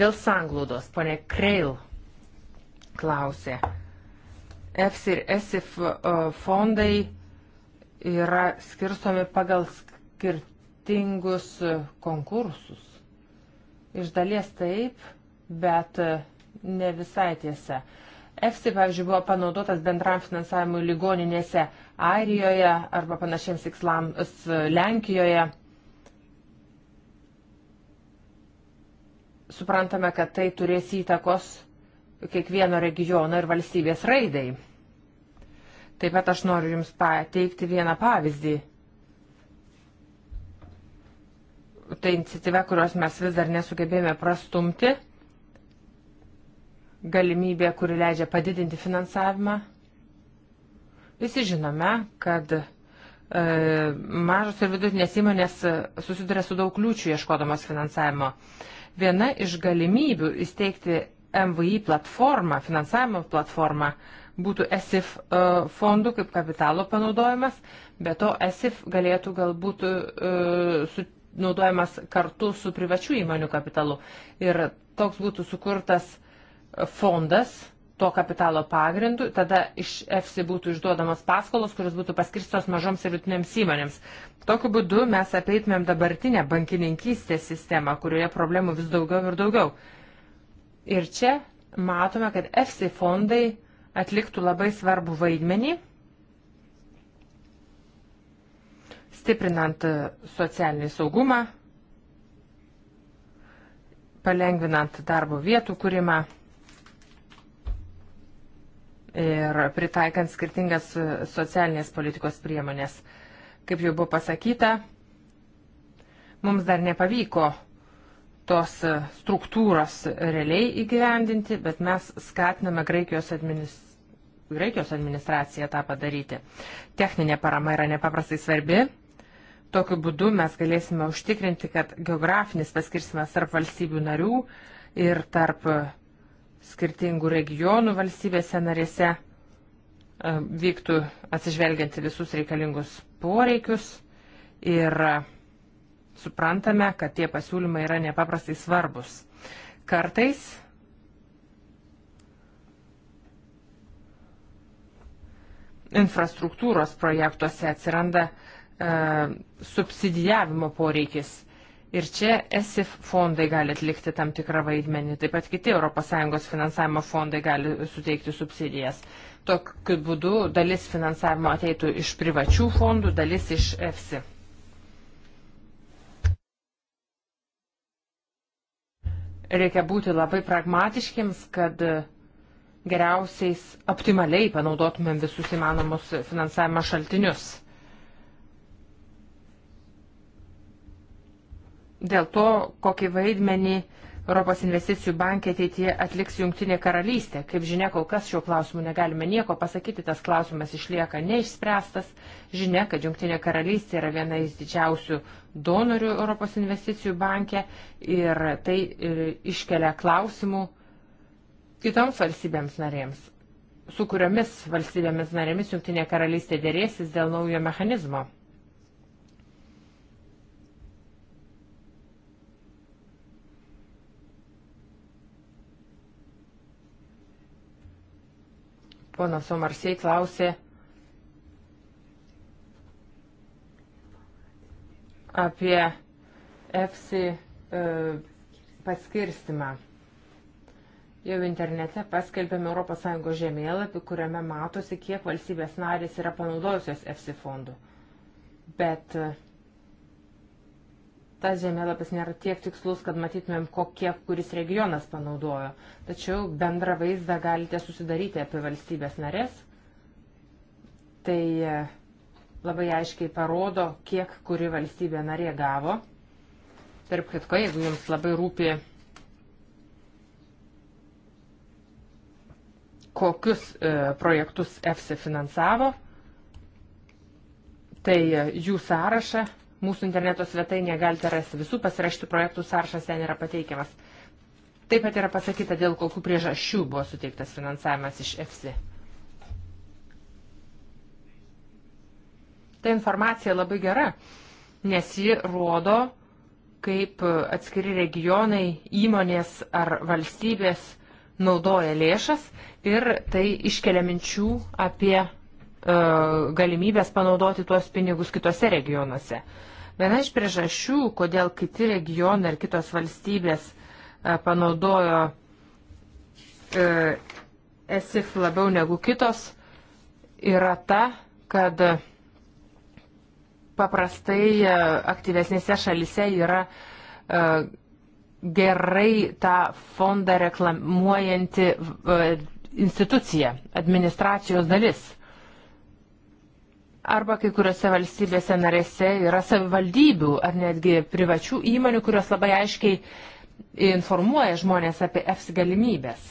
Dėl sanglūdos, ponė Kreil klausė. EFS ir ESIF fondai yra skirstomi pagal skirtingus konkursus. Iš dalies taip, bet e, ne visai tiesa. EFSI, pavyzdžiui, buvo panaudotas bendram finansavimui ligoninėse Airijoje arba panašiems tikslams e, Lenkijoje. Suprantame, kad tai turės įtakos kiekvieno regiono ir valstybės raidai. Taip pat aš noriu Jums pateikti vieną pavyzdį. Tai iniciatyva, kurios mes vis dar nesugebėjome prastumti galimybė, kuri leidžia padidinti finansavimą. Visi žinome, kad e, mažos ir vidutinės įmonės e, susiduria su daug kliūčių ieškodamos finansavimo. Viena iš galimybių įsteigti MVI platformą, finansavimo platformą, būtų ESIF e, fondų kaip kapitalo panaudojimas, bet to ESIF galėtų galbūt e, naudojamas kartu su privačių įmonių kapitalu. Ir toks būtų sukurtas fondas to kapitalo pagrindu, tada iš EFSI būtų išduodamas paskolos, kuris būtų paskirstos mažoms ir vidutinėms įmonėms. Tokiu būdu mes apeitumėm dabartinę bankininkystės sistemą, kurioje problemų vis daugiau ir daugiau. Ir čia matome, kad EFSI fondai atliktų labai svarbų vaidmenį, stiprinant socialinį saugumą, palengvinant darbo vietų kūrimą ir pritaikant skirtingas socialinės politikos priemonės. Kaip jau buvo pasakyta, mums dar nepavyko tos struktūros realiai įgyvendinti, bet mes skatiname Graikijos, administ... Graikijos administraciją tą padaryti. Techninė parama yra nepaprastai svarbi. Tokiu būdu mes galėsime užtikrinti, kad geografinis paskirsimas tarp valstybių narių ir tarp skirtingų regionų valstybėse narėse e, vyktų atsižvelgianti visus reikalingus poreikius ir suprantame, kad tie pasiūlymai yra nepaprastai svarbus. Kartais infrastruktūros projektuose atsiranda e, subsidijavimo poreikis Ir čia ESIF fondai gali atlikti tam tikrą vaidmenį, taip pat kiti ES finansavimo fondai gali suteikti subsidijas. Tokiu būdu dalis finansavimo ateitų iš privačių fondų, dalis iš EFSI. Reikia būti labai pragmatiškiams, kad geriausiais optimaliai panaudotumėm visus įmanomus finansavimo šaltinius. dėl to, kokį vaidmenį Europos investicijų bankė ateityje atliks Junktinė karalystė. Kaip žinia, kol kas šiuo klausimu negalime nieko pasakyti, tas klausimas išlieka neišspręstas. Žinia, kad Junktinė karalystė yra viena iš didžiausių donorių Europos investicijų bankė ir tai e, iškelia klausimų kitoms valstybėms narėms, su kuriomis valstybėmis narėmis Junktinė karalystė dėrėsis dėl naujo mechanizmo. Ponas Omarsiai klausė apie EFSI paskirstimą. Jau internete paskelbėme ES žemėlapį, kuriame matosi, kiek valstybės narės yra panaudojusios EFSI fondų. Bet uh, tas žemėlapis nėra tiek tikslus, kad matytumėm, kokie kuris regionas panaudojo. Tačiau bendrą vaizdą galite susidaryti apie valstybės narės. Tai e, labai aiškiai parodo, kiek kuri valstybė narė gavo. Tarp kitko, jeigu jums labai rūpi, kokius e, projektus EFSI finansavo, tai e, jų sąrašą Mūsų interneto svetainėje galite rasti visų pasirašytų projektų sąrašas ten yra pateikiamas. Taip pat yra pasakyta, dėl kokių priežasčių buvo suteiktas finansavimas iš EFSI. Ta informacija labai gera, nes ji rodo, kaip atskiri regionai, įmonės ar valstybės naudoja lėšas ir tai iškelia minčių apie e, galimybės panaudoti tuos pinigus kitose regionuose. Viena iš priežasčių, kodėl kiti regionai ir kitos valstybės e, panaudojo ESIF labiau negu kitos, yra ta, kad paprastai e, aktyvesnėse šalise yra e, gerai tą fondą reklamuojanti institucija, administracijos dalis. Arba kai kuriuose valstybėse narėse yra savivaldybių ar netgi privačių įmonių, kurios labai aiškiai informuoja žmonės apie EFS galimybės.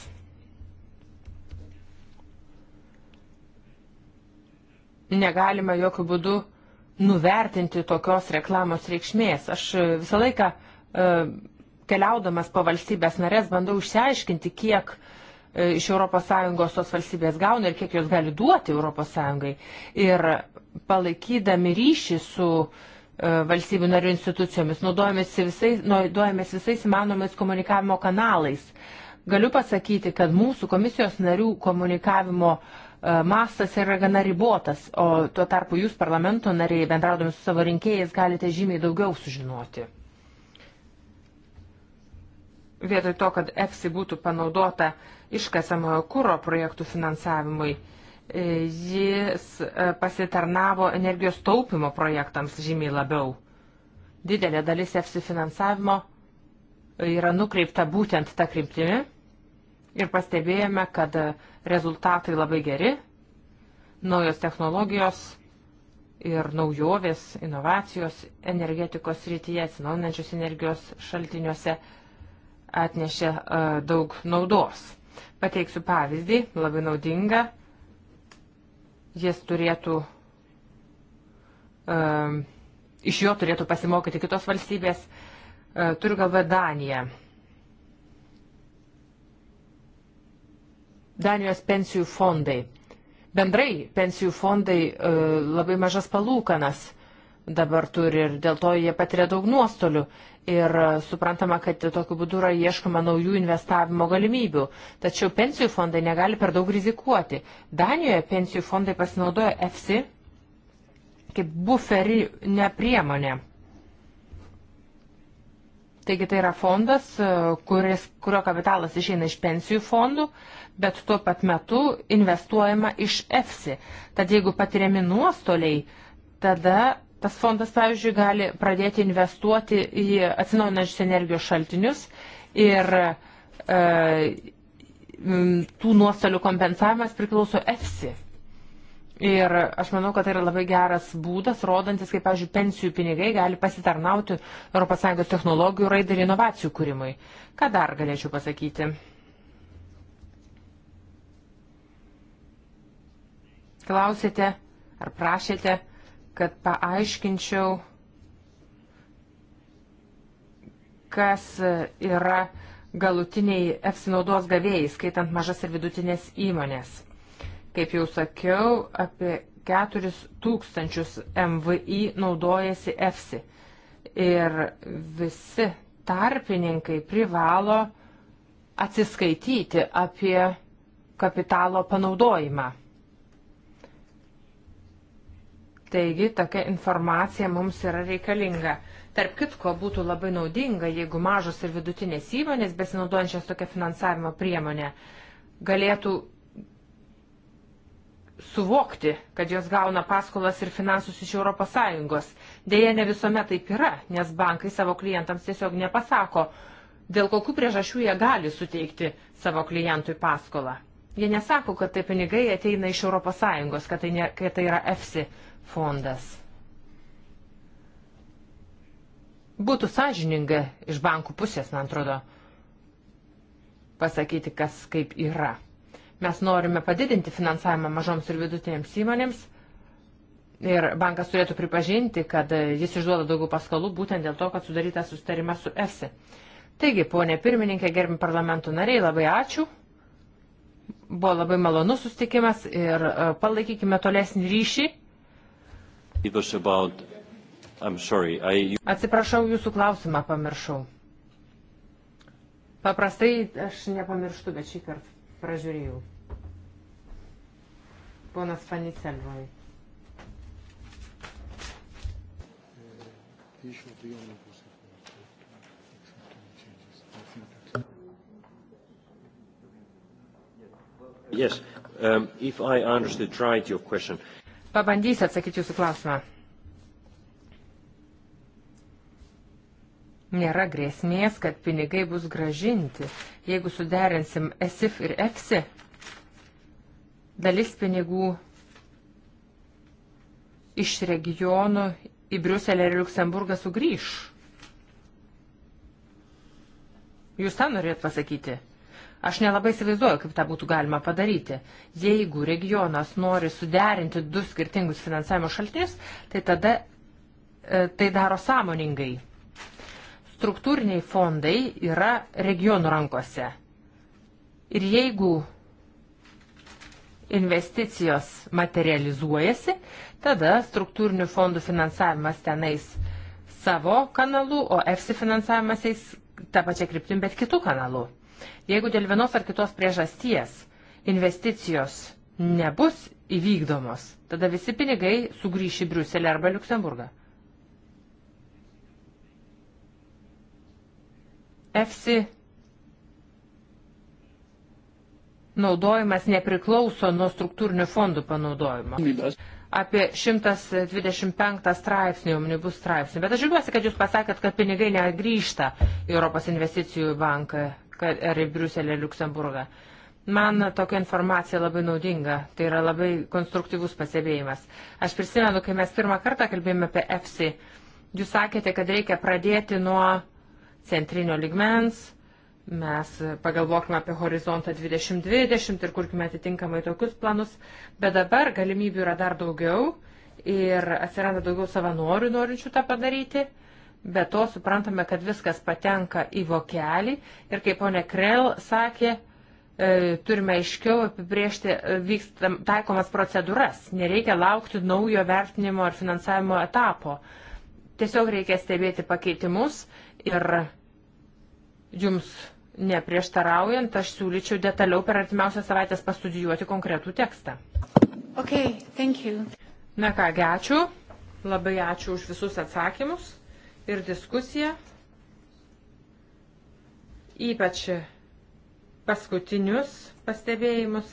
Negalima jokių būdų nuvertinti tokios reklamos reikšmės. Aš e, visą laiką e, keliaudamas po valstybės narės bandau išsiaiškinti, kiek uh, E, iš ES tos valstybės gauna ir kiek jos gali duoti ES. Ir palaikydami ryšį su e, valstybių narių institucijomis, naudojamės visais, naudojamės visais įmanomais komunikavimo kanalais. Galiu pasakyti, kad mūsų komisijos narių komunikavimo e, mastas yra gana ribotas, o tuo tarpu jūs parlamento nariai, bendraudami su savo rinkėjais, galite žymiai daugiau sužinoti vietoj to, kad EFSI būtų panaudota iškasamojo kūro projektų finansavimui. E, jis e, pasitarnavo energijos taupimo projektams žymiai labiau. Didelė dalis EFSI finansavimo e, yra nukreipta būtent tą kryptimį ir pastebėjome, kad rezultatai labai geri, naujos technologijos ir naujovės, inovacijos energetikos srityje, atsinaujinančios energijos šaltiniuose atnešė daug naudos. Pateiksiu pavyzdį, labai naudinga. Jis turėtų, um, iš jo turėtų pasimokyti kitos valstybės. Uh, turiu galvą Daniją. Danijos pensijų fondai. Bendrai pensijų fondai uh, labai mažas palūkanas uh, dabar turi ir dėl to jie patiria daug nuostolių. Ir e, suprantama, kad tokiu būdu yra ieškoma naujų investavimo galimybių. Tačiau pensijų fondai negali per daug rizikuoti. Danijoje pensijų fondai pasinaudoja EFSI kaip buferinė priemonė. Taigi tai yra fondas, e, kuris, kurio kapitalas išeina iš pensijų fondų, bet tuo pat metu investuojama iš EFSI. Tad jeigu patiriami nuostoliai, tada Tas fondas, pavyzdžiui, gali pradėti investuoti į atsinaujinančius energijos šaltinius ir e, tų nuostolių kompensavimas priklauso EFSI. Ir aš manau, kad tai yra labai geras būdas, rodantis, kaip, pavyzdžiui, pensijų pinigai gali pasitarnauti ES technologijų raidai ir inovacijų kūrimui. Ką dar galėčiau pasakyti? Klausėte ar prašėte? kad paaiškinčiau, kas yra galutiniai apsinaudos gavėjai, skaitant mažas ir vidutinės įmonės. Kaip jau sakiau, apie 4 tūkstančius MVI naudojasi EFSI. Ir visi tarpininkai privalo atsiskaityti apie kapitalo panaudojimą. Taigi tokia informacija mums yra reikalinga. Tarp kitko būtų labai naudinga, jeigu mažos ir vidutinės įmonės, besinaudojančios tokią finansavimo priemonę, galėtų suvokti, kad jos gauna paskolas ir finansus iš ES. Deja, ne visuomet taip yra, nes bankai savo klientams tiesiog nepasako, dėl kokių priežasčių jie gali suteikti savo klientui paskolą. Jie nesako, kad tai pinigai ateina iš ES, kad tai, ne, kad tai yra EFSI fondas. Būtų sąžininga iš bankų pusės, man atrodo, pasakyti, kas kaip yra. Mes norime padidinti finansavimą mažoms ir vidutinėms įmonėms ir bankas turėtų pripažinti, kad jis išduoda daugiau paskolų būtent dėl to, kad sudarytas sustarimas su ESI. Taigi, ponė pirmininkė, gerbim parlamentų nariai, labai ačiū. Buvo labai malonus sustikimas ir e, palaikykime tolesnį ryšį About... Sorry, I... Atsiprašau, jūsų klausimą pamiršau. Paprastai aš nepamirštu, bet šį kartą pražiūrėjau. Ponas Fanicelvoj. Yes, um, if I understood right your question, uh, Pabandysiu atsakyti jūsų klausimą. Nėra grėsmės, kad pinigai bus gražinti. Jeigu suderinsim ESIF ir EFSI, dalis pinigų iš regionų į Briuselį ir Luksemburgą sugrįž. Jūs tą norėt pasakyti? Aš nelabai įsivaizduoju, kaip tą būtų galima padaryti. Jeigu regionas nori suderinti du skirtingus finansavimo šaltinius, tai tada e, tai daro sąmoningai. Struktūriniai fondai yra regionų rankose. Ir jeigu investicijos materializuojasi, tada struktūrinių fondų finansavimas tenais savo kanalu, o EFSI finansavimas eis tą pačią kryptim, bet kitų kanalų. Jeigu dėl vienos ar kitos priežasties investicijos nebus įvykdomos, tada visi pinigai sugrįš į Briuselį arba Luksemburgą. EFSI naudojimas nepriklauso nuo struktūrinių fondų panaudojimo. Apie 125 straipsnį, omnibus straipsnį. Bet aš žiūriuosi, kad jūs pasakėt, kad pinigai negrįžta į Europos investicijų banką kad, ar į Briuselį, Luksemburgą. Man tokia informacija labai naudinga, tai yra labai konstruktyvus pasibėjimas. Aš prisimenu, kai mes pirmą kartą kalbėjome apie EFSI, jūs sakėte, kad reikia pradėti nuo centrinio ligmens, mes pagalvokime apie horizontą 2020 ir kurkime atitinkamai tokius planus, bet dabar galimybių yra dar daugiau ir atsiranda daugiau savanorių norinčių tą padaryti. Be to suprantame, kad viskas patenka į vokelį ir kaip ponė Krell sakė, e, turime aiškiau apibriežti e, vykstam, taikomas procedūras. Nereikia laukti naujo vertinimo ar finansavimo etapo. Tiesiog reikia stebėti pakeitimus ir jums neprieštaraujant, aš siūlyčiau detaliau per artimiausią savaitę pastudijuoti konkretų tekstą. Okay, Na ką, ačiū. Labai ačiū už visus atsakymus ir diskusija, ypač paskutinius pastebėjimus,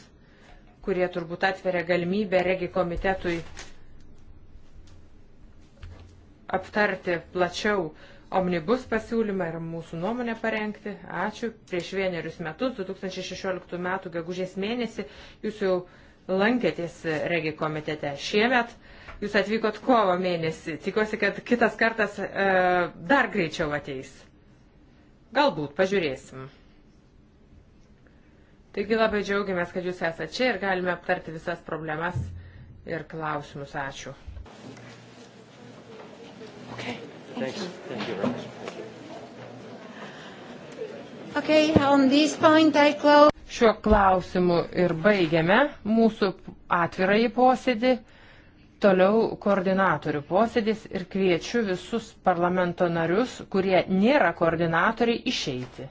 kurie turbūt atveria galimybę regi komitetui aptarti plačiau omnibus pasiūlymą ir mūsų nuomonę parengti. Ačiū. Prieš vienerius metus, 2016 m. gegužės mėnesį, jūs jau lankėtės regi komitete. Šiemet uh, Jūs atvykot kovo mėnesį. Tikiuosi, kad kitas kartas e, dar greičiau ateis. Galbūt, pažiūrėsim. Taigi labai džiaugiamės, kad jūs esate čia ir galime aptarti visas problemas ir klausimus. Ačiū. Okay. Thanks. Thank you. Thank you Okay, Šiuo klausimu ir baigiame mūsų atvirąjį posėdį. Toliau koordinatorių posėdis ir kviečiu visus parlamento narius, kurie nėra koordinatoriai, išeiti.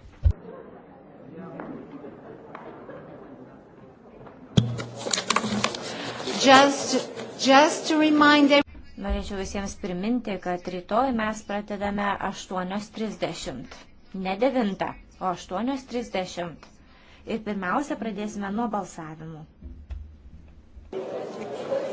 Just, just them... Norėčiau visiems priminti, kad rytoj mes pradedame 8.30. Ne 9, o 8.30. Ir pirmiausia, pradėsime nuo balsavimų. Thank you.